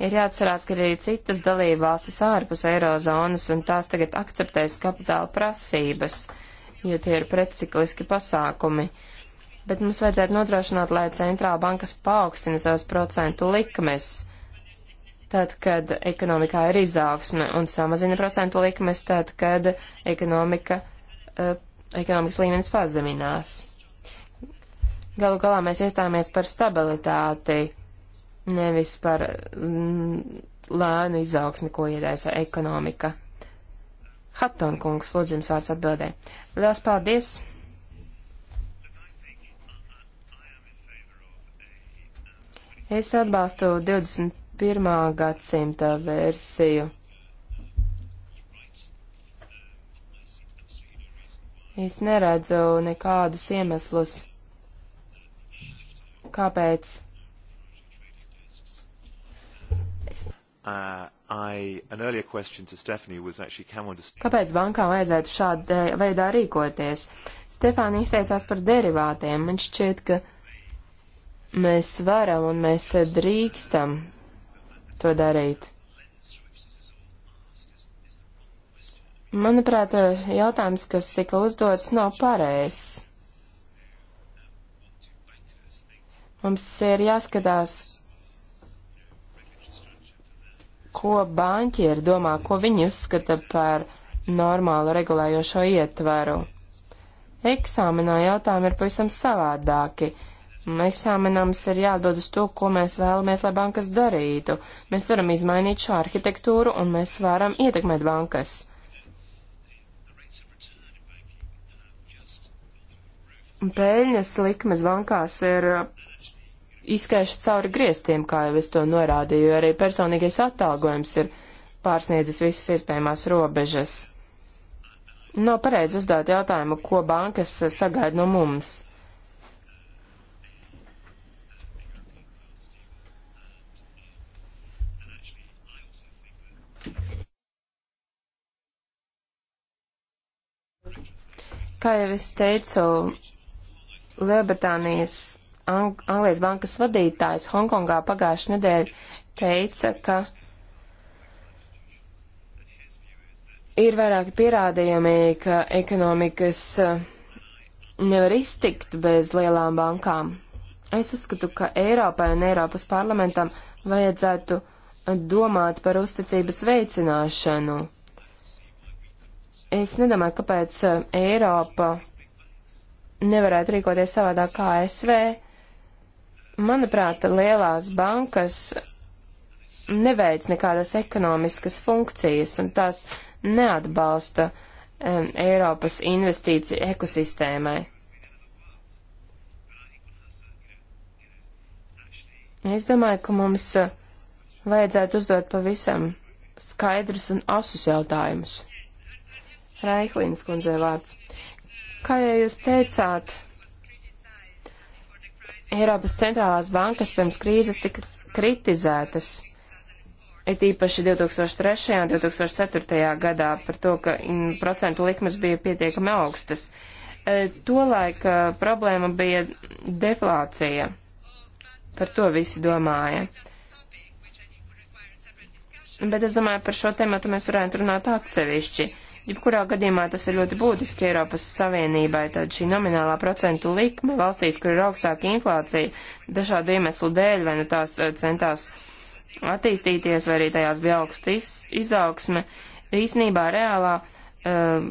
C: Ir jāatcerās, ka ir arī citas dalībvalstis ārpus eirozonas, un tās tagad akceptēs kapitāla prasības, jo tie ir precikliski pasākumi. Bet mums vajadzētu nodrošināt, lai centrāla bankas paaugstina savas procentu likmes tad, kad ekonomikā ir izaugsme, un samazina procentu likmes, tad, kad ekonomika, uh, ekonomikas līmenis pazeminās. Galu galā mēs iestājāmies par stabilitāti, nevis par mm, lēnu izaugsmi, ko iedaisa ekonomika. Hatton kungs, lūdzu, jums vārds atbildē. Lielas paldies! Es atbalstu 20 21. gadsimta versiju. Es neredzu nekādus iemeslus, kāpēc.
D: Uh, I, an earlier question to Stephanie was actually can one
C: Kāpēc bankām vajadzētu šādā veidā rīkoties? Stefāna izteicās par derivātiem. Man šķiet, ka mēs varam un mēs drīkstam to darīt. Manuprāt, jautājums, kas tika uzdots, nav pareizs. Mums ir jāskatās, ko banķieri domā, ko viņi uzskata par normālu regulējošo ietvaru. Eksāmenā jautājumi ir pavisam savādāki. Eksāmenams ir jāatbild uz to, ko mēs vēlamies, lai bankas darītu. Mēs varam izmainīt šo arhitektūru un mēs varam ietekmēt bankas. Pēļņas likmes bankās ir izskaiši cauri griestiem, kā jau es to norādīju, arī personīgais atalgojums ir pārsniedzis visas iespējamās robežas. Nav pareizi uzdot jautājumu, ko bankas sagaida no mums. Kā jau es teicu, Lielbritānijas Ang Anglijas bankas vadītājs Hongkongā pagājušajā nedēļā teica, ka ir vairāki pierādījumi, ka ekonomikas eh, nevar iztikt bez lielām bankām. Es uzskatu, ka Eiropai un Eiropas parlamentam vajadzētu eh, domāt par uzticības veicināšanu Es nedomāju, kāpēc eh, Eiropa nevarētu rīkoties savādāk kā ASV. Manuprāt, lielās bankas neveic nekādas ekonomiskas funkcijas un tās neatbalsta um, Eiropas investīciju ekosistēmai. Es domāju, ka mums eh, vajadzētu uzdot pavisam skaidrus un asus jautājumus. Raihlīnas kundzē vārds. Kā jau jūs teicāt, Eiropas centrālās bankas pirms krīzes tika kritizētas, it īpaši 2003. un 2004. gadā par to, ka procentu likmes bija pietiekami augstas. E, tolaik e, problēma bija deflācija. Par to visi domāja. Bet es domāju, par šo tematu mēs varētu runāt atsevišķi. Uh, Jebkurā gadījumā tas ir ļoti būtiski Eiropas Savienībai, tad šī nominālā procentu likme valstīs, kur ir augstāka inflācija, dažādu iemeslu dēļ, vai nu tās eh, centās attīstīties, vai arī tajās bija augsta iz, izaugsme, īsnībā reālā um,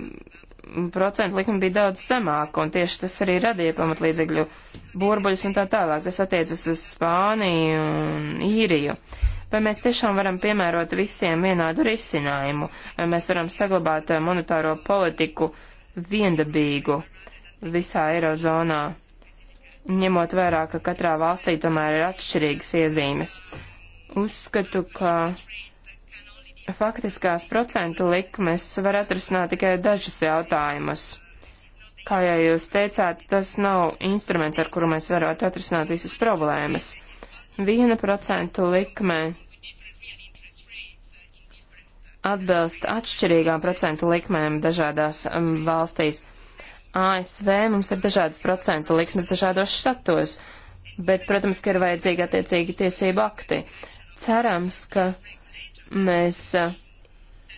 C: procentu likme bija daudz zemāka, un tieši tas arī radīja pamatlīdzekļu burbuļus un tā tālāk. Tas attiecas uz Spāniju un Īriju. Vai mēs tiešām varam piemērot visiem vienādu risinājumu? Vai mēs varam saglabāt eh, monetāro politiku viendabīgu visā Eirozonā, ņemot vērā, ka katrā valstī tomēr ir atšķirīgas iezīmes? Uzskatu, ka faktiskās procentu likmes var atrisināt tikai dažus jautājumus. Kā jau jūs teicāt, tas nav instruments, ar kuru mēs varētu atrisināt visas problēmas. Viena procentu likme atbilst atšķirīgām procentu likmēm dažādās um, valstīs. ASV mums ir dažādas procentu liksmes dažādos štatos, bet, protams, ka ir vajadzīgi attiecīgi tiesību akti. Cerams, ka mēs uh,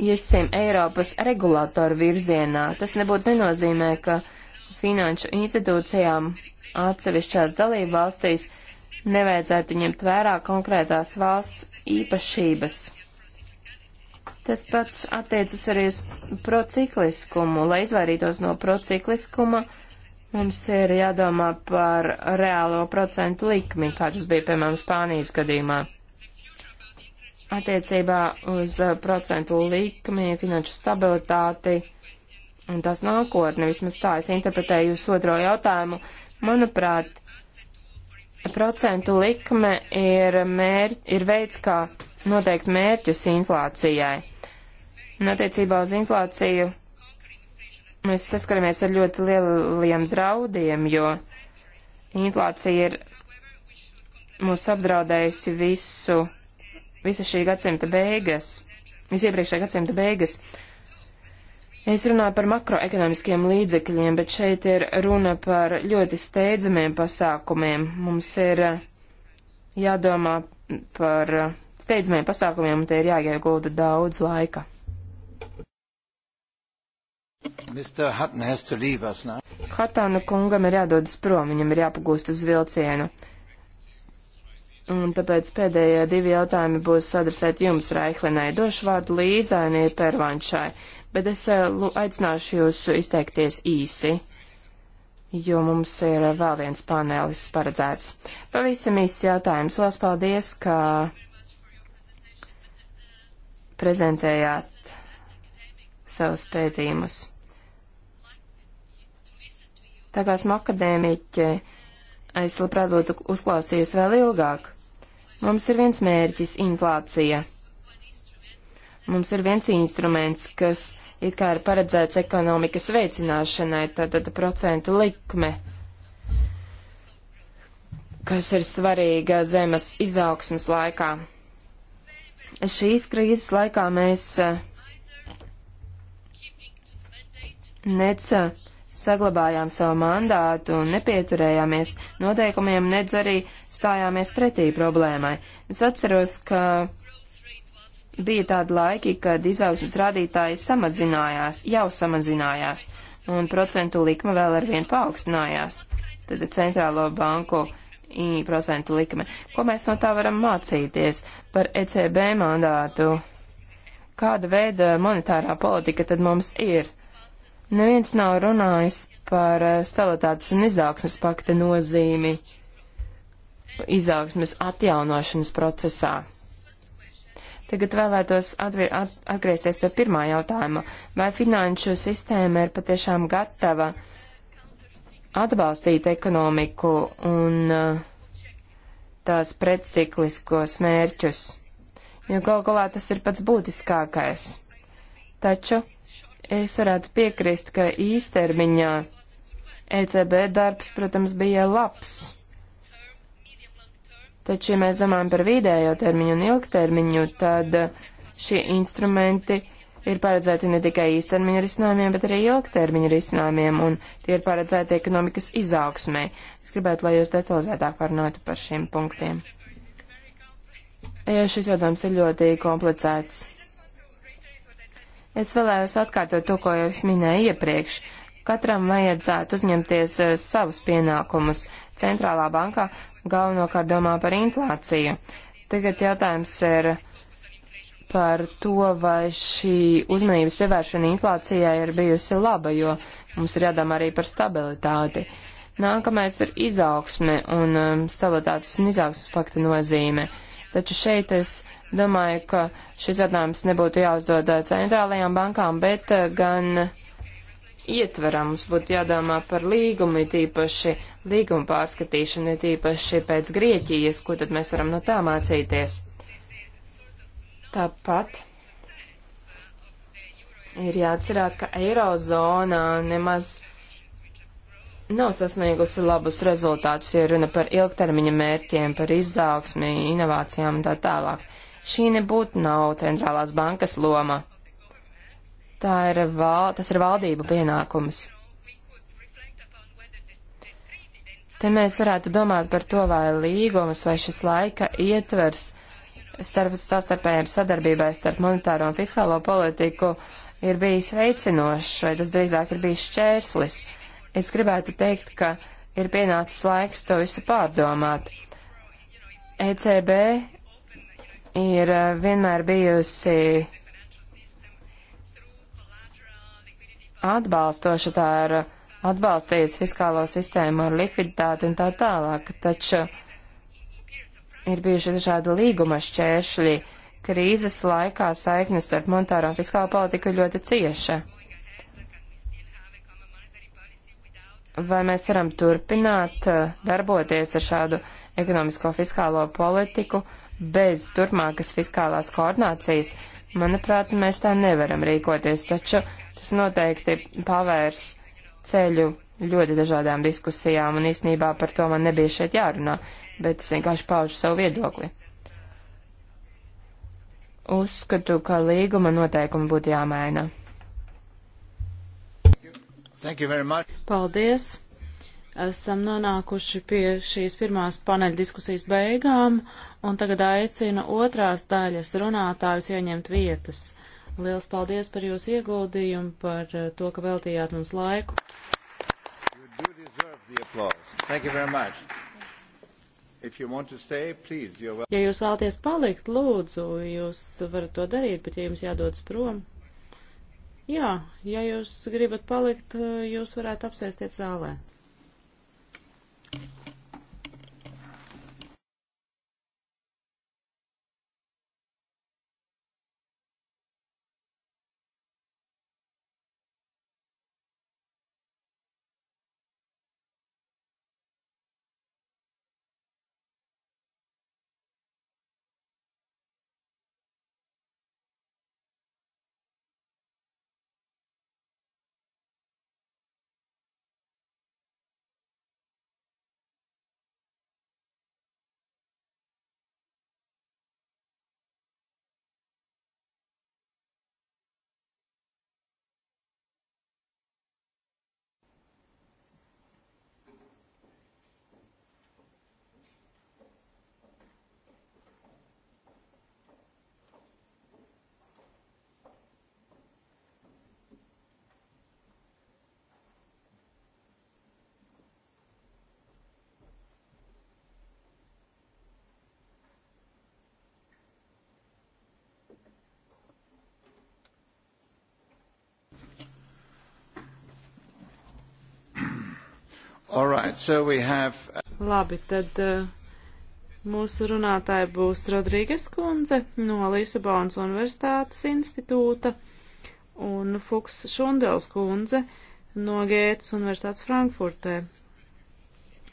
C: iesim Eiropas regulātoru virzienā. Tas nebūtu nenozīmē, ka finanšu institūcijām atsevišķās dalību valstīs nevajadzētu ņemt vērā konkrētās valsts īpašības. Tas pats attiecas arī uz procikliskumu. Lai izvairītos no procikliskuma, mums ir jādomā par reālo procentu likmi, kā tas bija, piemēram, Spānijas gadījumā. Attiecībā uz uh, procentu likmi, finanšu stabilitāti un tās nākotni, vismaz tā es interpretēju uz otro jautājumu, manuprāt, procentu likme ir, mēr, ir veids, kā noteikt mērķus inflācijai Un attiecībā uz inflāciju mēs saskaramies ar ļoti lieliem draudiem, jo inflācija ir mūs apdraudējusi visu, visu šī gadsimta beigas, visu iepriekšējā gadsimta beigas. Es runāju par makroekonomiskiem līdzekļiem, bet šeit ir runa par ļoti steidzamiem pasākumiem. Mums ir eh, jādomā par eh, steidzamiem pasākumiem, un te ir jāiegulda daudz laika. Hatana kungam ir jādodas prom, viņam ir jāpagūst uz vilcienu. Un tāpēc pēdējie divi jautājumi būs adresēti jums, Raihlinai. Došu vārdu Līzainai Pervanšai, bet es eh, aicināšu jūs izteikties īsi, jo mums ir vēl viens panelis paredzēts. Pavisam īsts jautājums. Lielas paldies, ka prezentējāt savus pētījumus. Tā kā esmu akadēmiķe, es labprāt būtu uzklausījusi vēl ilgāk. Mums ir viens mērķis - inflācija. Mums ir viens instruments, kas it kā ir paredzēts ekonomikas veicināšanai, tātad procentu likme, kas ir svarīga zemes izaugsmas laikā. Šīs krīzes laikā mēs eh, nec eh, saglabājām savu mandātu un nepieturējāmies noteikumiem, nedz arī stājāmies pretī problēmai. Es atceros, ka bija tādi laiki, kad izaugsmas rādītāji samazinājās, jau samazinājās, un procentu likme vēl arvien paaugstinājās. Tad centrālo banku procentu likme. Ko mēs no tā varam mācīties par ECB mandātu? Kāda veida monetārā politika tad mums ir? Neviens nav runājis par eh, stabilitātes un izaugsmes pakta nozīmi izaugsmes atjaunošanas procesā. Tagad vēlētos at atgriezties pie pirmā jautājuma. Vai finanšu sistēma ir patiešām gatava atbalstīt ekonomiku un eh, tās precikliskos mērķus? Jo galu galā tas ir pats būtiskākais. Taču Es varētu piekrist, ka īstermiņā ECB darbs, protams, bija labs. Taču, ja mēs domājam par vidējo termiņu un ilgtermiņu, tad šie instrumenti ir paredzēti ne tikai īstermiņa risinājumiem, bet arī ilgtermiņa risinājumiem, un tie ir paredzēti ekonomikas izaugsmē. Es gribētu, lai jūs detalizētāk parunātu par šiem punktiem. Ja šis jautājums ir ļoti komplicēts. Es vēlējos atkārtot to, ko jau es minēju iepriekš. Katram vajadzētu uzņemties eh, savus pienākumus. Centrālā bankā galvenokārt domā par inflāciju. Tagad jautājums ir par to, vai šī uzmanības pievēršana inflācijai ir bijusi laba, jo mums ir jādomā arī par stabilitāti. Nākamais ir izaugsme un um, stabilitātes un izaugsmes pakta nozīme. Taču šeit es Domāju, ka šis jautājums nebūtu jāuzdod eh, centrālajām bankām, bet eh, gan ietveram mums būtu jādomā par līgumu, tīpaši līgumu pārskatīšanu, tīpaši pēc Grieķijas, ko tad mēs varam no tā mācīties. Tāpat ir jāatcerās, ka Eirozonā nemaz nav sasniegusi labus rezultātus, ja runa par ilgtermiņa mērķiem, par izaugsmi, inovācijām un tā tālāk. Šī nebūtu nav centrālās bankas loma. Tā ir val, tas ir valdību pienākums. Te mēs varētu domāt par to, vai līgums vai šis laika ietvers starp sastarpējiem sadarbībai starp monetāro un fiskālo politiku ir bijis veicinošs, vai tas drīzāk ir bijis šķērslis. Es gribētu teikt, ka ir pienācis laiks to visu pārdomāt. ECB ir eh, vienmēr bijusi atbalstoša, tā ir atbalstījusi fiskālo sistēmu ar likviditāti un tā tālāk, taču ir bijuši dažādi līguma šķēršļi. Krīzes laikā saikne starp monetāro un fiskālo politiku ir ļoti cieša. Vai mēs varam turpināt eh, darboties ar šādu ekonomisko fiskālo politiku, uh, bez turpmākas fiskālās koordinācijas, manuprāt, mēs tā nevaram rīkoties, taču tas noteikti pavērs ceļu ļoti dažādām diskusijām, un īsnībā par to man nebija šeit jārunā, bet es vienkārši paužu savu viedokli. Uzskatu, ka līguma noteikumi būtu jāmaina. Paldies! esam
A: nonākuši pie šīs pirmās paneļa diskusijas beigām, un tagad aicinu otrās daļas runātājus ieņemt vietas. Liels paldies par jūsu ieguldījumu, par eh, to, ka veltījāt mums laiku.
E: Stay, please, ja jūs
A: vēlaties palikt, lūdzu, jūs varat to darīt, bet ja jums jādodas prom. Jā, ja jūs gribat palikt, eh, jūs varētu apsēsties zālē.
D: All right, so we have... Uh,
A: Labi, tad uh, mūsu runātāja būs Rodrīgas kundze no Lisabonas Universitātes institūta un Fuks Šundels kundze no Gētas Universitātes Frankfurtē.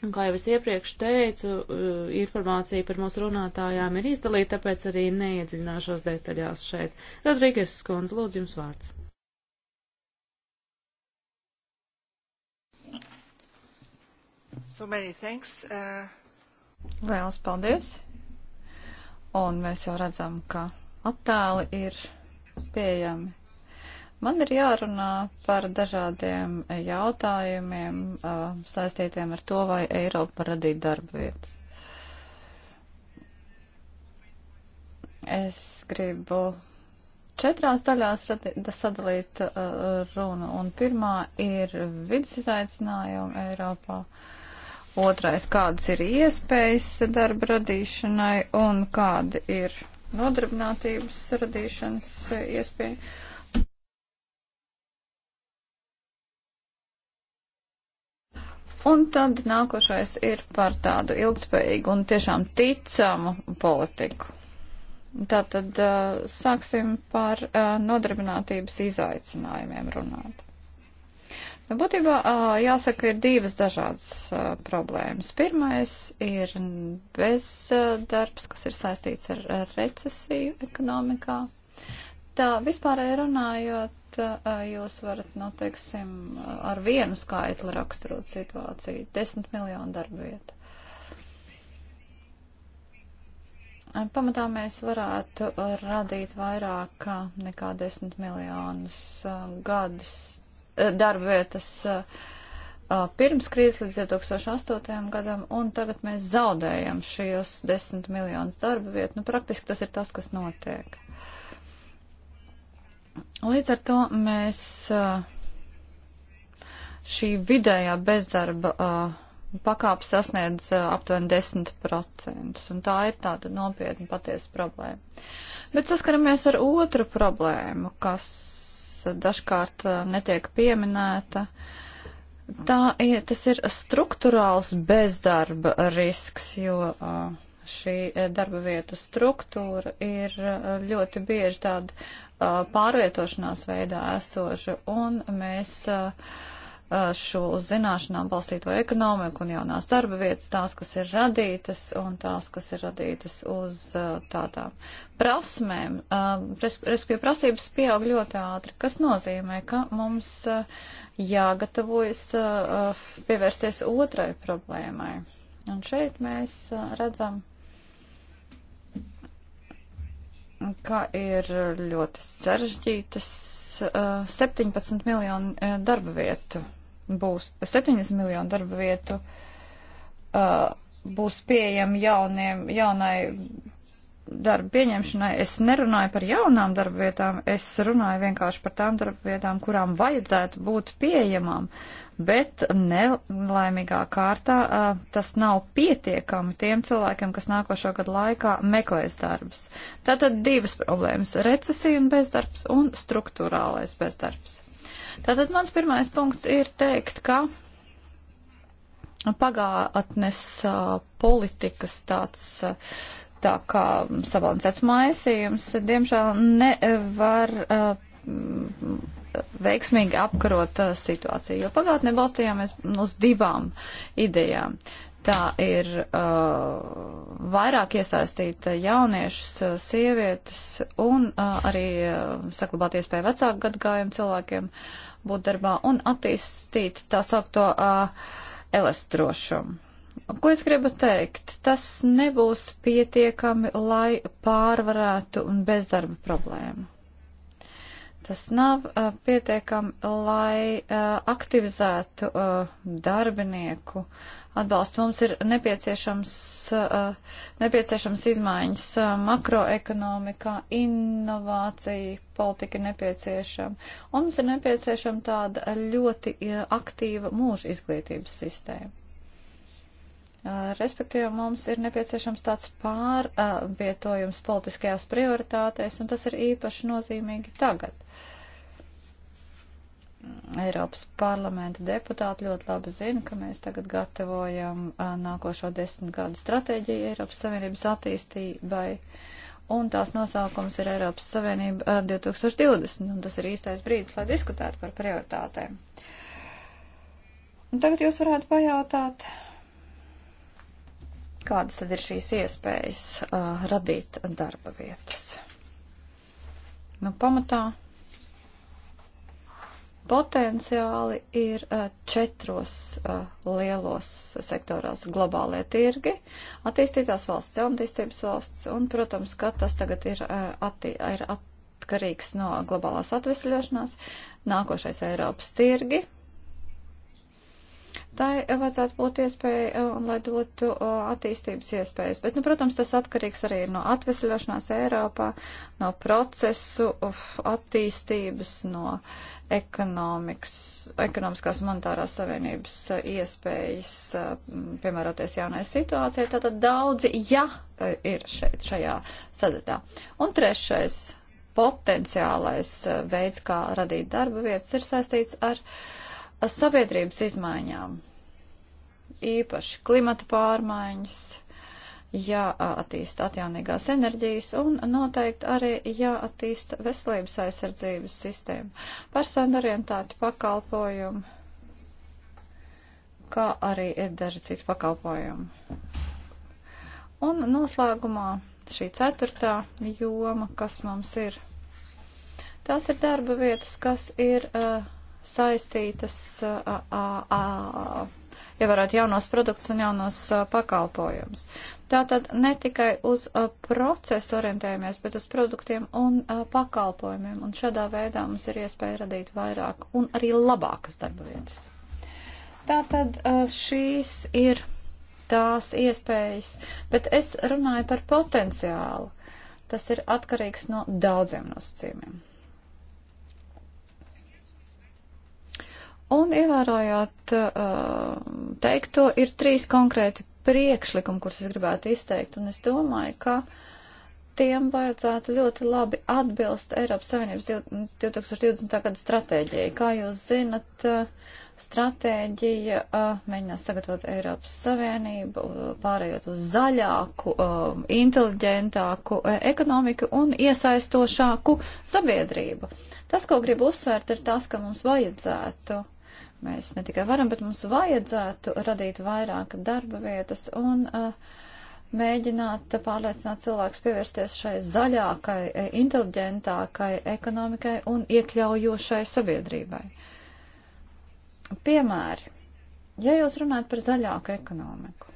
A: Un kā jau es iepriekš teicu, uh, informācija par mūsu runātājām ir izdalīta, tāpēc arī neiedziļināšos detaļās šeit. Rodrīgas skundze, lūdzu jums vārds.
E: So many thanks. Uh...
B: Lielas paldies. Un mēs jau redzam, ka attēli ir pieejami. Man ir jārunā par dažādiem jautājumiem uh, saistītiem ar to, vai Eiropa var radīt darba vietas. Es gribu četrās daļās radi, sadalīt uh, runu, un pirmā ir vidas izaicinājumi Eiropā. Uh, Otrais, kādas ir iespējas darba radīšanai un kāda ir nodarbinātības radīšanas eh, iespēja. Un tad nākošais ir par tādu ilgspējīgu un tiešām ticamu politiku. Tātad eh, sāksim par eh, nodarbinātības izaicinājumiem runāt. Nu, būtībā jāsaka, ir divas dažādas problēmas. Pirmais ir bezdarbs, kas ir saistīts ar recesiju ekonomikā. Tā vispārēji runājot, jūs varat, nu, teiksim, ar vienu skaitli raksturot situāciju - 10 miljonu darba vietu. Pamatā mēs varētu radīt vairāk nekā 10 miljonus gadus darba vietas uh, uh, pirms krīzes līdz 2008. gadam, un tagad mēs zaudējam šīs 10 miljonus darba vietu. Nu, praktiski tas ir tas, kas notiek. Līdz ar to mēs uh, šī vidējā bezdarba pakāpe sasniedz aptuveni 10%, un tā ir tāda nopietna patiesa problēma. Bet saskaramies ar otru problēmu, kas dažkārt eh, netiek pieminēta. Tā, tas ir struktūrāls bezdarba risks, jo eh, šī eh, darba vietu struktūra ir ļoti bieži tāda pārvietošanās veidā esoša, un mēs uh, šo uz zināšanām balstīto ekonomiku un jaunās darba vietas, tās, kas ir radītas un tās, kas ir radītas uz tādām prasmēm. Respektīvi, prasības pieaug ļoti ātri, kas nozīmē, ka mums jāgatavojas pievērsties otrai problēmai. Un šeit mēs redzam ka ir ļoti sarežģītas 17 eh, miljonu eh, darba vietu būs, 70 miljonu darba vietu eh, būs pieejami jauniem, jaunai darba pieņemšanai es nerunāju par jaunām darbvietām, es runāju vienkārši par tām darbvietām, kurām vajadzētu būt pieejamām, bet nelaimīgā kārtā uh, tas nav pietiekami tiem cilvēkiem, kas nākošo gadu laikā meklēs darbus. Tātad divas problēmas - recesija un bezdarbs un struktūrālais bezdarbs. Tātad mans pirmais punkts ir teikt, ka pagātnes uh, politikas tāds uh, tā kā sabalansēts maisījums, diemžēl nevar uh, veiksmīgi apkarot uh, situāciju, jo pagātnē balstījāmies uz divām idejām. Tā ir uh, vairāk iesaistīta jauniešus, uh, sievietes un uh, arī uh, saglabāt iespēju vecāku gadgājumu cilvēkiem būt darbā un attīstīt tā saukto uh, elastrošumu. Ko es gribu teikt? Tas nebūs pietiekami, lai pārvarētu bezdarba problēmu. Tas nav uh, pietiekami, lai uh, aktivizētu uh, darbinieku atbalstu. Mums ir nepieciešams, uh, nepieciešams izmaiņas uh, makroekonomikā, inovācija, politika ir nepieciešama. Un mums ir nepieciešama tāda ļoti uh, aktīva mūža izglītības sistēma. Respektīvi, mums ir nepieciešams tāds pārvietojums politiskajās prioritātēs, un tas ir īpaši nozīmīgi tagad. Eiropas parlamenta deputāti ļoti labi zina, ka mēs tagad gatavojam nākošo desmit gadu stratēģiju Eiropas Savienības attīstībai, un tās nosaukums ir Eiropas Savienība 2020, un tas ir īstais brīdis, lai diskutētu par prioritātēm. Un tagad jūs varētu pajautāt, Kādas tad ir šīs iespējas uh, radīt darba vietas? Nu, pamatā potenciāli ir uh, četros uh, lielos sektorās globālie tirgi, attīstītās valsts, jaunatīstības valsts, un, protams, ka tas tagad ir, uh, atti, ir atkarīgs no globālās atvesļošanās, nākošais Eiropas tirgi, tai vajadzētu būt iespēja eh, un lai dotu eh, attīstības iespējas. Bet, nu, protams, tas atkarīgs arī no atvesļošanās Eiropā, no procesu uf, attīstības, no ekonomiskās monetārās savienības eh, iespējas, piemēroties jaunai situācijai. Tātad daudzi ja ir šeit, šajā sadaļā. Un trešais potenciālais veids, kā radīt darba vietas, ir saistīts ar uh, sabiedrības izmaiņām, īpaši klimata pārmaiņas, jāattīst atjaunīgās enerģijas un noteikti arī jāattīst veselības aizsardzības sistēma, personu orientēti pakalpojumi, kā arī ir daži citi pakalpojumi. Un noslēgumā šī ceturtā joma, kas mums ir. Tās ir darba vietas, kas ir uh, saistītas ievarot ja jaunos produktus un jaunos pakalpojumus. Tātad ne tikai uz procesu orientējamies, bet uz produktiem un pakalpojumiem. Un šādā veidā mums ir iespēja radīt vairāk un arī labākas darba vietas. Tātad šīs ir tās iespējas, bet es runāju par potenciālu. Tas ir atkarīgs no daudziem nosacījumiem. Un ievērojot uh, teikto, ir trīs konkrēti priekšlikumi, kurus es gribētu izteikt, un es domāju, ka tiem vajadzētu ļoti labi atbilst Eiropas Savienības 2020. gada stratēģijai. Kā jūs zinat, uh, stratēģija uh, mēģinās sagatavot Eiropas Savienību, uh, pārējot uz zaļāku, inteliģentāku ekonomiku un iesaistošāku sabiedrību. Tas, ko gribu uzsvērt, ir tas, ka mums vajadzētu Mēs ne tikai varam, bet mums vajadzētu radīt vairāk darba vietas un uh, mēģināt pārliecināt cilvēkus pievērsties šai zaļākai, eh, inteliģentākai ekonomikai un iekļaujošai sabiedrībai. Piemēri. Ja jūs runājat par zaļāku ekonomiku,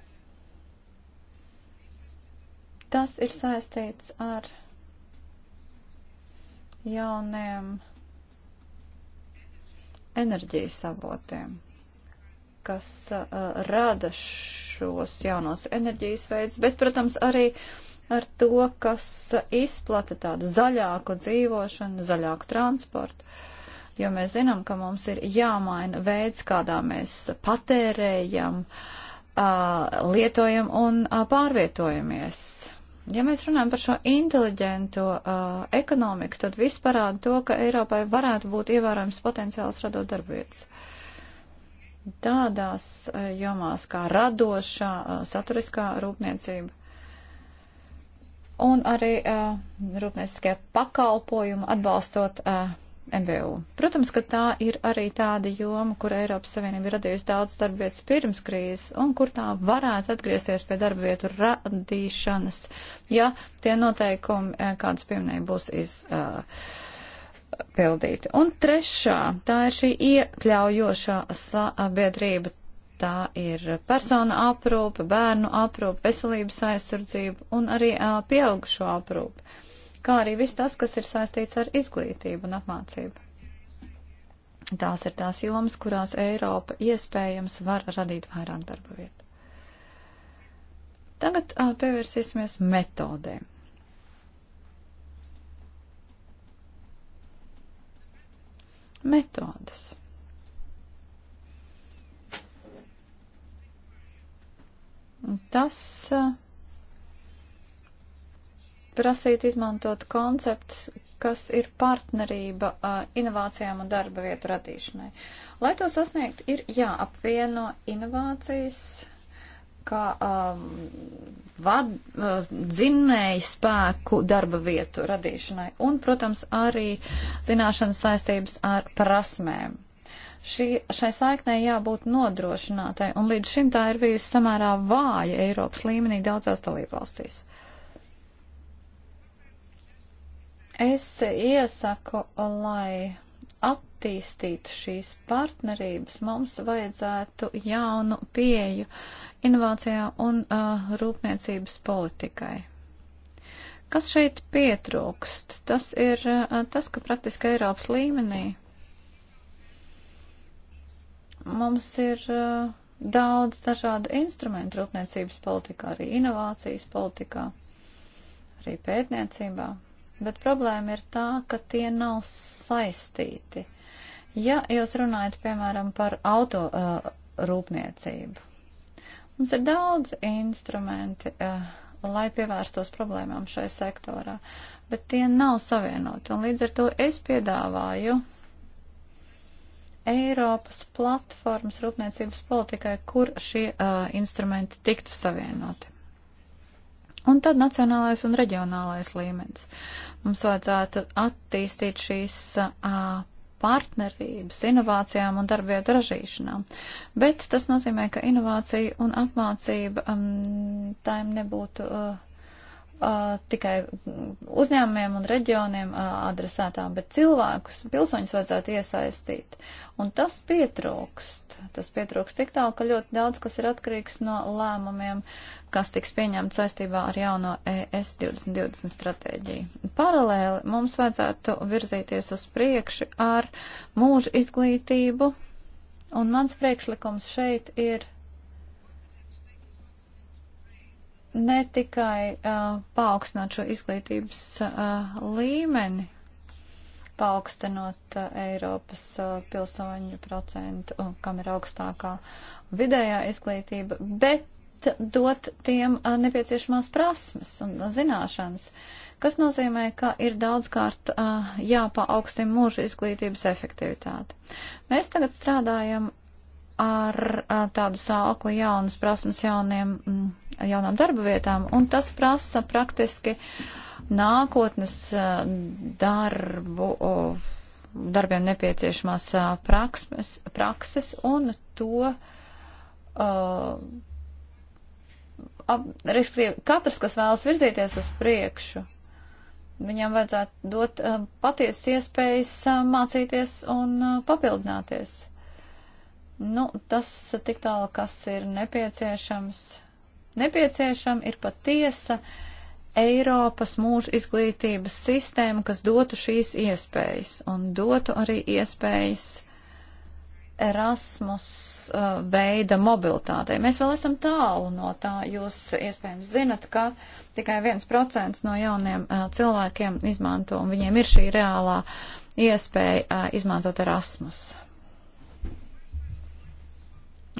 B: tas ir saistīts ar jauniem enerģijas avotiem, kas uh, rada šos jaunos enerģijas veids, bet, protams, arī ar to, kas uh, izplata tādu zaļāku dzīvošanu, zaļāku transportu. Jo mēs zinām, ka mums ir jāmaina veids, kādā mēs patērējam, uh, lietojam un uh, pārvietojamies Ja mēs runājam par šo inteliģento uh, ekonomiku, tad viss parāda to, ka Eiropai varētu būt ievērojams potenciāls radot darbvietas. Tādās uh, jomās kā radošā, uh, saturiskā rūpniecība un arī uh, rūpnieciskajā pakalpojuma atbalstot uh, MVU. Protams, ka tā ir arī tāda joma, kur Eiropas Savienība ir radījusi daudz darbvietas pirms krīzes un kur tā varētu atgriezties pie darbvietu radīšanas, ja tie noteikumi, eh, kādas pieminēja, būs izpildīti. Eh, uh, un trešā, tā ir šī iekļaujošā sabiedrība. Tā ir persona aprūpe, bērnu aprūpe, veselības aizsardzība un arī uh, pieaugušo aprūpe kā arī viss tas, kas ir saistīts ar izglītību un apmācību. Tās ir tās jomas, kurās Eiropa iespējams var radīt vairāk darba vietu. Tagad a, pievērsīsimies metodēm. Metodas. Tas. A, prasīt izmantot koncepts, kas ir partnerība inovācijām un darba vietu radīšanai. Lai to sasniegt, ir jāapvieno inovācijas kā um, vad, uh, dzinēju spēku darba vietu radīšanai un, protams, arī zināšanas saistības ar prasmēm. Šī, šai saiknē jābūt nodrošinātai, un līdz šim tā ir bijusi samērā vāja Eiropas līmenī daudzās dalībvalstīs. Es iesaku, lai attīstītu šīs partnerības, mums vajadzētu jaunu pieju inovācijā un uh, rūpniecības politikai. Kas šeit pietrūkst? Tas ir uh, tas, ka praktiski Eiropas līmenī mums ir uh, daudz dažādu instrumentu rūpniecības politikā, arī inovācijas politikā, arī pētniecībā bet problēma ir tā, ka tie nav saistīti. Ja jūs runājat, piemēram, par auto uh, rūpniecību, mums ir daudz instrumenti, uh, lai pievērstos problēmām šai sektorā, bet tie nav savienoti. Un līdz ar to es piedāvāju Eiropas platformas rūpniecības politikai, kur šie uh, instrumenti tiktu savienoti. Un tad nacionālais un reģionālais līmenis. Mums vajadzētu attīstīt šīs uh, partnerības inovācijām un darbvietu ražīšanām. Bet tas nozīmē, ka inovācija un apmācība um, tām nebūtu uh, tikai uzņēmumiem un reģioniem adresētām, bet cilvēkus, pilsoņus vajadzētu iesaistīt. Un tas pietrūkst. Tas pietrūkst tik tālu, ka ļoti daudz kas ir atkarīgs no lēmumiem, kas tiks pieņemts saistībā ar jauno e ES 2020 stratēģiju. Paralēli mums vajadzētu virzīties uz priekšu ar mūža izglītību, un mans priekšlikums šeit ir ne tikai uh, paaugstināt šo izglītības uh, līmeni, paaugstinot uh, Eiropas uh, pilsoņu procentu, uh, kam ir augstākā vidējā izglītība, bet dot tiem uh, nepieciešamās prasmes un uh, zināšanas, kas nozīmē, ka ir daudzkārt uh, jāpaaugstina mūža izglītības efektivitāte. Mēs tagad strādājam ar tādu sākli jaunas prasmes jauniem, mm, jaunām darba vietām, un tas prasa praktiski nākotnes darbu, darbiem nepieciešamās praksmes, prakses un to, uh, respektīvi, katrs, kas vēlas virzīties uz priekšu, viņam vajadzētu dot uh, patiesas iespējas uh, mācīties un uh, papildināties. Nu, tas tik tālu, kas ir nepieciešams. Nepieciešama ir patiesa Eiropas mūža izglītības sistēma, kas dotu šīs iespējas un dotu arī iespējas Erasmus uh, veida mobilitātei. Mēs vēl esam tālu no tā. Jūs iespējams zinat, ka tikai viens procents no jauniem uh, cilvēkiem izmanto, un viņiem ir šī reālā iespēja uh, izmantot Erasmus.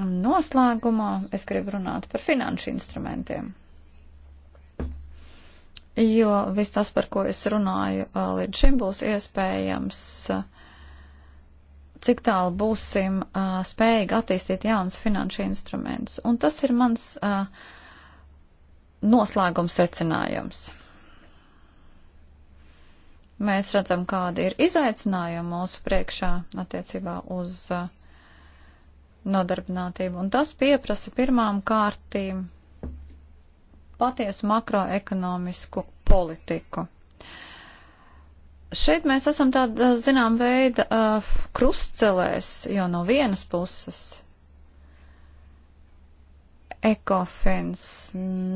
B: Noslēgumā es gribu runāt par finanšu instrumentiem. Jo viss tas, par ko es runāju līdz šim, būs iespējams, cik tālu būsim spējīgi attīstīt jaunas finanšu instrumentus. Un tas ir mans noslēgums secinājums. Mēs redzam, kādi ir izaicinājumi mūsu priekšā attiecībā uz uh, nodarbinātību. Un tas pieprasa pirmām kārtīm patiesu makroekonomisku politiku. Šeit mēs esam tādā zinām veida uh, krustcelēs, jo no vienas puses ekofins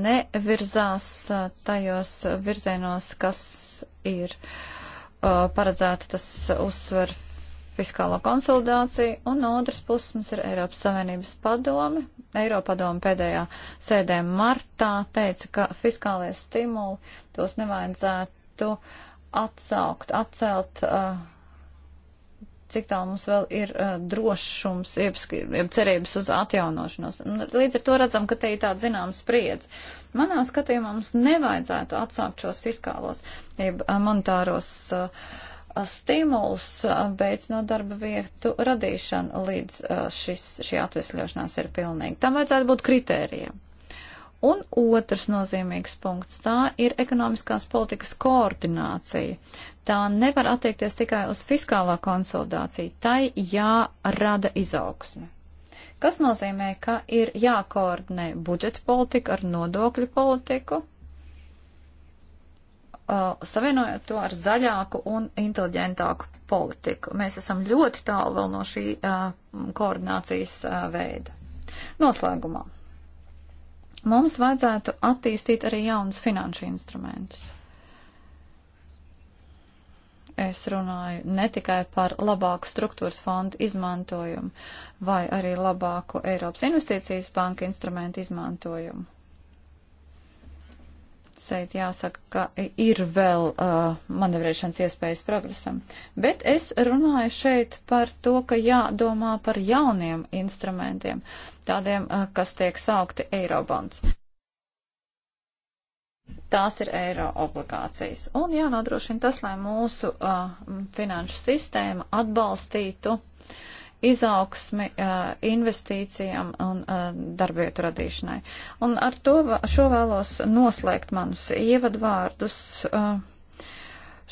B: nevirzās uh, tajos virzienos, kas ir uh, paredzēta, tas uzsver fiskālo konsolidāciju, un no otras puses mums ir Eiropas Savienības padome. Eiropadome pēdējā sēdē martā teica, ka fiskālie stimuli tos nevajadzētu atsaukt, atcelt, uh, cik tālu mums vēl ir uh, drošums, jeb cerības uz atjaunošanos. Līdz ar to redzam, ka te ir tāda zināma spriedze. Manā skatījumā mums nevajadzētu atsākt šos fiskālos, jeb uh, monetāros uh, stimulus beidz no darba vietu radīšanu, līdz šis, šī atvesļošanās ir pilnīga. Tam vajadzētu būt kritērijiem. Un otrs nozīmīgs punkts tā ir ekonomiskās politikas koordinācija. Tā nevar attiekties tikai uz fiskālā konsolidāciju, tai jārada izaugsme. Kas nozīmē, ka ir jākoordinē budžeta politika ar nodokļu politiku, uh, savienojot to ar zaļāku un inteliģentāku politiku. Mēs esam ļoti tālu vēl no šī uh, koordinācijas uh, veida. Noslēgumā. Mums vajadzētu attīstīt arī jaunus finanšu instrumentus. Es runāju ne tikai par labāku struktūras fondu izmantojumu vai arī labāku Eiropas investīcijas banka instrumentu izmantojumu šeit jāsaka, ka ir vēl uh, manevrēšanas iespējas progresam. Bet es runāju šeit par to, ka jādomā par jauniem instrumentiem, tādiem, uh, kas tiek saukti eirobonds. Tās ir eiro obligācijas. Un jānodrošina tas, lai mūsu uh, finanšu sistēma atbalstītu uh, izaugsmi, investīcijām un darbvietu radīšanai. Un ar to, šo vēlos noslēgt manus ievadvārdus.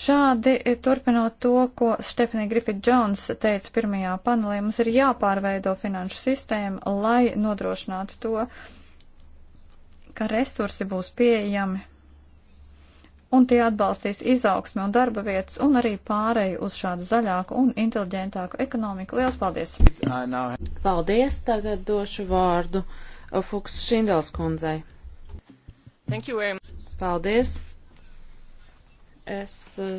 B: Šādi, turpinot to, ko Stephanie Griffith Jones teica pirmajā panelī, mums ir jāpārveido finanšu sistēma, lai nodrošinātu to, ka resursi būs pieejami un tie atbalstīs izaugsmi un darba vietas un arī pārēju uz šādu zaļāku un inteliģentāku ekonomiku. Lielas paldies!
A: Paldies! Tagad došu vārdu Fuks Šindels kundzei. Um, paldies! Es uh,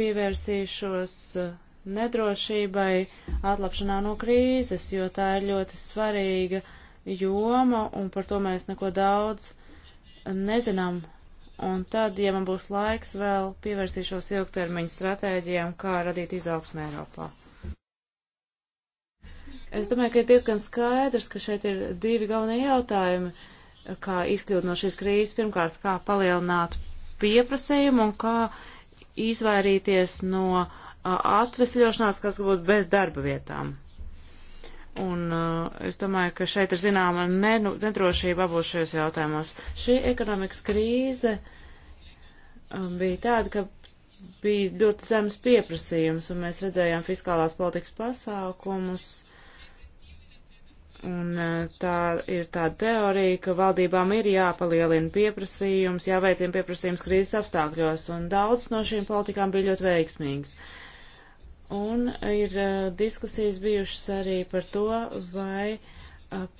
A: pievērsīšos uh, nedrošībai atlapšanā no krīzes, jo tā ir ļoti svarīga joma, un par to mēs neko daudz nezinām Un tad, ja man būs laiks, vēl pievērsīšos ilgtermiņa stratēģijām, kā radīt izaugsmē Eiropā. Es domāju, ka ir diezgan skaidrs, ka šeit ir divi galvenie jautājumi, kā izkļūt no šīs krīzes. Pirmkārt, kā palielināt pieprasījumu un kā izvairīties no atvesļošanās, kas būtu bez darba vietām. Un uh, es domāju, ka šeit ir zināma nedrošība abos šajos jautājumos. Šī ekonomikas krīze um, bija tāda, ka bija ļoti zemes pieprasījums, un mēs redzējām fiskālās politikas pasākumus. Un uh, tā ir tāda teorija, ka valdībām ir jāpalielina pieprasījums, jāveicina pieprasījums krīzes apstākļos, un daudz no šīm politikām bija ļoti veiksmīgas. Uh, Un ir diskusijas bijušas arī par to, vai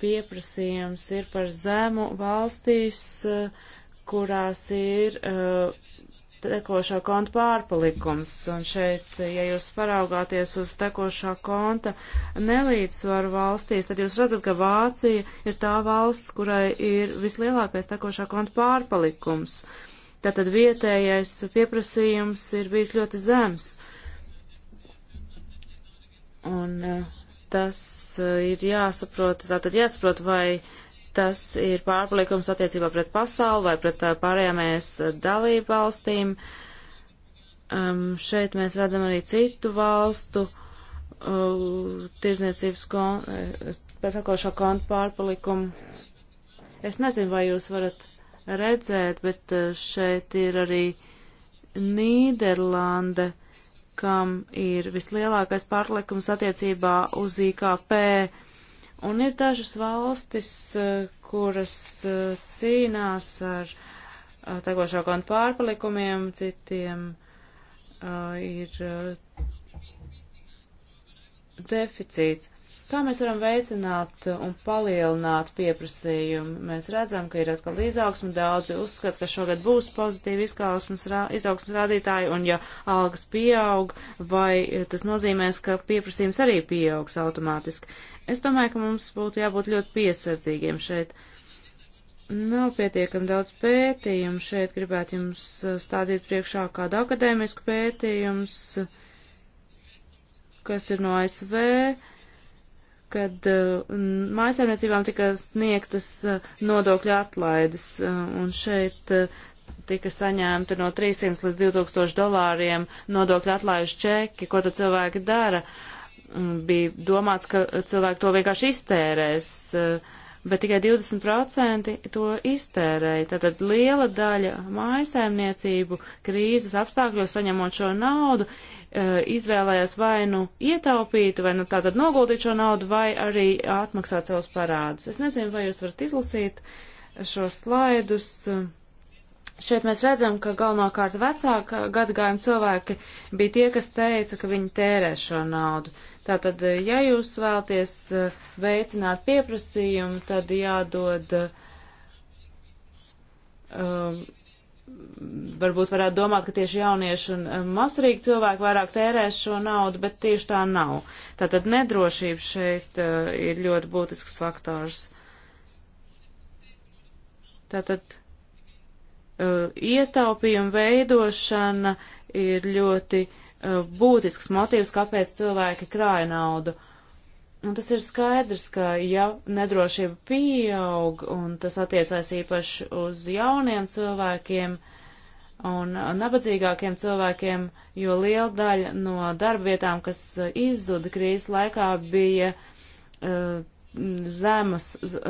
A: pieprasījums ir par zemu valstīs, kurās ir tekošā konta pārpalikums. Un šeit, ja jūs paraugāties uz tekošā konta nelīdzsvaru valstīs, tad jūs redzat, ka Vācija ir tā valsts, kurai ir vislielākais tekošā konta pārpalikums. Tātad vietējais pieprasījums ir bijis ļoti zems. Uh, Un eh, tas eh, ir jāsaprot, tātad jāsaprot, vai tas ir pārpalikums attiecībā pret pasauli vai pret eh, pārējām ES dalību valstīm. Um, šeit mēs redzam arī citu valstu uh, tirzniecības kon, pēcakošo kontu pārpalikumu. Es nezinu, vai jūs varat redzēt, bet šeit ir arī Nīderlande. Uh, kam ir vislielākais pārlikums attiecībā uz IKP. Un ir dažas valstis, eh, kuras eh, cīnās ar eh, tegošo gan pārpalikumiem, citiem ir deficīts. Kā mēs varam veicināt un palielināt pieprasījumu? Mēs redzam, ka ir atkal izaugsme, daudzi uzskata, ka šogad būs pozitīvi rā, izaugsmes rādītāji, un ja algas pieaug, vai eh, tas nozīmēs, ka pieprasījums arī pieaugs automātiski. Es domāju, ka mums būtu jābūt ļoti piesardzīgiem šeit. Nav pietiekami daudz pētījumu šeit, gribētu jums eh, stādīt priekšā kādu akadēmisku pētījumus, kas ir no ASV kad uh, mājasēmniecībām tika sniegtas uh, nodokļu atlaides, uh, un šeit tika saņemti no 300 līdz 2000 dolāriem nodokļu atlaižu čeki, ko tad cilvēki dara. Mm, bija domāts, ka cilvēki to vienkārši iztērēs. Uh, bet tikai 20% to iztērēja. Tātad liela daļa mājasēmniecību krīzes apstākļos saņemot šo naudu e, izvēlējās vai nu ietaupīt, vai nu tātad noguldīt šo naudu, vai arī atmaksāt savus parādus. Es nezinu, vai jūs varat izlasīt šos slaidus. Uh, Šeit mēs redzam, ka galvenokārt vecāka gadagājuma cilvēki bija tie, kas teica, ka viņi tērē šo naudu. Tātad, ja jūs vēlaties eh, veicināt pieprasījumu, tad jādod, um, varbūt varētu domāt, ka tieši jaunieši un eh, masturīgi cilvēki vairāk tērēs šo naudu, bet tieši tā nav. Tātad nedrošība šeit uh, ir ļoti būtisks faktors. Tātad Eh, ietaupījuma veidošana ir ļoti uh, būtisks motīvs, kāpēc cilvēki krāja naudu. Un tas ir skaidrs, ka ja nedrošība pieaug, un tas attiecās īpaši uz jauniem cilvēkiem un nabadzīgākiem cilvēkiem, jo liela daļa no darbvietām, kas eh, izzuda krīzes laikā, bija uh, zemas,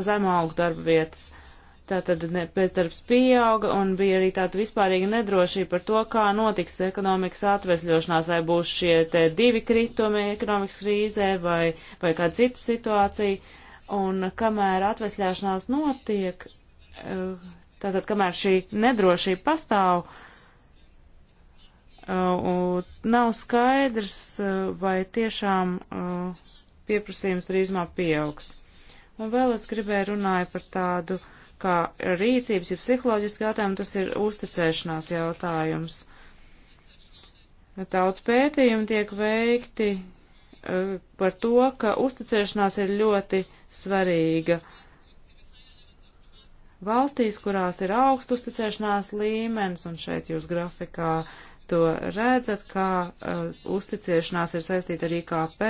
A: zemu augu darbvietas. Uh, Tātad bezdarbs pieauga un bija arī tāda vispārīga nedrošība par to, kā notiks ekonomikas atvesļošanās, vai būs šie te divi kritumi ekonomikas krīzē vai, vai kāda cita situācija. Un kamēr atvesļošanās notiek, eh, tātad kamēr šī nedrošība pastāv, eh, nav skaidrs, eh, vai tiešām pieprasījums drīzumā pieaugs. Un vēl es gribēju runāju par tādu uh, kā rīcības, ja psiholoģiski jautājumi, tas ir uzticēšanās jautājums. Daudz pētījumu tiek veikti uh, par to, ka uzticēšanās ir ļoti svarīga. Valstīs, kurās ir augsts uzticēšanās līmenis, un šeit jūs grafikā to redzat, kā uh, uzticēšanās ir saistīta ar IKP,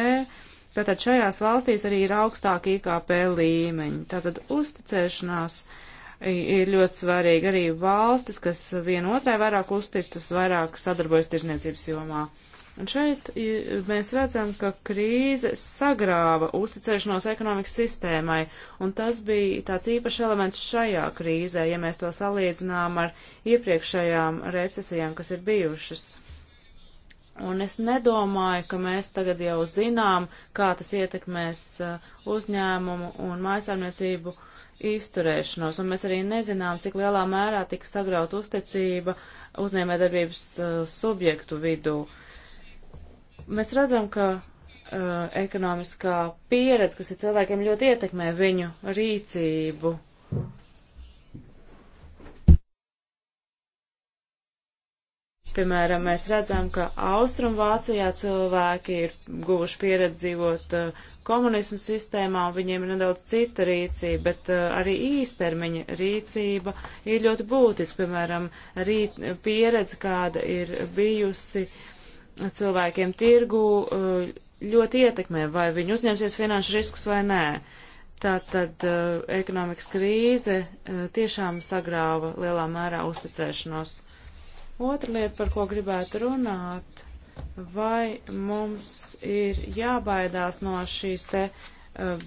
A: Tātad šajās valstīs arī ir augstāka IKP līmeņa. Tātad uzticēšanās uh, ir ļoti svarīgi arī valstis, kas vienotrai vairāk uzticas, vairāk sadarbojas tirzniecības jomā. Un šeit mēs redzam, ka krīze sagrāva uzticēšanos ekonomikas sistēmai, un tas bija tāds īpašs elements šajā krīzē, ja mēs to salīdzinām ar iepriekšējām recesijām, kas ir bijušas. Un es nedomāju, ka mēs tagad jau zinām, kā tas ietekmēs uh, uzņēmumu un mājasāmniecību uh, izturēšanos, un mēs arī nezinām, cik lielā mērā tika sagraut uzticība uzņēmējdarbības uh, subjektu vidū. Mēs redzam, ka uh, ekonomiskā pieredze, kas ir cilvēkiem ļoti ietekmē viņu rīcību. Piemēram, mēs redzam, ka Austrumvācijā cilvēki ir guvuši pieredzi dzīvot uh, komunismu sistēmā viņiem ir nedaudz cita rīcība, bet uh, arī īstermiņa rīcība ir ļoti būtiska. Piemēram, rīt, pieredze, kāda ir bijusi cilvēkiem tirgu, uh, ļoti ietekmē, vai viņi uzņemsies finanšu riskus vai nē. Tātad uh, ekonomikas krīze uh, tiešām sagrāva lielā mērā uzticēšanos. Otra lieta, par ko gribētu runāt, vai mums ir jābaidās no šīs te uh,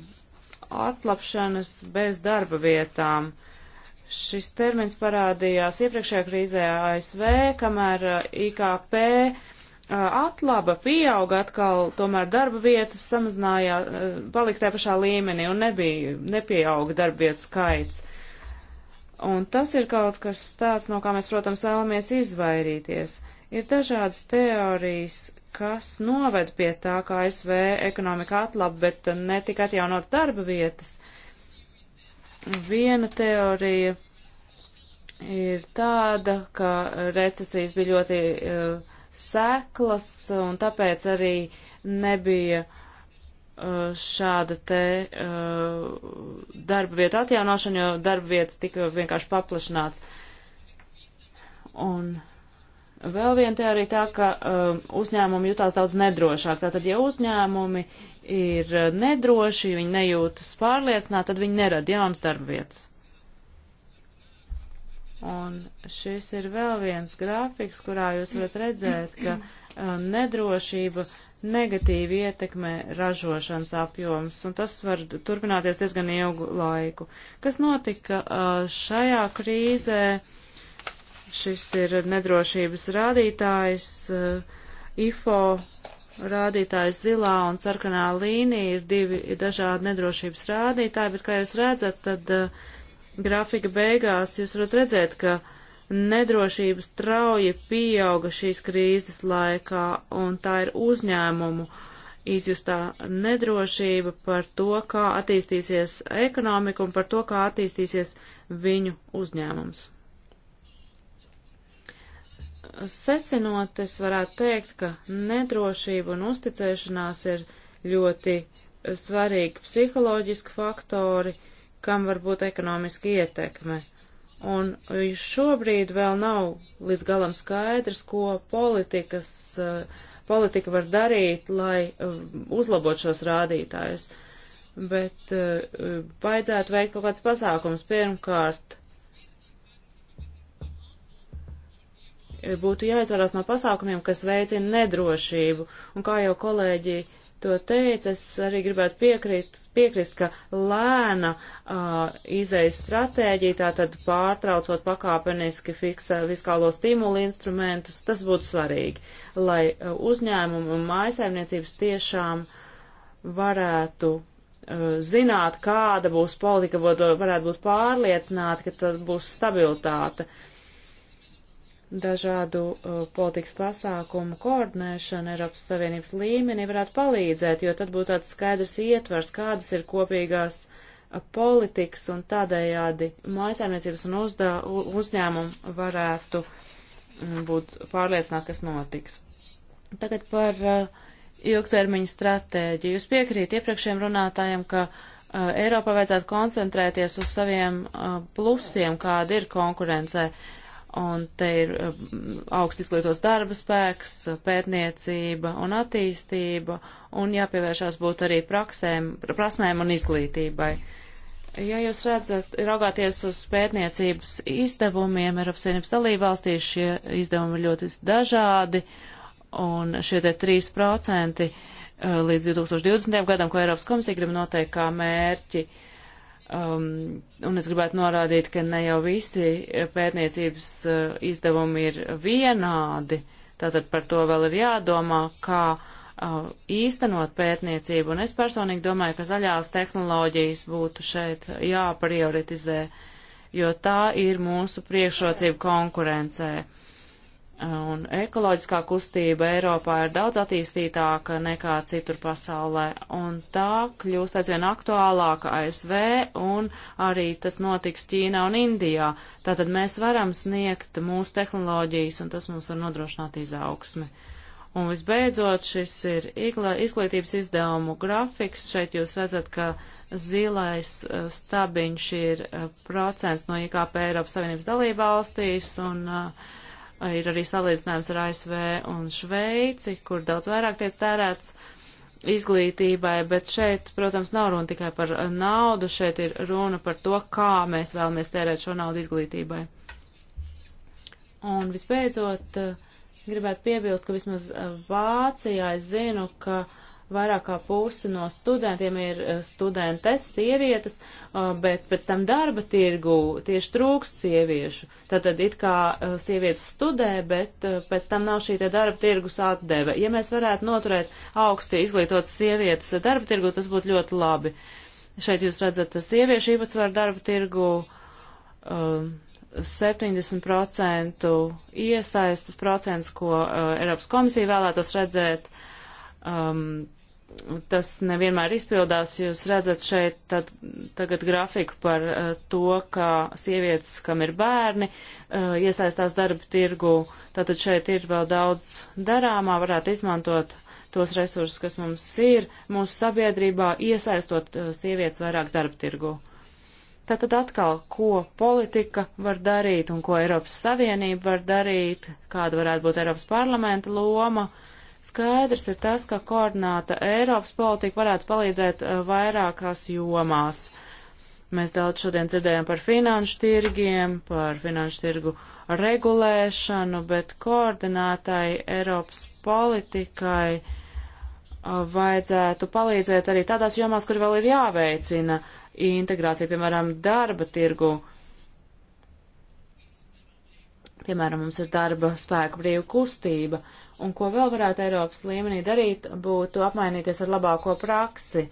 A: atlapšanas bez darba vietām. Šis termins parādījās iepriekšējā krīzē ASV, kamēr uh, eh, IKP uh, eh, atlaba pieauga atkal, tomēr darba vietas samazinājā, palika tajā pašā līmenī un nebija, nepieauga darba vietu skaits. Un tas ir kaut kas tāds, no kā mēs, protams, vēlamies izvairīties. Uh, Ir dažādas teorijas, kas noved pie tā, ka ASV ekonomika atlab, bet netika atjaunotas darba vietas. Viena teorija ir tāda, ka recesijas bija ļoti uh, seklas, un tāpēc arī nebija uh, šāda te uh, darba vieta atjaunošana, jo darba vietas tika vienkārši paplašināts. Un Vēl viena teorija tā, ka uh, uzņēmumi jutās daudz nedrošāk. Tātad, ja uzņēmumi ir uh, nedroši, viņi nejūtas pārliecināti, tad viņi nerada jaunas darbvietas. Un šis ir vēl viens grafiks, kurā jūs varat redzēt, ka uh, nedrošība negatīvi ietekmē ražošanas apjoms, un tas var turpināties diezgan ilgu laiku. Kas notika uh, šajā krīzē? Uh, Šis ir nedrošības rādītājs, eh, IFO rādītājs zilā un sarkanā līnija ir divi dažādi nedrošības rādītāji, bet kā jūs redzat, tad uh, grafika beigās jūs varat redzēt, ka nedrošība strauji pieauga šīs krīzes laikā, un tā ir uzņēmumu izjustā nedrošība par to, kā attīstīsies ekonomika un par to, kā attīstīsies viņu uzņēmums secinot, es varētu teikt, ka nedrošība un uzticēšanās ir ļoti svarīgi psiholoģiski faktori, kam var būt ekonomiski ietekme. Un šobrīd vēl nav līdz galam skaidrs, ko politikas, politika var darīt, lai um, uzlabot šos rādītājus. Bet uh, vajadzētu veikt kaut kāds pasākums. Pirmkārt, būtu jāizvarās no pasākumiem, kas veicina nedrošību. Un kā jau kolēģi to teica, es arī gribētu piekrīt, piekrist, ka lēna uh, izejas stratēģija, tātad pārtraucot pakāpeniski fiksa fiskālo stimulu instrumentus, tas būtu svarīgi, lai uzņēmumi un mājasaimniecības tiešām varētu zināt, kāda būs politika, varētu būt pārliecināti, ka tad būs stabilitāte. Uh, dažādu uh, politikas pasākumu koordinēšana Eiropas Savienības līmenī varētu palīdzēt, jo tad būtu tāds skaidrs ietvers, kādas ir kopīgās uh, politikas un tādējādi mājasēmniecības un uzdā, uzņēmumu varētu um, būt pārliecināti, kas notiks. Tagad par uh, ilgtermiņa stratēģiju. Jūs piekrīt iepriekšējiem runātājiem, ka uh, Eiropā vajadzētu koncentrēties uz saviem uh, plusiem, kāda ir konkurencē un te ir eh, augsts izglītos darba spēks, pētniecība un attīstība, un jāpievēršās būt arī praksēm, prasmēm un izglītībai. Ja jūs redzat, raugāties uz pētniecības izdevumiem Eiropas Savienības dalībvalstīs, šie izdevumi ir ļoti dažādi, un šie te 3% eh, līdz 2020. gadam, ko Eiropas komisija grib noteikt kā mērķi, uh, Um, un es gribētu norādīt, ka ne jau visi pētniecības uh, izdevumi ir vienādi, tātad par to vēl ir jādomā, kā uh, īstenot pētniecību. Un es personīgi domāju, ka zaļās tehnoloģijas būtu šeit jāprioritizē, jo tā ir mūsu priekšrocība konkurencē. Uh, Un ekoloģiskā kustība Eiropā ir daudz attīstītāka nekā citur pasaulē, un tā kļūst aizvien aktuālāka ASV, un arī tas notiks Ķīnā un Indijā. Tātad mēs varam sniegt mūsu tehnoloģijas, un tas mums var nodrošināt izaugsmi. Un visbeidzot, šis ir izglītības izdevumu grafiks. Šeit jūs redzat, ka zilais eh, stabiņš ir eh, procents no IKP Eiropas Savienības dalībvalstīs, un uh, ir arī salīdzinājums ar ASV un Šveici, kur daudz vairāk tiek tērēts izglītībai, bet šeit, protams, nav runa tikai par naudu, šeit ir runa par to, kā mēs vēlamies tērēt šo naudu izglītībai. Un visbeidzot, eh, gribētu piebilst, ka vismaz eh, Vācijā es zinu, ka uh, vairāk kā pusi no studentiem ir eh, studentes, sievietes, bet pēc tam darba tirgu tieši trūkst sieviešu. Tātad it kā eh, sievietes studē, bet eh, pēc tam nav šī darba tirgus atdeve. Ja mēs varētu noturēt augsti izglītotas sievietes darba tirgu, tas būtu ļoti labi. Šeit jūs redzat sieviešu īpatsvaru darba tirgu. Um, 70% iesaistas procents, ko uh, Eiropas komisija vēlētos redzēt, um, tas nevienmēr izpildās. Jūs redzat šeit tad, tagad grafiku par uh, to, kā sievietes, kam ir bērni, uh, iesaistās darba tirgu. Tātad šeit ir vēl daudz darāmā, varētu izmantot tos resursus, kas mums ir mūsu sabiedrībā, iesaistot uh, sievietes vairāk darba tirgu. Tātad atkal, ko politika var darīt un ko Eiropas Savienība var darīt, kāda varētu būt Eiropas parlamenta loma. Uh, Skaidrs ir tas, ka koordināta Eiropas politika varētu palīdzēt eh, vairākās jomās. Mēs daudz šodien dzirdējām par finanšu tirgiem, par finanšu tirgu regulēšanu, bet koordinātai Eiropas politikai eh, vajadzētu palīdzēt arī tādās jomās, kur vēl ir jāveicina integrācija, piemēram, darba tirgu. Piemēram, mums ir darba spēka brīva kustība, Un ko vēl varētu Eiropas līmenī darīt, būtu apmainīties ar labāko praksi.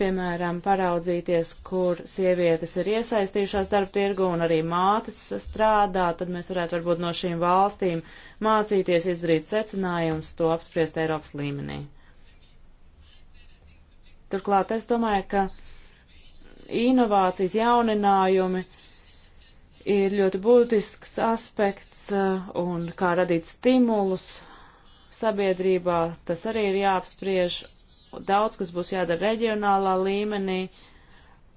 A: Piemēram, paraudzīties, kur sievietes ir iesaistījušās darba tirgu un arī mātes strādā, tad mēs varētu varbūt no šīm valstīm mācīties izdarīt secinājumus, to apspriest Eiropas līmenī. Turklāt es domāju, ka inovācijas jauninājumi ir ļoti būtisks aspekts eh, un kā radīt stimulus sabiedrībā, tas arī ir jāapspriež. Daudz, kas būs jādara reģionālā līmenī,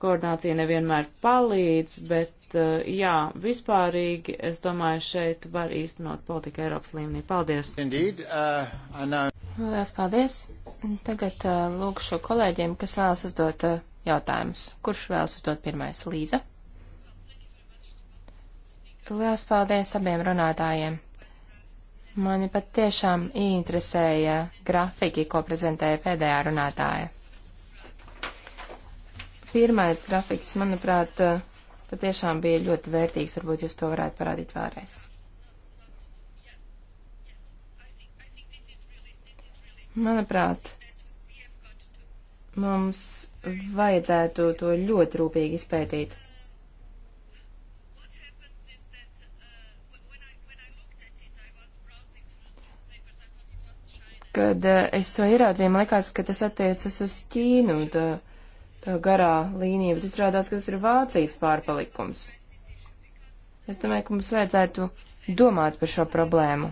A: koordinācija nevienmēr palīdz, bet eh, jā, vispārīgi, es domāju, šeit var īstenot politiku Eiropas līmenī. Paldies! Indeed, uh,
C: Lielas paldies! Tagad uh, lūkšu kolēģiem, kas vēlas uzdot uh, jautājumus. Kurš vēlas uzdot pirmais? Līza? Lielas paldies abiem runātājiem. Mani pat tiešām interesēja grafiki, ko prezentēja pēdējā runātāja. Pirmais grafiks, manuprāt, patiešām bija ļoti vērtīgs, varbūt jūs to varētu parādīt vēlreiz. Manuprāt, mums vajadzētu to ļoti rūpīgi izpētīt. Kad eh, es to ieraudzīju, man likās, ka tas attiecas uz Ķīnu, tā, tā garā līnija, bet izrādās, ka tas ir Vācijas pārpalikums. Es domāju, ka mums vajadzētu domāt par šo problēmu.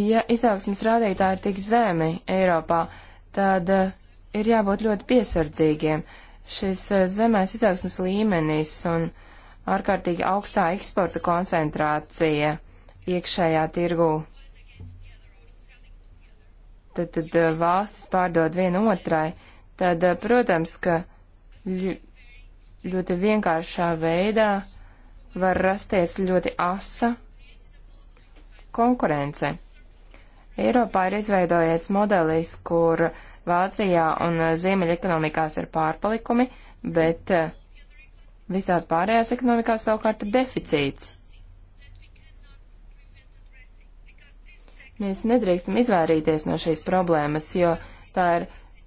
C: Ja izaugsmas rādītāji ir tik zemi Eiropā, tad eh, ir jābūt ļoti piesardzīgiem. Šis eh, zemēs izaugsmas līmenis un ārkārtīgi augstā eksporta koncentrācija iekšējā tirgū tad, tad eh, valstis pārdod viena otrai, tad, eh, protams, ka ļoti vienkāršā veidā var rasties ļoti asa konkurence. Eiropā ir izveidojies modelis, kur Vācijā un eh, Ziemeļa ekonomikās ir pārpalikumi, bet visās pārējās ekonomikās savukārt ir deficīts. Mēs nedrīkstam izvairīties no šīs problēmas, jo tā ir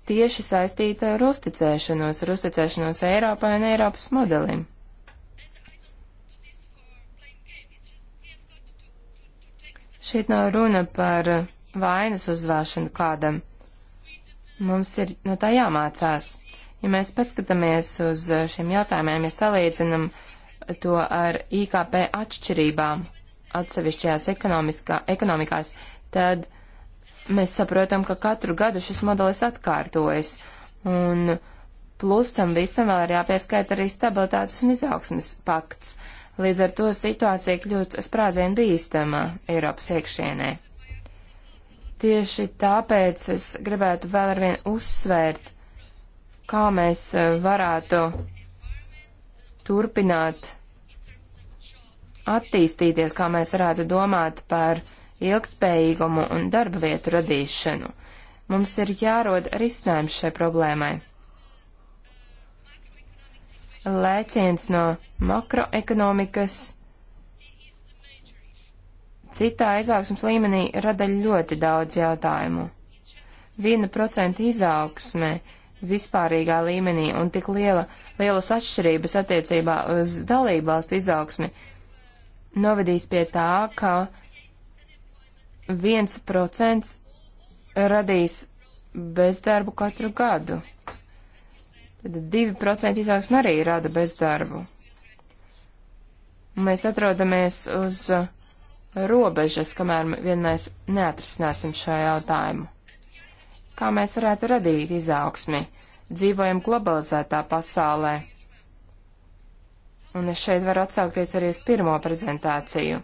C: tieši saistīta ar uzticēšanos, ar uzticēšanos Eiropai un Eiropas modelim. Šeit nav runa par vainas uzvāšanu kādam. Mums ir no tā jāmācās. Ja mēs paskatāmies uz šiem jautājumiem, ja salīdzinam to ar IKP atšķirībām atsevišķajās ekonomikās, tad mēs saprotam, ka katru gadu šis modelis atkārtojas. Un plus tam visam vēl ir jāpieskaita arī stabilitātes un izaugsmes pakts. Līdz ar to situācija kļūst sprādzienu bīstama Eiropas iekšienē. Tieši tāpēc es gribētu vēl arvien uzsvērt, kā mēs varētu turpināt attīstīties, kā mēs varētu domāt par uh, ilgspējīgumu un darba vietu radīšanu. Mums ir jārod risinājums šai problēmai. Lēciens no makroekonomikas citā izaugsmas līmenī rada ļoti daudz jautājumu. 1% izaugsme vispārīgā līmenī un tik liela, lielas atšķirības attiecībā uz dalībvalstu izaugsmi novedīs pie tā, ka 1% radīs bezdarbu katru gadu. Tad 2% izaugsme arī rada bezdarbu. Mēs atrodamies uz uh, robežas, kamēr vienmēr neatrisināsim šo jautājumu. Kā mēs varētu radīt izaugsmi? Dzīvojam globalizētā pasaulē. Un es šeit varu atsaukties arī uz pirmo prezentāciju.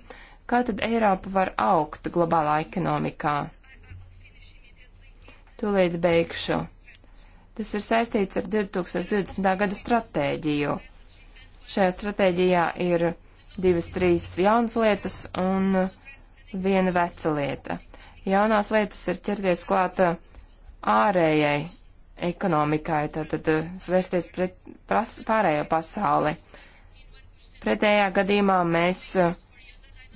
C: Kā tad Eiropa var augt globālā ekonomikā? Tūlīt beigšu. Tas ir saistīts ar 2020. gada stratēģiju. Šajā stratēģijā ir divas, trīs jaunas lietas un viena veca lieta. Jaunās lietas ir ķerties klāt ārējai ekonomikai, tātad svērsties pret pras, pārējo pasauli. Pretējā gadījumā mēs uh,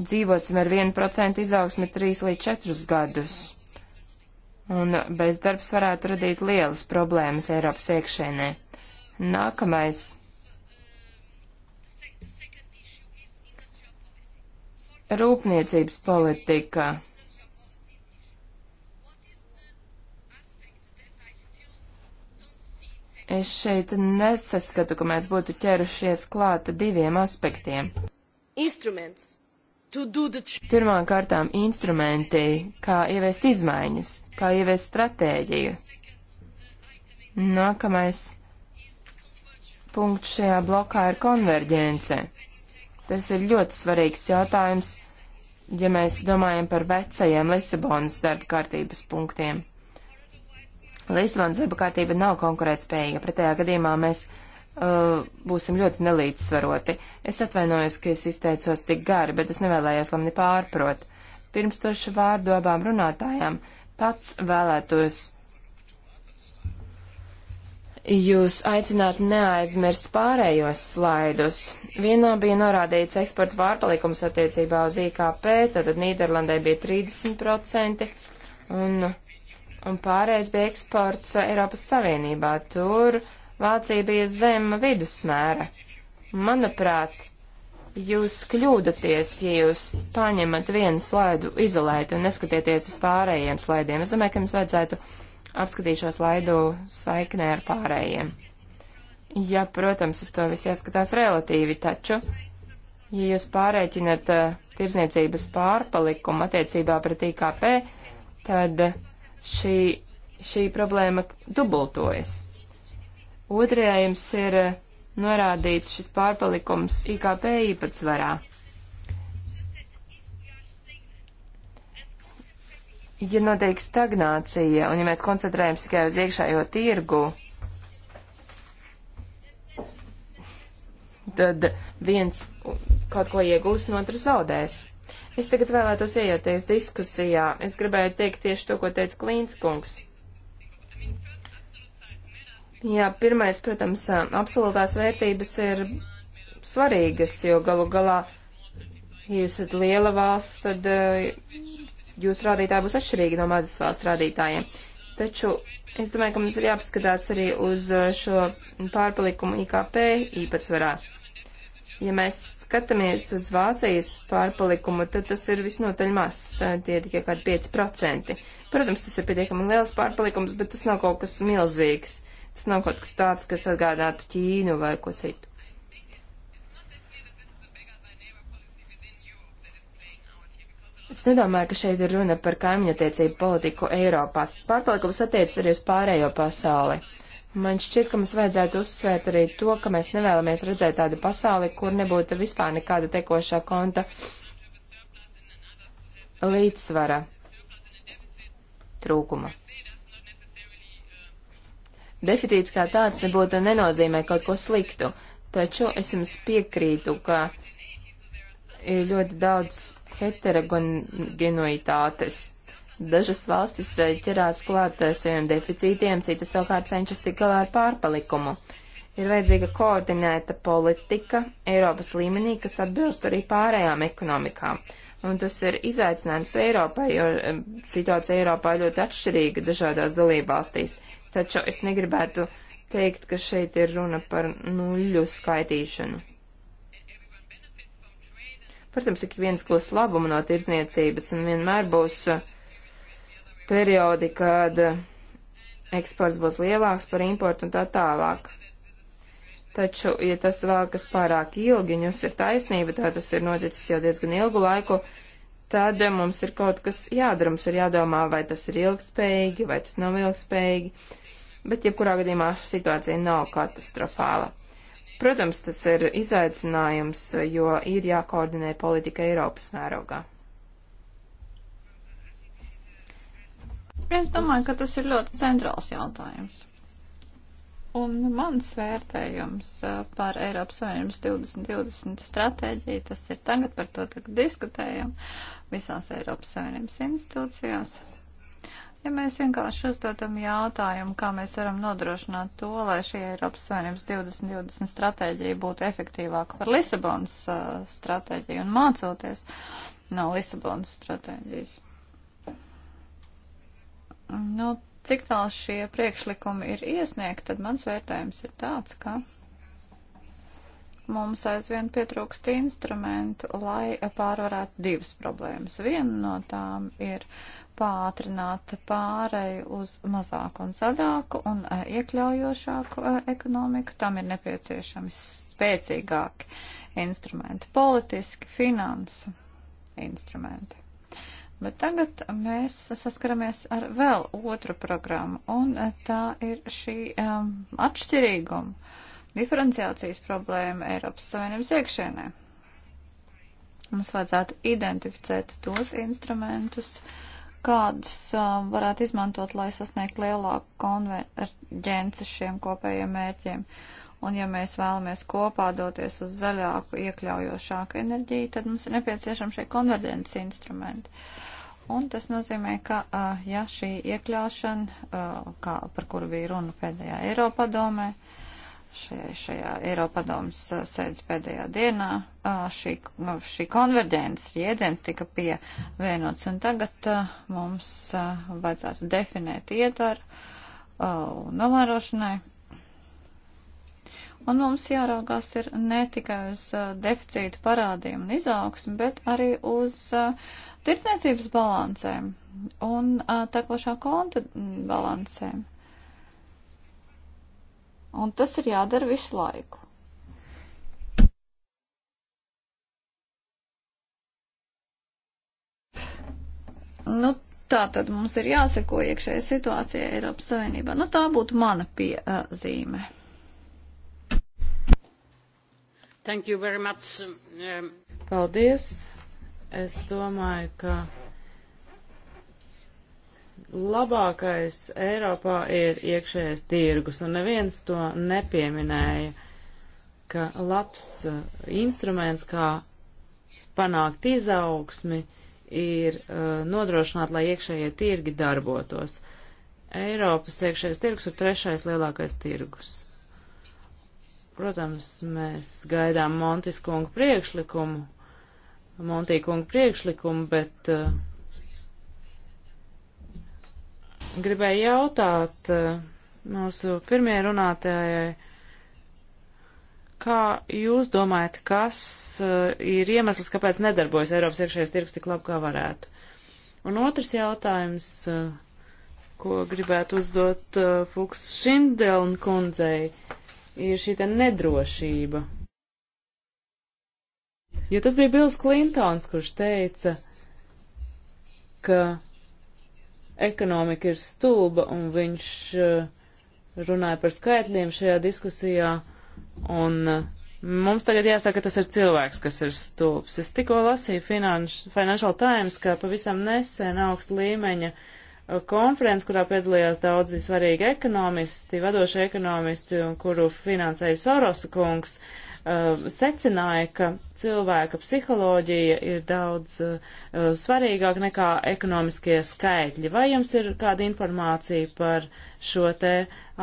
C: dzīvosim ar 1% izaugsmi 3 līdz 4 gadus. Un bezdarbs varētu radīt lielas problēmas Eiropas iekšēnē. Nākamais. Rūpniecības politika. Es šeit nesaskatu, ka mēs būtu ķerušies klāt diviem aspektiem.
D: Instruments
C: Pirmām kārtām instrumenti, kā ieviest izmaiņas, kā ieviest stratēģiju. Nākamais punkts šajā blokā ir konverģence. Tas ir ļoti svarīgs jautājums, ja mēs domājam par vecajiem Lisabonas darba kārtības punktiem. Lisabonas darba kārtība nav konkurētspējīga, pretējā gadījumā mēs uh, būsim ļoti nelīdzsvaroti. Es atvainojos, ka es izteicos tik gari, bet es nevēlējos lamni pārprot. Pirms tošu vārdu abām runātājām pats vēlētos jūs aicināt neaizmirst pārējos slaidus. Vienā bija norādīts eksporta pārpalikums attiecībā uz IKP, tad Nīderlandē bija 30%, un, un pārējais bija eksports Eiropas Savienībā. Tur uh, Vācija bija zem vidusmēra. Manuprāt, jūs kļūdaties, ja jūs paņemat vienu slaidu izolēti un neskatieties uz pārējiem slaidiem. Es domāju, ka jums vajadzētu apskatīt šo slaidu saiknē ar pārējiem. Ja, protams, uz to viss jāskatās relatīvi, taču, ja jūs pārēķinat uh, tirzniecības pārpalikumu attiecībā pret IKP, tad šī, šī problēma dubultojas. Otrajā jums ir eh, norādīts šis pārpalikums IKP īpatsvarā. Ja notiek stagnācija un ja mēs koncentrējamies tikai uz iekšējo tirgu, tad viens kaut ko iegūs un otrs zaudēs. Es tagad vēlētos iejoties diskusijā. Es gribēju teikt tieši to, ko teica Klīnskungs. Jā, pirmais, protams, absolūtās vērtības ir svarīgas, jo galu galā, ja jūs esat liela valsts, tad eh, jūsu rādītāji būs atšķirīgi no mazas valsts rādītājiem. Taču es domāju, ka mums ir jāpaskatās arī uz eh, šo pārpalikumu IKP īpatsvarā. Ja mēs skatāmies uz Vācijas pārpalikumu, tad tas ir visnotaļ mazs, eh, tie tikai kādi 5%. Protams, tas ir pietiekami liels pārpalikums, bet tas nav kaut kas milzīgs. Tas nav kaut kas tāds, kas atgādātu Ķīnu vai ko citu. Es nedomāju, ka šeit ir runa par kaimiņattiecību politiku Eiropā. Pārpalikums attiecas arī uz pārējo pasauli. Man šķiet, ka mums vajadzētu uzsvērt arī to, ka mēs nevēlamies redzēt tādu pasauli, kur nebūtu vispār nekāda tekošā konta līdzsvara trūkuma. Deficīts kā tāds nebūtu nenozīmē kaut ko sliktu, taču es jums piekrītu, ka ir ļoti daudz heterogenoitātes. Dažas valstis eh, ķerās klāt eh, saviem deficītiem, citas savukārt cenšas tik galā ar pārpalikumu. Ir vajadzīga koordinēta politika Eiropas līmenī, kas atbilst arī pārējām ekonomikām. Un tas ir izaicinājums Eiropai, jo eh, situācija Eiropā ļoti atšķirīga dažādās dalībvalstīs taču es negribētu teikt, ka šeit ir runa par nuļu skaitīšanu. Protams, ik viens gūs labumu no tirzniecības, un vienmēr būs uh, periodi, kad uh, eksports būs lielāks par importu un tā tālāk. Taču, ja tas vēl kas pārāk ilgi, un jums ir taisnība, tā tas ir noticis jau diezgan ilgu laiku, tad uh, mums ir kaut kas jādara, mums ir jādomā, vai tas ir ilgspējīgi, vai tas nav ilgspējīgi bet jebkurā gadījumā situācija nav katastrofāla. Protams, tas ir izaicinājums, jo ir jākoordinē politika Eiropas mērogā. Es domāju, ka tas ir
B: ļoti centrāls jautājums. Un mans vērtējums par Eiropas Savienības 2020 stratēģiju, tas ir tagad par to tagad diskutējam visās Eiropas Savienības institūcijās. Ja mēs vienkārši uzdodam jautājumu, kā mēs varam nodrošināt to, lai šī Eiropas Savienības 2020 stratēģija būtu efektīvāka par Lisabonas uh, stratēģiju un mācoties no Lisabonas stratēģijas. Nu, cik tālu šie priekšlikumi ir iesniegti, tad mans vērtējums ir tāds, ka. Kā mums aizvien pietrūkst instrumentu, lai pārvarētu divas problēmas. Viena no tām ir pātrināt pāreju uz mazāku un zaļāku un e, iekļaujošāku e, ekonomiku. Tam ir nepieciešami spēcīgāki instrumenti - politiski, finansu instrumenti. Bet tagad mēs saskaramies ar vēl otru programmu, un e, tā ir šī um, atšķirīguma diferenciācijas problēma Eiropas Savienības iekšēnē. Mums vajadzētu identificēt tos instrumentus, kādus uh, varētu izmantot, lai sasniegtu lielāku konverģenci šiem kopējiem mērķiem. Un ja mēs vēlamies kopā doties uz zaļāku, iekļaujošāku enerģiju, tad mums ir nepieciešami šie konverģences instrumenti. Un tas nozīmē, ka, uh, ja šī iekļaušana, uh, kā, par kuru bija runa pēdējā Eiropa domē, uh, šajā, šajā Eiropadomas uh, sēdes pēdējā dienā uh, šī, nu, šī konverģents jēdziens tika pievienots, un tagad uh, mums vajadzētu definēt ietvaru novērošanai. Un mums jāraugās ir ne tikai uz deficītu parādiem un izaugsmu, bet arī uz tirdzniecības balansēm un tekošā konta balansēm Un tas ir jādara visu laiku. Nu, tā tad mums ir jāseko iekšējai situācijai Eiropas Savienībā. Nu, tā būtu mana piezīme. Thank you very much. Um... Paldies. Es
A: domāju, ka labākais Eiropā ir iekšējais tirgus, un neviens to nepieminēja, ka labs uh, instruments, kā panākt izaugsmi, ir uh, nodrošināt, lai iekšējie tirgi darbotos. Eiropas iekšējais tirgus ir trešais lielākais tirgus. Protams, mēs gaidām Montiskunga priekšlikumu, Montīkunga priekšlikumu, bet uh, Gribēju jautāt eh, mūsu pirmajai runātājai, kā jūs domājat, kas eh, ir iemesls, kāpēc nedarbojas Eiropas iekšējais tirgus tik labi, kā varētu? Un otrs jautājums, eh, ko gribētu uzdot Fuchs Šindeln kundzei, ir šī te nedrošība. Jo tas bija Bils Klintons, kurš teica, ka ekonomika ir stulba, un viņš eh, runāja par skaitļiem šajā diskusijā, un eh, mums tagad jāsaka, ka tas ir cilvēks, kas ir stulbs. Es tikko lasīju Finanš, Financial Times, ka pavisam nesen augsta līmeņa eh, konferences, kurā piedalījās daudzi svarīgi ekonomisti, vadošie ekonomisti, kuru finansēja Sorosa kungs, uh, uh, secināja, ka cilvēka psiholoģija ir daudz uh, svarīgāk nekā ekonomiskie skaitļi. Vai jums ir kāda informācija par šo te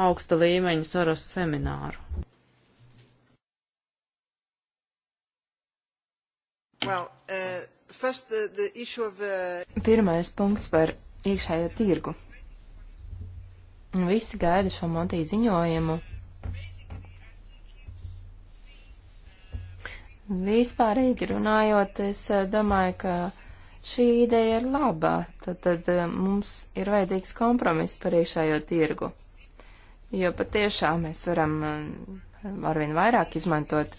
A: augsta līmeņa Soros semināru?
D: Well, uh, first, the, the issue of, uh...
C: Pirmais punkts par iekšējo tirgu. Visi gaida šo Montiju ziņojumu Vispārīgi runājot, es eh, domāju, ka šī ideja ir labā, tad, tad eh, mums ir vajadzīgs kompromiss par iekšējo tirgu. Jo patiešām mēs varam eh, arvien vairāk izmantot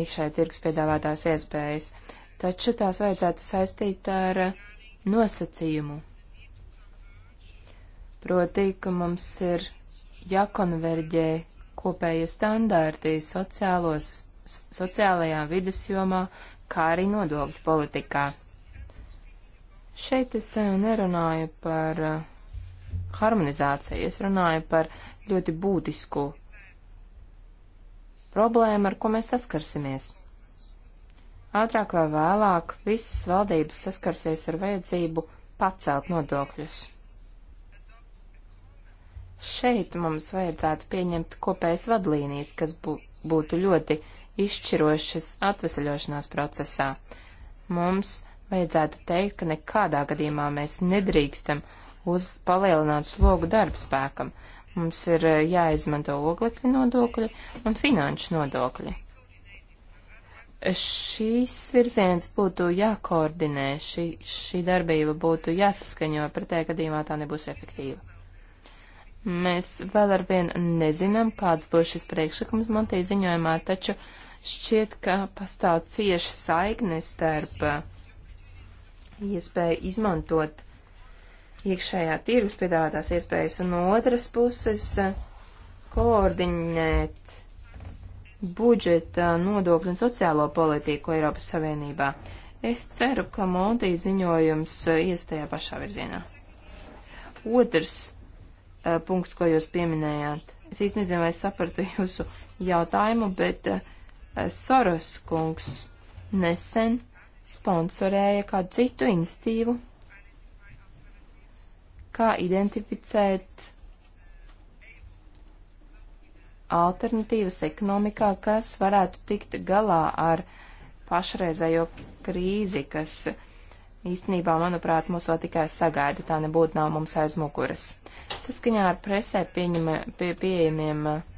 C: iekšēja tirgus piedāvātās iespējas, taču tās vajadzētu saistīt ar nosacījumu. Proti, ka mums ir jākonverģē kopējie standārti sociālos sociālajā vidas jomā, kā arī nodokļu politikā. Šeit es eh, nerunāju par eh, harmonizāciju, es runāju par ļoti būtisku problēmu, ar ko mēs saskarsimies. Ātrāk vai vēlāk visas valdības saskarsies ar vajadzību pacelt nodokļus. Šeit mums vajadzētu pieņemt kopējas vadlīnijas, kas bū, būtu ļoti izšķirošas atvesaļošanās procesā. Mums vajadzētu teikt, ka nekādā gadījumā mēs nedrīkstam uz palielināt slogu darbspēkam. Mums ir eh, jāizmanto oglekļa nodokļi un finanšu nodokļi. Šīs virziens būtu jākoordinē, šī, šī darbība būtu jāsaskaņo, pretējā gadījumā tā nebūs efektīva. Mēs vēl ar vienu nezinām, kāds būs šis priekšlikums Montī ziņojumā, taču uh, Šķiet, ka pastāv cieša saikne starp uh, iespēju izmantot iekšējā tirgus piedāvātās iespējas un no otras puses uh, koordinēt budžeta nodokļu un sociālo politiku Eiropas Savienībā. Es ceru, ka Monti ziņojums uh, ies tajā pašā virzienā. Otrs uh, punkts, ko jūs pieminējāt, es īsti nezinu, vai es sapratu jūsu jautājumu, bet uh, Eh, Soros kungs nesen sponsorēja kādu citu institīvu, kā identificēt alternatīvas ekonomikā, kas varētu tikt galā ar pašreizējo krīzi, kas īstenībā, manuprāt, mūs vēl tikai sagaida, tā nebūtu nav mums aiz muguras. Saskaņā ar presē pieņem, pie, pieejamiem uh,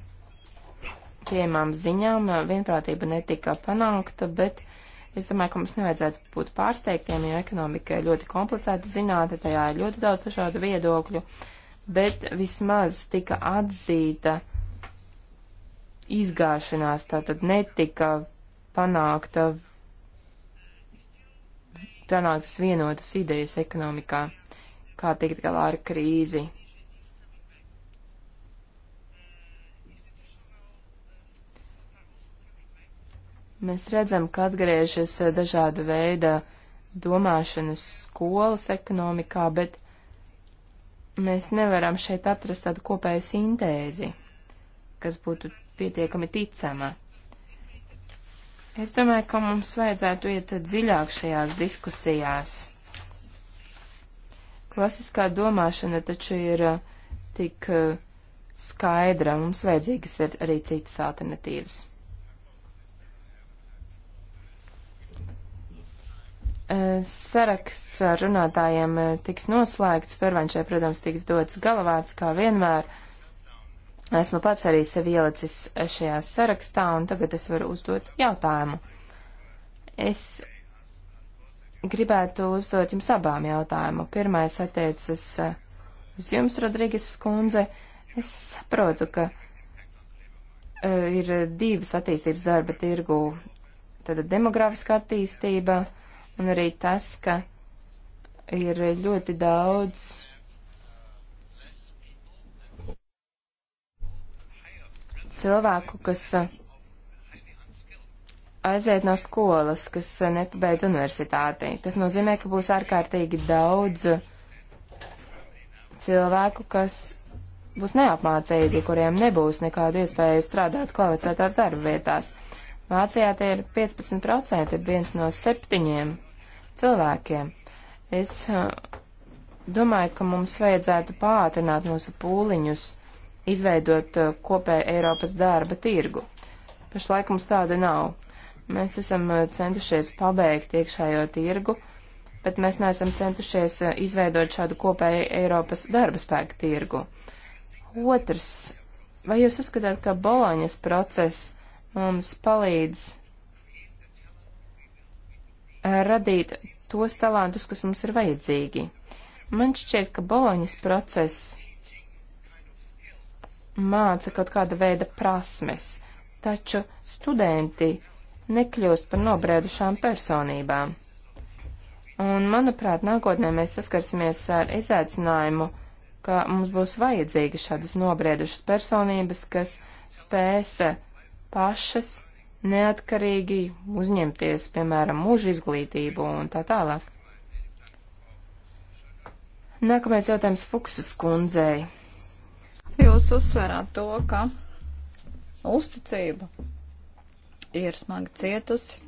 C: pieejamām ziņām vienprātība netika panākta, bet es domāju, ka mums nevajadzētu būt pārsteigtiem, jo ekonomika ir ļoti komplicēta zinātne, tajā ir ļoti daudz dažādu viedokļu, bet vismaz tika atzīta izgāšanās, tātad netika panākta panāktas vienotas idejas ekonomikā, kā tikt galā ar krīzi, Mēs redzam, ka atgriežas eh, dažāda veida domāšanas skolas ekonomikā, bet mēs nevaram šeit atrast tādu kopēju sintēzi, kas būtu pietiekami ticama. Es domāju, ka mums vajadzētu iet dziļāk šajās diskusijās. Klasiskā domāšana taču ir eh, tik eh, skaidra, mums vajadzīgas ir arī citas alternatīvas. Eh, saraksts ar runātājiem eh, tiks noslēgts, Fervančai, protams, tiks dots galavārds kā vienmēr. Esmu pats arī sevi ielicis eh, šajā sarakstā, un tagad es varu uzdot jautājumu. Es gribētu uzdot jums abām jautājumu. Pirmais attiecas uz jums, Rodrīgas skundze. Es saprotu, ka uh, ir divas attīstības darba tirgū. Tad demografiska attīstība. Uh, un arī tas, ka ir ļoti daudz cilvēku, kas uh, aiziet no skolas, kas uh, nepabeidz universitāti. Tas nozīmē, ka būs ārkārtīgi daudz uh, cilvēku, kas būs neapmācīgi, kuriem nebūs nekāda iespēja strādāt kvalificētās darba vietās. Vācijā tie ir 15%, ir viens no septiņiem cilvēkiem. Es domāju, ka mums vajadzētu pātrināt mūsu pūliņus, izveidot kopēju Eiropas darba tirgu. Pašlaik mums tāda nav. Mēs esam centušies pabeigt iekšējo tirgu, bet mēs neesam centušies izveidot šādu kopēju Eiropas darba spēku tirgu. Otrs, vai jūs uzskatāt, ka Boloņas process mums palīdz radīt tos talantus, kas mums ir vajadzīgi. Man šķiet, ka Boloņas process māca kaut kāda veida prasmes, taču studenti nekļūst par nobrēdušām personībām. Un, manuprāt, nākotnē mēs saskarsimies ar izaicinājumu, ka mums būs vajadzīga šādas nobriedušas personības, kas spēs pašas neatkarīgi uzņemties, piemēram, mūža izglītību un tā tālāk. Nākamais jautājums Fuksas kundzei.
B: Jūs uzsverāt to, ka uzticība ir smagi cietusi.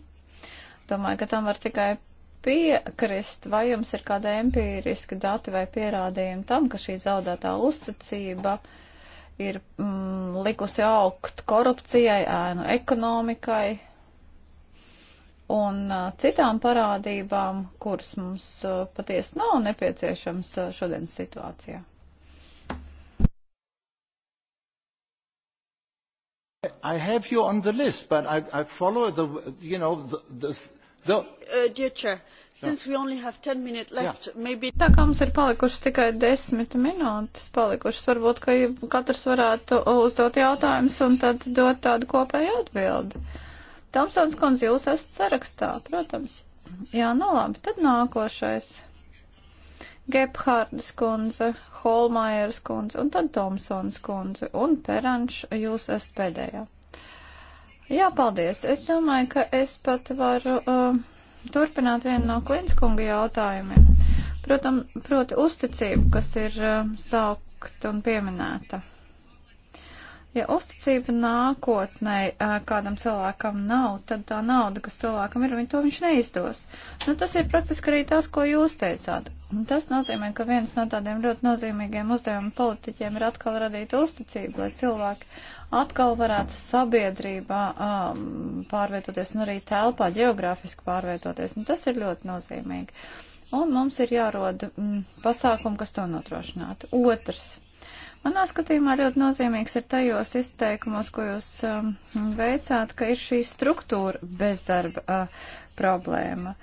B: Domāju, ka tam var tikai piekrist, vai jums ir kāda empīriska dati vai pierādījumi tam, ka šī zaudētā uzticība uh, ir mm, likusi augt korupcijai, ēnu ekonomikai un uh, citām parādībām, kuras mums uh, patiesi nav nepieciešams uh, šodienas situācijā.
D: I have you on the list, but I, I follow the, you know, the, the, the... Uh,
B: dear Chair, uh, Left, maybe... Tā kā mums ir palikušas tikai desmit minūtes palikušas, varbūt, ka katrs varētu uzdot jautājumus un tad dot tādu kopēju atbildi. Tomsons kundze, jūs esat sarakstā, protams. Jā, nu labi, tad nākošais. Gebhardas kundze, Holmajers kundze un tad Tomsons kundze un Peranš, jūs esat pēdējā. Jā, paldies. Es domāju, ka es pat varu. Uh, turpināt vienu no Klinskunga jautājumiem. Protam, proti uzticību, kas ir uh, um, sākt un pieminēta. Ja uzticība nākotnē uh, kādam cilvēkam nav, tad tā nauda, kas cilvēkam ir, viņ to viņš neizdos. Nu, tas ir praktiski arī tas, ko jūs teicāt. Un tas nozīmē, ka viens no tādiem ļoti nozīmīgiem uzdevuma politiķiem ir atkal radīt uzticību, lai cilvēki atkal varētu sabiedrībā um, pārvietoties un arī telpā geogrāfiski pārvietoties. Un nu, tas ir ļoti nozīmīgi. Un mums ir jārod mm, pasākumi, kas to notrošinātu. Otrs. Manā skatījumā ļoti nozīmīgs ir tajos izteikumos, ko jūs um, veicāt, ka ir šī struktūra bezdarba uh, problēma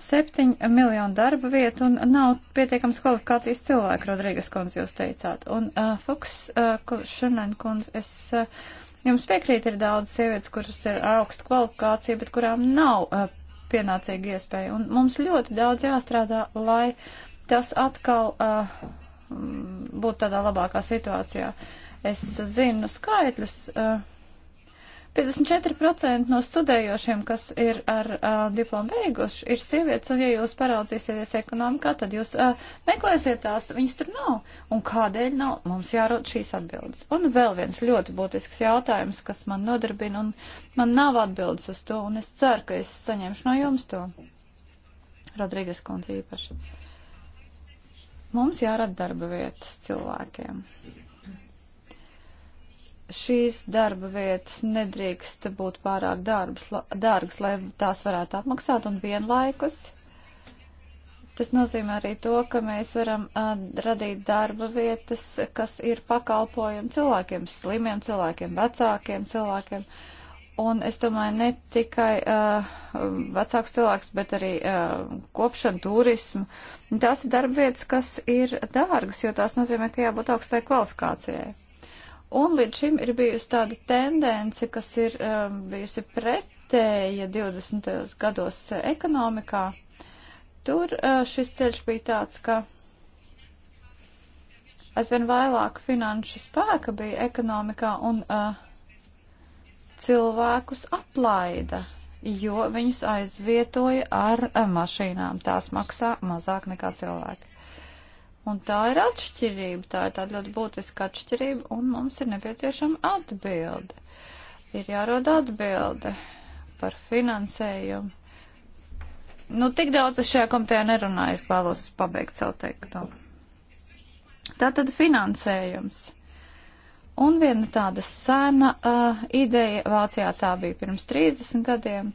B: septiņu miljonu darba vietu un nav pietiekams kvalifikācijas cilvēku, Rodrīgas kundze, jūs teicāt. Un uh, Fuchs, uh, šodien kundze, es uh, jums piekrītu, ir daudz sievietes, kuras ir ar augstu kvalifikāciju, bet kurām nav uh, pienācīga iespēja. Un mums ļoti daudz jāstrādā, lai tas atkal uh, būtu tādā labākā situācijā. Es zinu skaitļus. Uh, 54% no studējošiem, kas ir ar uh, diplomu beiguši, ir sievietes, un ja jūs paraudzīsieties ekonomikā, tad jūs uh, meklēsiet tās, viņas tur nav. Un kādēļ nav? Mums jārod šīs atbildes. Un vēl viens ļoti būtisks jautājums, kas man nodarbina, un man nav atbildes uz to, un es ceru, ka es saņemšu no jums to. Rodrīgas kundze īpaši. Mums jārada darba vietas cilvēkiem šīs darba vietas nedrīkst būt pārāk darbs, la, dārgas, lai tās varētu apmaksāt un vienlaikus. Tas nozīmē arī to, ka mēs varam uh, radīt darba vietas, kas ir pakalpojumi cilvēkiem, slimiem cilvēkiem, vecākiem cilvēkiem. Un es domāju, ne tikai uh, vecāks cilvēks, bet arī uh, kopšana, turismu. Tās ir darba vietas, kas ir dārgas, jo tās nozīmē, ka jābūt augstai kvalifikācijai. Un līdz šim ir bijusi tāda tendence, kas ir um, bijusi pretēja 20. gados eh, ekonomikā. Tur uh, šis ceļš bija tāds, ka aizvien vairāk finanšu spēka bija ekonomikā un uh, cilvēkus aplaida, jo viņus aizvietoja ar uh, mašīnām. Tās maksā mazāk nekā cilvēki. Un tā ir atšķirība, tā ir tāda ļoti būtiska atšķirība, un mums ir nepieciešama atbilde. Ir jārod atbilde par finansējumu. Nu, tik daudz es šajā komitejā nerunāju, es vēlos pabeigt savu teikto. Tātad finansējums. Un viena tāda sena uh, ideja Vācijā tā bija pirms 30 gadiem.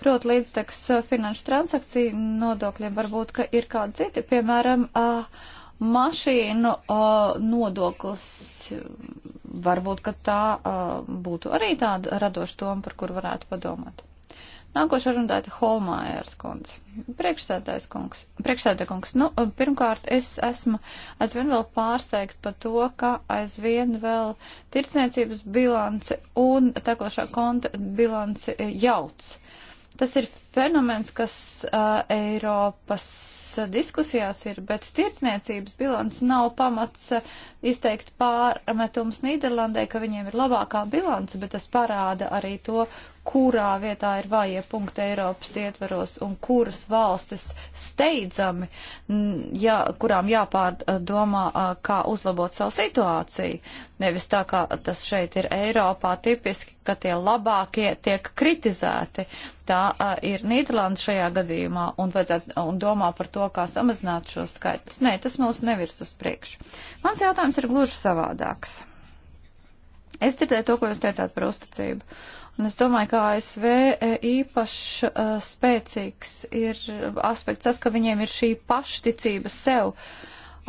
B: Proti, līdztekus uh, finanšu transakciju nodokļiem varbūt, ka ir kādi citi, piemēram, uh, Mašīnu uh, nodoklis, varbūt, ka tā uh, būtu arī tāda radoša doma, par kur varētu padomāt. Nākošais runātāja Holmājers kundze. Priekšstādājs kungs. Priekšstādājs kungs. Nu, pirmkārt, es esmu aizvien vēl pārsteigt par to, ka aizvien vēl tirdzniecības bilanci un tekošā konta bilanci jauc. Tas ir fenomens, kas uh, Eiropas diskusijās ir, bet tirdzniecības bilants nav pamats izteikt pārmetums Nīderlandē, ka viņiem ir labākā bilance, bet tas parāda arī to, kurā vietā ir vājie punkti Eiropas ietveros un kuras valstis steidzami, jā, kurām jāpārdomā, kā uzlabot savu situāciju. Nevis tā, kā tas šeit ir Eiropā tipiski, ka tie labākie tiek kritizēti. Tā uh, ir Nīderlanda šajā gadījumā un, vajadzētu, un domā par to, kā samazināt šos skaitļus. Nē, tas mūs nevirs uz priekšu. Mans jautājums jautājums ir gluži savādāks. Es dzirdēju to, ko jūs teicāt par uzticību. Un es domāju, ka ASV e, īpaši uh, spēcīgs ir aspekts tas, ka viņiem ir šī pašticība sev. Uh,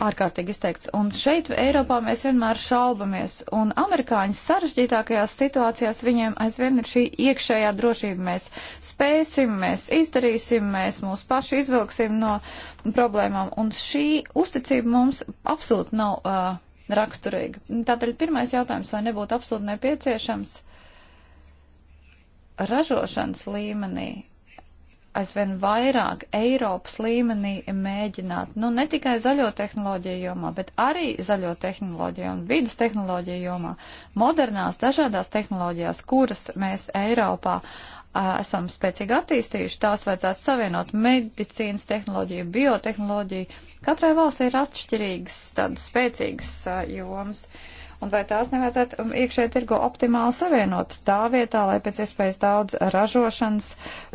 B: ārkārtīgi izteikts. Un šeit Eiropā mēs vienmēr šaubamies, un amerikāņi sarežģītākajās situācijās viņiem aizvien ir šī iekšējā drošība. Mēs spēsim, mēs izdarīsim, mēs mūs paši izvilksim no problēmām, un šī uzticība mums absolūti nav uh, raksturīga. Tātad pirmais jautājums, vai nebūtu absolūti nepieciešams ražošanas līmenī aizvien vairāk Eiropas līmenī mēģināt, nu ne tikai zaļo tehnoloģiju jomā, bet arī zaļo tehnoloģiju un vidas tehnoloģiju jomā, modernās dažādās tehnoloģijās, kuras mēs Eiropā esam spēcīgi attīstījuši, tās vajadzētu savienot medicīnas tehnoloģiju, biotehnoloģiju. Katrai valstī ir atšķirīgas tādas spēcīgas jomas. Un vai tās nevajadzētu um, iekšēji tirgo optimāli savienot tā vietā, lai pēc iespējas daudz ražošanas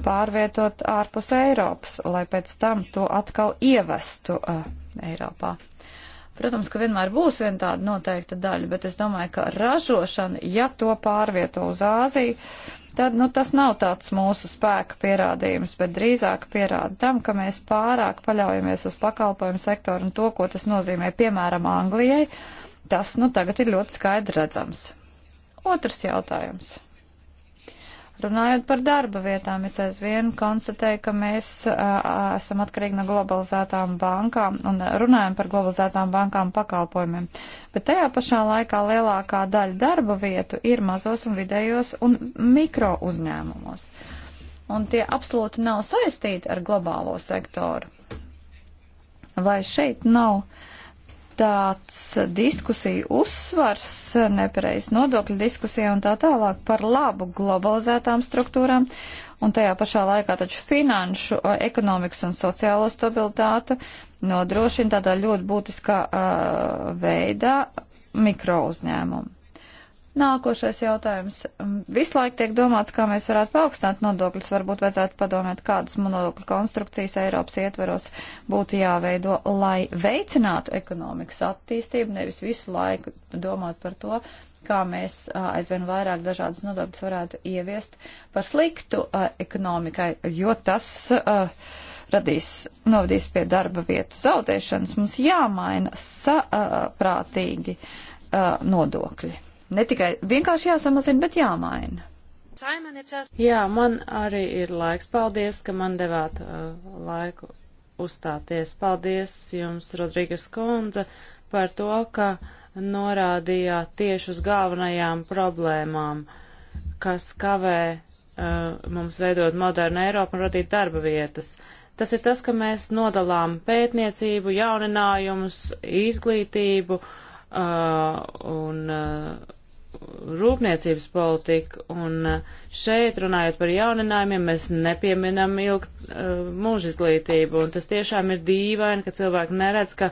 B: pārvietot ārpus Eiropas, lai pēc tam to atkal ievestu uh, Eiropā? Protams, ka vienmēr būs viena tāda noteikta daļa, bet es domāju, ka ražošana, ja to pārvieto uz Āziju, uh, tad nu, tas nav tāds mūsu spēka pierādījums, bet drīzāk pierāda tam, ka mēs pārāk paļaujamies uz pakalpojumu sektoru un to, ko tas nozīmē piemēram Anglijai. Tas nu, tagad ir ļoti skaidri redzams. Otrs jautājums. Runājot par darba vietām, es aizvien konstatēju, ka mēs a, esam atkarīgi no globalizētām bankām un runājam par globalizētām bankām pakalpojumiem. Bet tajā pašā laikā lielākā daļa darba vietu ir mazos un vidējos un mikro uzņēmumos. Un tie absolūti nav saistīti ar globālo sektoru. Vai šeit nav? Uh, tāds diskusiju uzsvars, nepareiz nodokļu diskusija un tā tālāk par labu globalizētām struktūrām, un tajā pašā laikā taču finanšu, ekonomikas un sociālo stabilitātu nodrošina tādā ļoti būtiskā uh, veidā mikrouzņēmumu. Nākošais jautājums. Mm, visu laiku tiek domāts, kā mēs varētu paaugstināt nodokļus. Varbūt vajadzētu padomāt, kādas nodokļu konstrukcijas Eiropas ietveros būtu jāveido, lai veicinātu ekonomikas attīstību, nevis visu laiku domāt par to, kā mēs aizvien vairāk dažādas nodokļus varētu ieviest par sliktu a, ekonomikai, jo tas a, radīs, novadīs pie darba vietu zaudēšanas. Mums jāmaina saprātīgi nodokļi. Ne tikai vienkārši jāsamazina, bet jāmaina.
A: Jā, man arī ir laiks. Paldies, ka man devāt uh, laiku uzstāties. Paldies jums, Rodrīgas kundze, par to, ka norādījāt tieši uz galvenajām problēmām, kas kavē uh, mums veidot modernu Eiropu un radīt darba vietas. Tas ir tas, ka mēs nodalām pētniecību, jauninājumus, izglītību uh, un. Uh, rūpniecības politiku, un uh, šeit runājot par jauninājumiem, mēs nepieminam ilgt uh, mūža izglītību, un tas tiešām ir dīvaini, ka cilvēki neredz, ka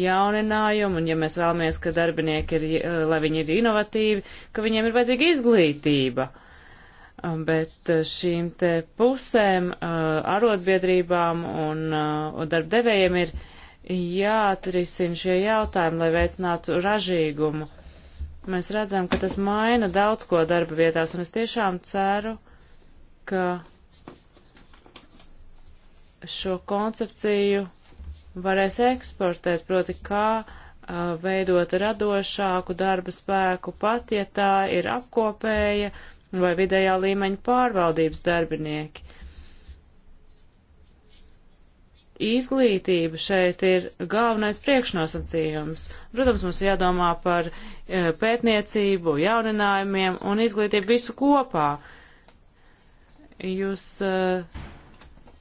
A: jauninājumu, un ja mēs vēlamies, ka darbinieki ir, uh, lai viņi ir inovatīvi, ka viņiem ir vajadzīga izglītība. Um, bet uh, šīm te pusēm, uh, arotbiedrībām un, un uh, darbdevējiem ir jāatrisina šie jautājumi, lai veicinātu ražīgumu mēs redzam, ka tas maina daudz ko darba vietās, un es tiešām ceru, ka šo koncepciju varēs eksportēt, proti kā a, veidot radošāku darba spēku, pat ja tā ir apkopēja vai vidējā līmeņa pārvaldības darbinieki. izglītība šeit ir galvenais priekšnosacījums. Protams, mums jādomā par e, pētniecību, jauninājumiem un izglītību visu kopā. Jūs e,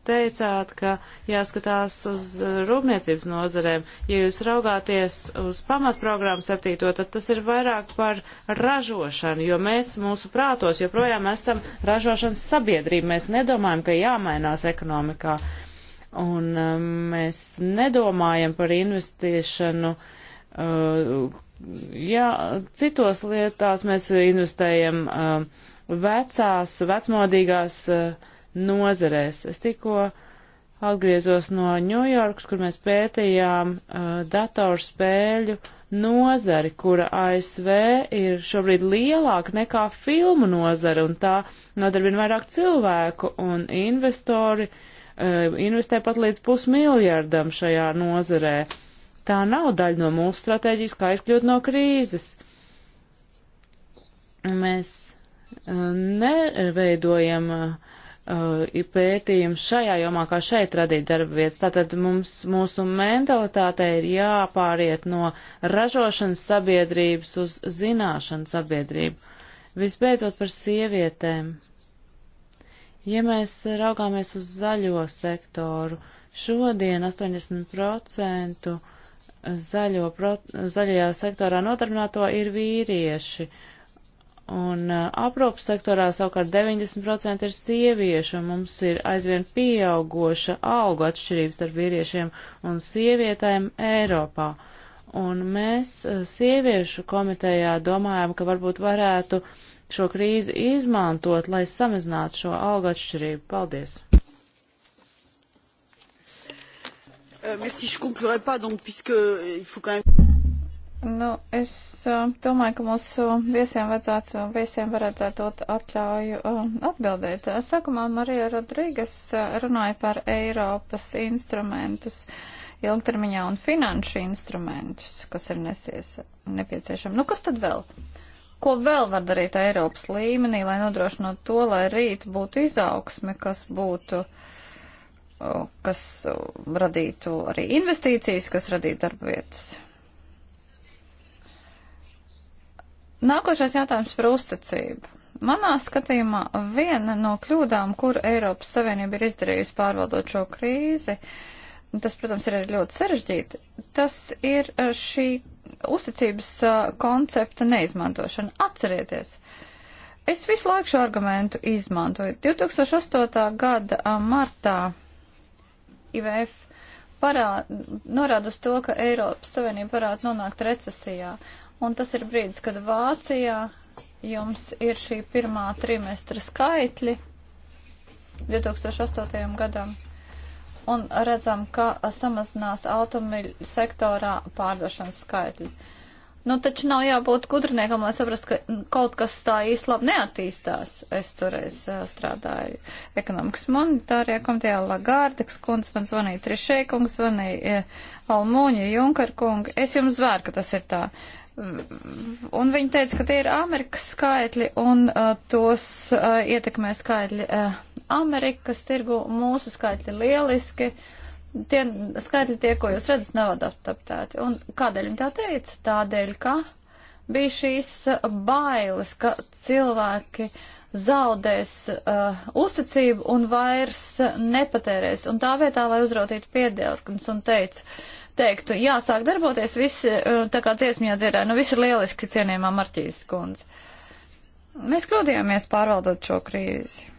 A: teicāt, ka jāskatās uz e, rūpniecības nozarēm. Ja jūs raugāties uz pamatprogrammu septīto, tad tas ir vairāk par ražošanu, jo mēs mūsu prātos joprojām esam ražošanas sabiedrība. Mēs nedomājam, ka jāmainās ekonomikā. Uh, un um, mēs nedomājam par investēšanu. Uh, jā, citos lietās mēs investējam um, vecās, vecmodīgās uh, nozerēs. Es tikko atgriezos no Ņujorkas, kur mēs pētījām uh, datorspēļu nozari, kura ASV ir šobrīd lielāka nekā filmu nozara, un tā nodarbina vairāk cilvēku, un investori uh, Eh, investē pat līdz pusmiljardam šajā nozarē. Tā nav daļa no mūsu stratēģijas, kā izkļūt no krīzes. Mēs eh, neveidojam uh, pētījumu šajā jomā, kā šeit radīt darba vietas. Tātad mums, mūsu mentalitāte ir jāpāriet no ražošanas sabiedrības uz zināšanu sabiedrību. Visbeidzot par sievietēm. Ja mēs raugāmies uz zaļo sektoru, šodien 80% zaļo, pro, zaļajā sektorā nodarbināto ir vīrieši, un uh, aprūpas sektorā savukārt 90% ir sievieši, un mums ir aizvien pieaugoša algu atšķirības starp vīriešiem un sievietēm Eiropā. Un mēs uh, sieviešu komitejā domājam, ka varbūt varētu uh, šo krīzi izmantot, lai samazinātu šo algu atšķirību. Paldies!
B: Euh, merci, je conclurai pas, donc, puisque euh, il faut quand même. Nu, es euh, domāju, ka mūsu viesiem vajadzētu, viesiem varētu dot atļauju um, atbildēt. Uh, sākumā Marija Rodrīgas uh, runāja par Eiropas instrumentus ilgtermiņā un finanšu instrumentus, kas ir nesies nepieciešami. Nu, kas tad vēl? Uh, Ko vēl var darīt Eiropas līmenī, lai nodrošinātu to, lai rīt būtu izaugsme, kas būtu kas radītu arī investīcijas, kas radītu darba vietas. Nākošais jautājums par uzticību. Manā skatījumā viena no kļūdām, kur Eiropas Savienība ir izdarījusi pārvaldot šo krīzi, tas, protams, ir ļoti sarežģīti, tas ir e, šī uzticības koncepta neizmantošana. Atcerieties! Es visu laiku šo argumentu izmantoju. 2008. gada martā IVF parād, norāda uz to, ka Eiropas Savienība varētu nonākt recesijā. Un tas ir brīdis, kad Vācijā jums ir šī pirmā trimestra skaitļi 2008. gadam un redzam, ka samazinās automobiļu sektorā pārdošanas skaitļi. Nu, taču nav jābūt gudriniekam, lai saprastu, ka kaut kas tā īsti labi neattīstās. Es toreiz uh, strādāju ekonomikas monetārajā komitejā Lagārda, kas kundze man zvanīja Trišē, kungs zvanīja Almūņa, Junkar kunga. Es jums zvēru, ka tas ir tā. Uh, Un viņi teica, ka tie ir Amerikas skaitļi un uh, tos uh, ietekmē skaitļi uh, Amerikas tirgu. Mūsu skaitļi lieliski. Tie skaitļi tie, ko jūs redzat, nav adaptēti. Un kādēļ viņi tā teica? Tādēļ, ka bija šīs bailes, ka cilvēki zaudēs uh, uzticību un vairs nepatērēs. Un tā vietā, lai uzrautītu piedēlknes un teica, uh, teiktu, jāsāk darboties visi, uh, tā kā dziesmjā dzirdēja, nu viss ir lieliski cienījumā Marķīs kundze. Mēs kļūdījāmies pārvaldot šo krīzi.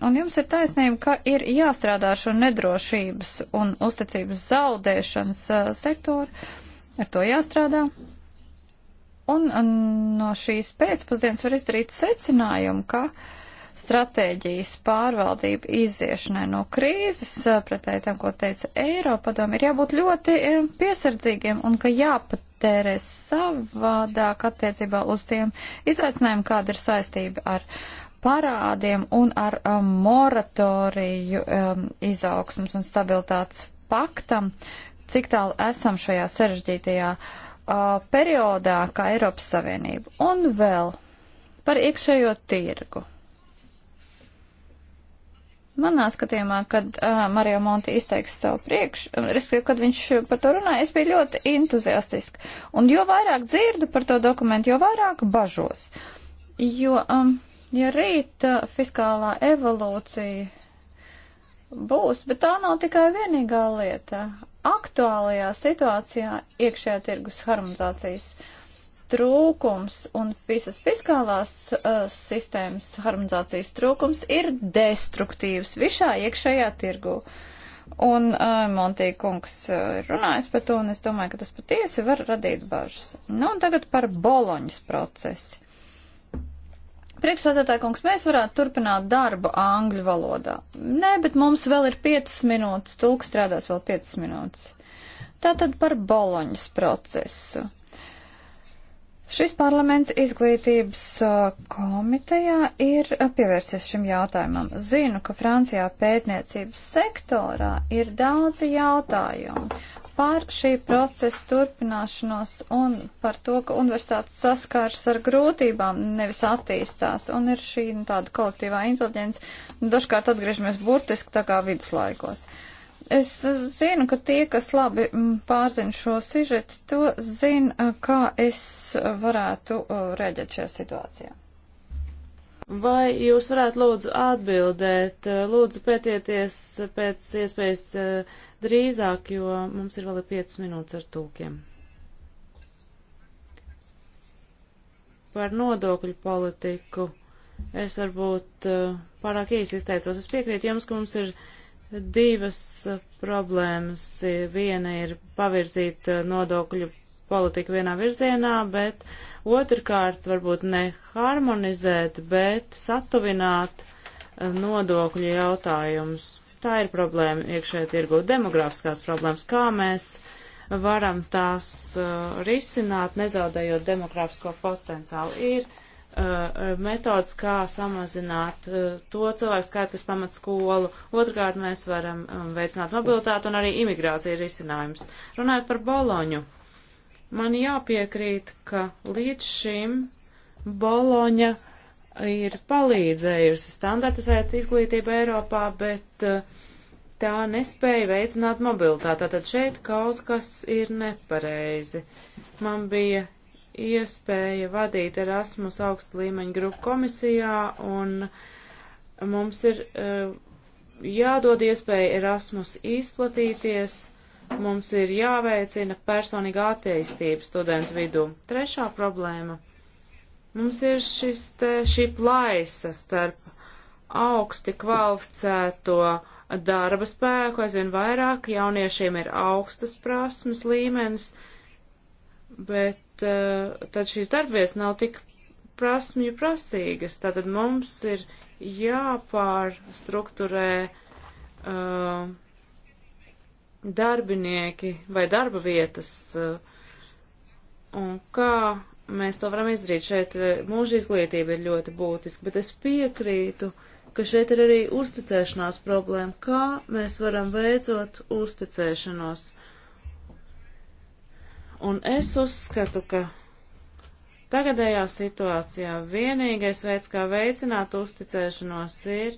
B: Un jums ir taisnība, ka ir jāstrādā šo nedrošības un uzticības zaudēšanas uh, sektoru, ar to jāstrādā. Un, un no šīs pēcpusdienas var izdarīt secinājumu, ka uh, stratēģijas pārvaldība iziešanai no krīzes, pretēji tam, ko teica Eiropadomi, ir jābūt ļoti piesardzīgiem un ka jāpatērē savādāk attiecībā uz tiem izaicinājumiem, kāda ir saistība ar parādiem un ar um, moratoriju um, izaugsmas un stabilitātes paktam, cik tālu esam šajā sarežģītajā uh, periodā kā Eiropas Savienība. Un vēl par iekšējo tirgu. Manā skatījumā, kad uh, Mario Monti izteiks savu priekš, respektīvi, kad viņš par to runāja, es biju ļoti entuziastiski. Un jo vairāk dzirdu par to dokumentu, jo vairāk bažos. Jo, um, ja rīt uh, fiskālā evolūcija būs, bet tā nav tikai vienīgā lieta. Aktuālajā situācijā iekšējā tirgus harmonizācijas uh, trūkums un visas fiskālās uh, sistēmas harmonizācijas trūkums ir destruktīvs visā iekšējā tirgu. Un uh, Montija kungs uh, ir uh, runājis par to, un es domāju, ka tas patiesi var radīt bažas. Nu, un tagad par Boloņas procesu. Priekšsādātāja kungs, mēs varētu turpināt darbu angļu valodā. Nē, bet mums vēl ir 5 minūtes, tulks strādās vēl 5 minūtes. Tātad par Boloņas procesu. Šis parlaments izglītības komitejā ir pievērsies šim jautājumam. Zinu, ka Francijā pētniecības sektorā ir daudzi jautājumi par šī procesa turpināšanos un par to, ka universitātes saskars ar grūtībām nevis attīstās un ir šī nu, tāda kolektīvā inteliģence. Dažkārt atgriežamies burtiski tā kā viduslaikos. Uh, Es zinu, ka tie, kas labi mm, pārzina šo sižeti, to zina, kā es varētu reaģēt šajā situācijā. Vai jūs varētu lūdzu
A: atbildēt, lūdzu pētieties pēc iespējas drīzāk, jo mums ir vēl 5 minūtes ar tulkiem. Par nodokļu politiku es varbūt pārāk īsi izteicos. Es piekrītu jums, ka mums ir divas problēmas. Viena ir pavirzīt uh, nodokļu politiku vienā virzienā, bet otrkārt varbūt ne harmonizēt, bet satuvināt uh, nodokļu jautājumus. Tā ir problēma iekšējā tirgu, demografiskās problēmas, kā mēs varam tās uh, risināt, nezaudējot demografisko potenciālu. Ir Uh, metodas, kā samazināt uh, to cilvēku skaitu, kas pamat skolu. Otrkārt, mēs varam um, veicināt mobilitāti un arī imigrācija ir izcinājums. Runājot par Boloņu, man jāpiekrīt, ka līdz šim Boloņa ir palīdzējusi standartizēt izglītību Eiropā, bet uh, tā nespēja veicināt mobilitāti. Tātad šeit kaut kas ir nepareizi. Man bija iespēja vadīt Erasmus augstu līmeņu grupu komisijā, un mums ir eh, jādod iespēja Erasmus izplatīties, mums ir jāveicina personīga attīstība studentu vidū. Trešā problēma. Mums ir šis te, šī plaisa starp augsti kvalificēto darba spēku, aizvien vairāk jauniešiem ir augstas prasmes līmenis, bet Eh, tad šīs darbvietas nav tik prasmju prasīgas. Tātad mums ir jāpārstrukturē uh, eh, darbinieki vai darba vietas. Uh, un kā mēs to varam izdarīt? Šeit mūža izglītība ir ļoti būtiska, bet es piekrītu, ka šeit ir arī uzticēšanās problēma. Kā mēs varam veicot uzticēšanos? Un es uzskatu, ka tagadējā situācijā vienīgais veids, kā veicināt uzticēšanos, ir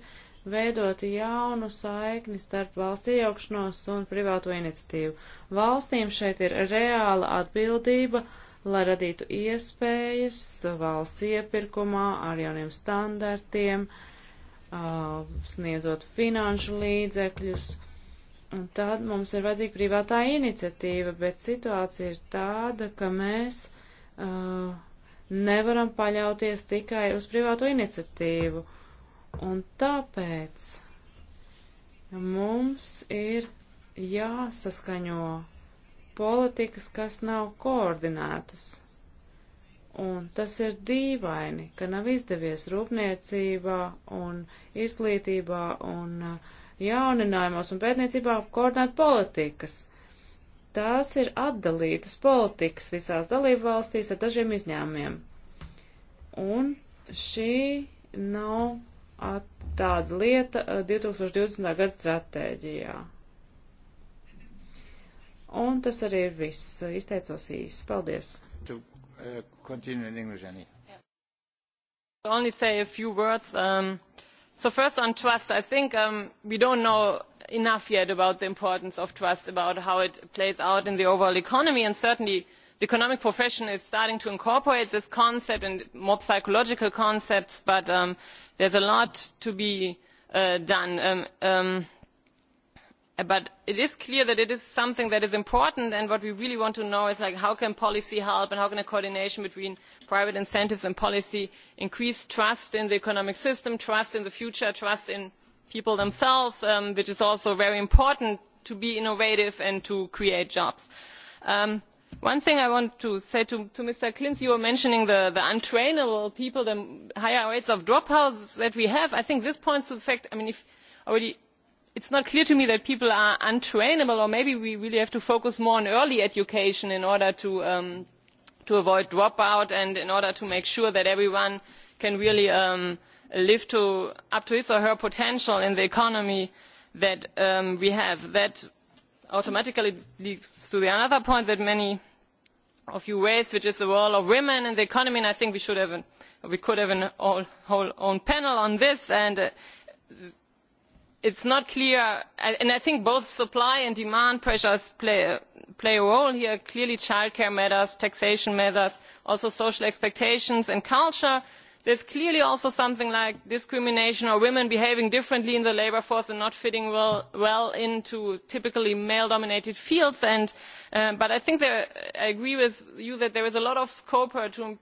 A: veidot jaunu saikni starp valsts iejaukšanos un privāto iniciatīvu. Valstīm šeit ir reāla atbildība, lai radītu iespējas valsts iepirkumā ar jauniem standartiem, sniedzot finanšu līdzekļus Un tad mums ir vajadzīga privātā iniciatīva, bet situācija ir tāda, ka mēs uh, nevaram paļauties tikai uz privāto iniciatīvu. Un tāpēc mums ir jāsaskaņo politikas, kas nav koordinētas. Un tas ir dīvaini, ka nav izdevies rūpniecībā un izglītībā un uh, jauninājumos un pētniecībā koordinēt politikas. Tās ir atdalītas politikas visās dalību valstīs ar dažiem izņēmumiem. Un šī nav tāda lieta 2020. Eh, gada stratēģijā. Un tas arī ir viss. Izteicos īsi. Paldies. To,
E: uh, continue in English, Annie. Only say a few words. Um so first on trust i think um, we do not know enough yet about the importance of trust about how it plays out in the overall economy and certainly the economic profession is starting to incorporate this concept and more psychological concepts but um, there is a lot to be uh, done. Um, um Uh, but it is clear that it is something that is important and what we really want to know is like how can policy help and how can a coordination between private incentives and policy increase trust in the economic system trust in the future trust in people themselves um, which is also very important to be innovative and to create jobs. Um, one thing i want to say to, to mr klinz you were mentioning the, the untrainable people the higher rates of dropouts that we have i think this points to the fact i mean if already it's not clear to me that people are untrainable or maybe we really have to focus more on early education in order to um, to avoid dropout and in order to make sure that everyone can really um, live to up to his or her potential in the economy that um, we have. That automatically leads to the another point that many of you raised, which is the role of women in the economy. And I think we should have, an, we could have a whole, whole own panel on this. And uh, it's not clear and i think both supply and demand pressures play, play a role here clearly childcare matters taxation matters also social expectations and culture. there is clearly also something like discrimination or women behaving differently in the labour force and not fitting well, well into typically male dominated fields and, um, but i think there, i agree with you that there is a lot of scope here to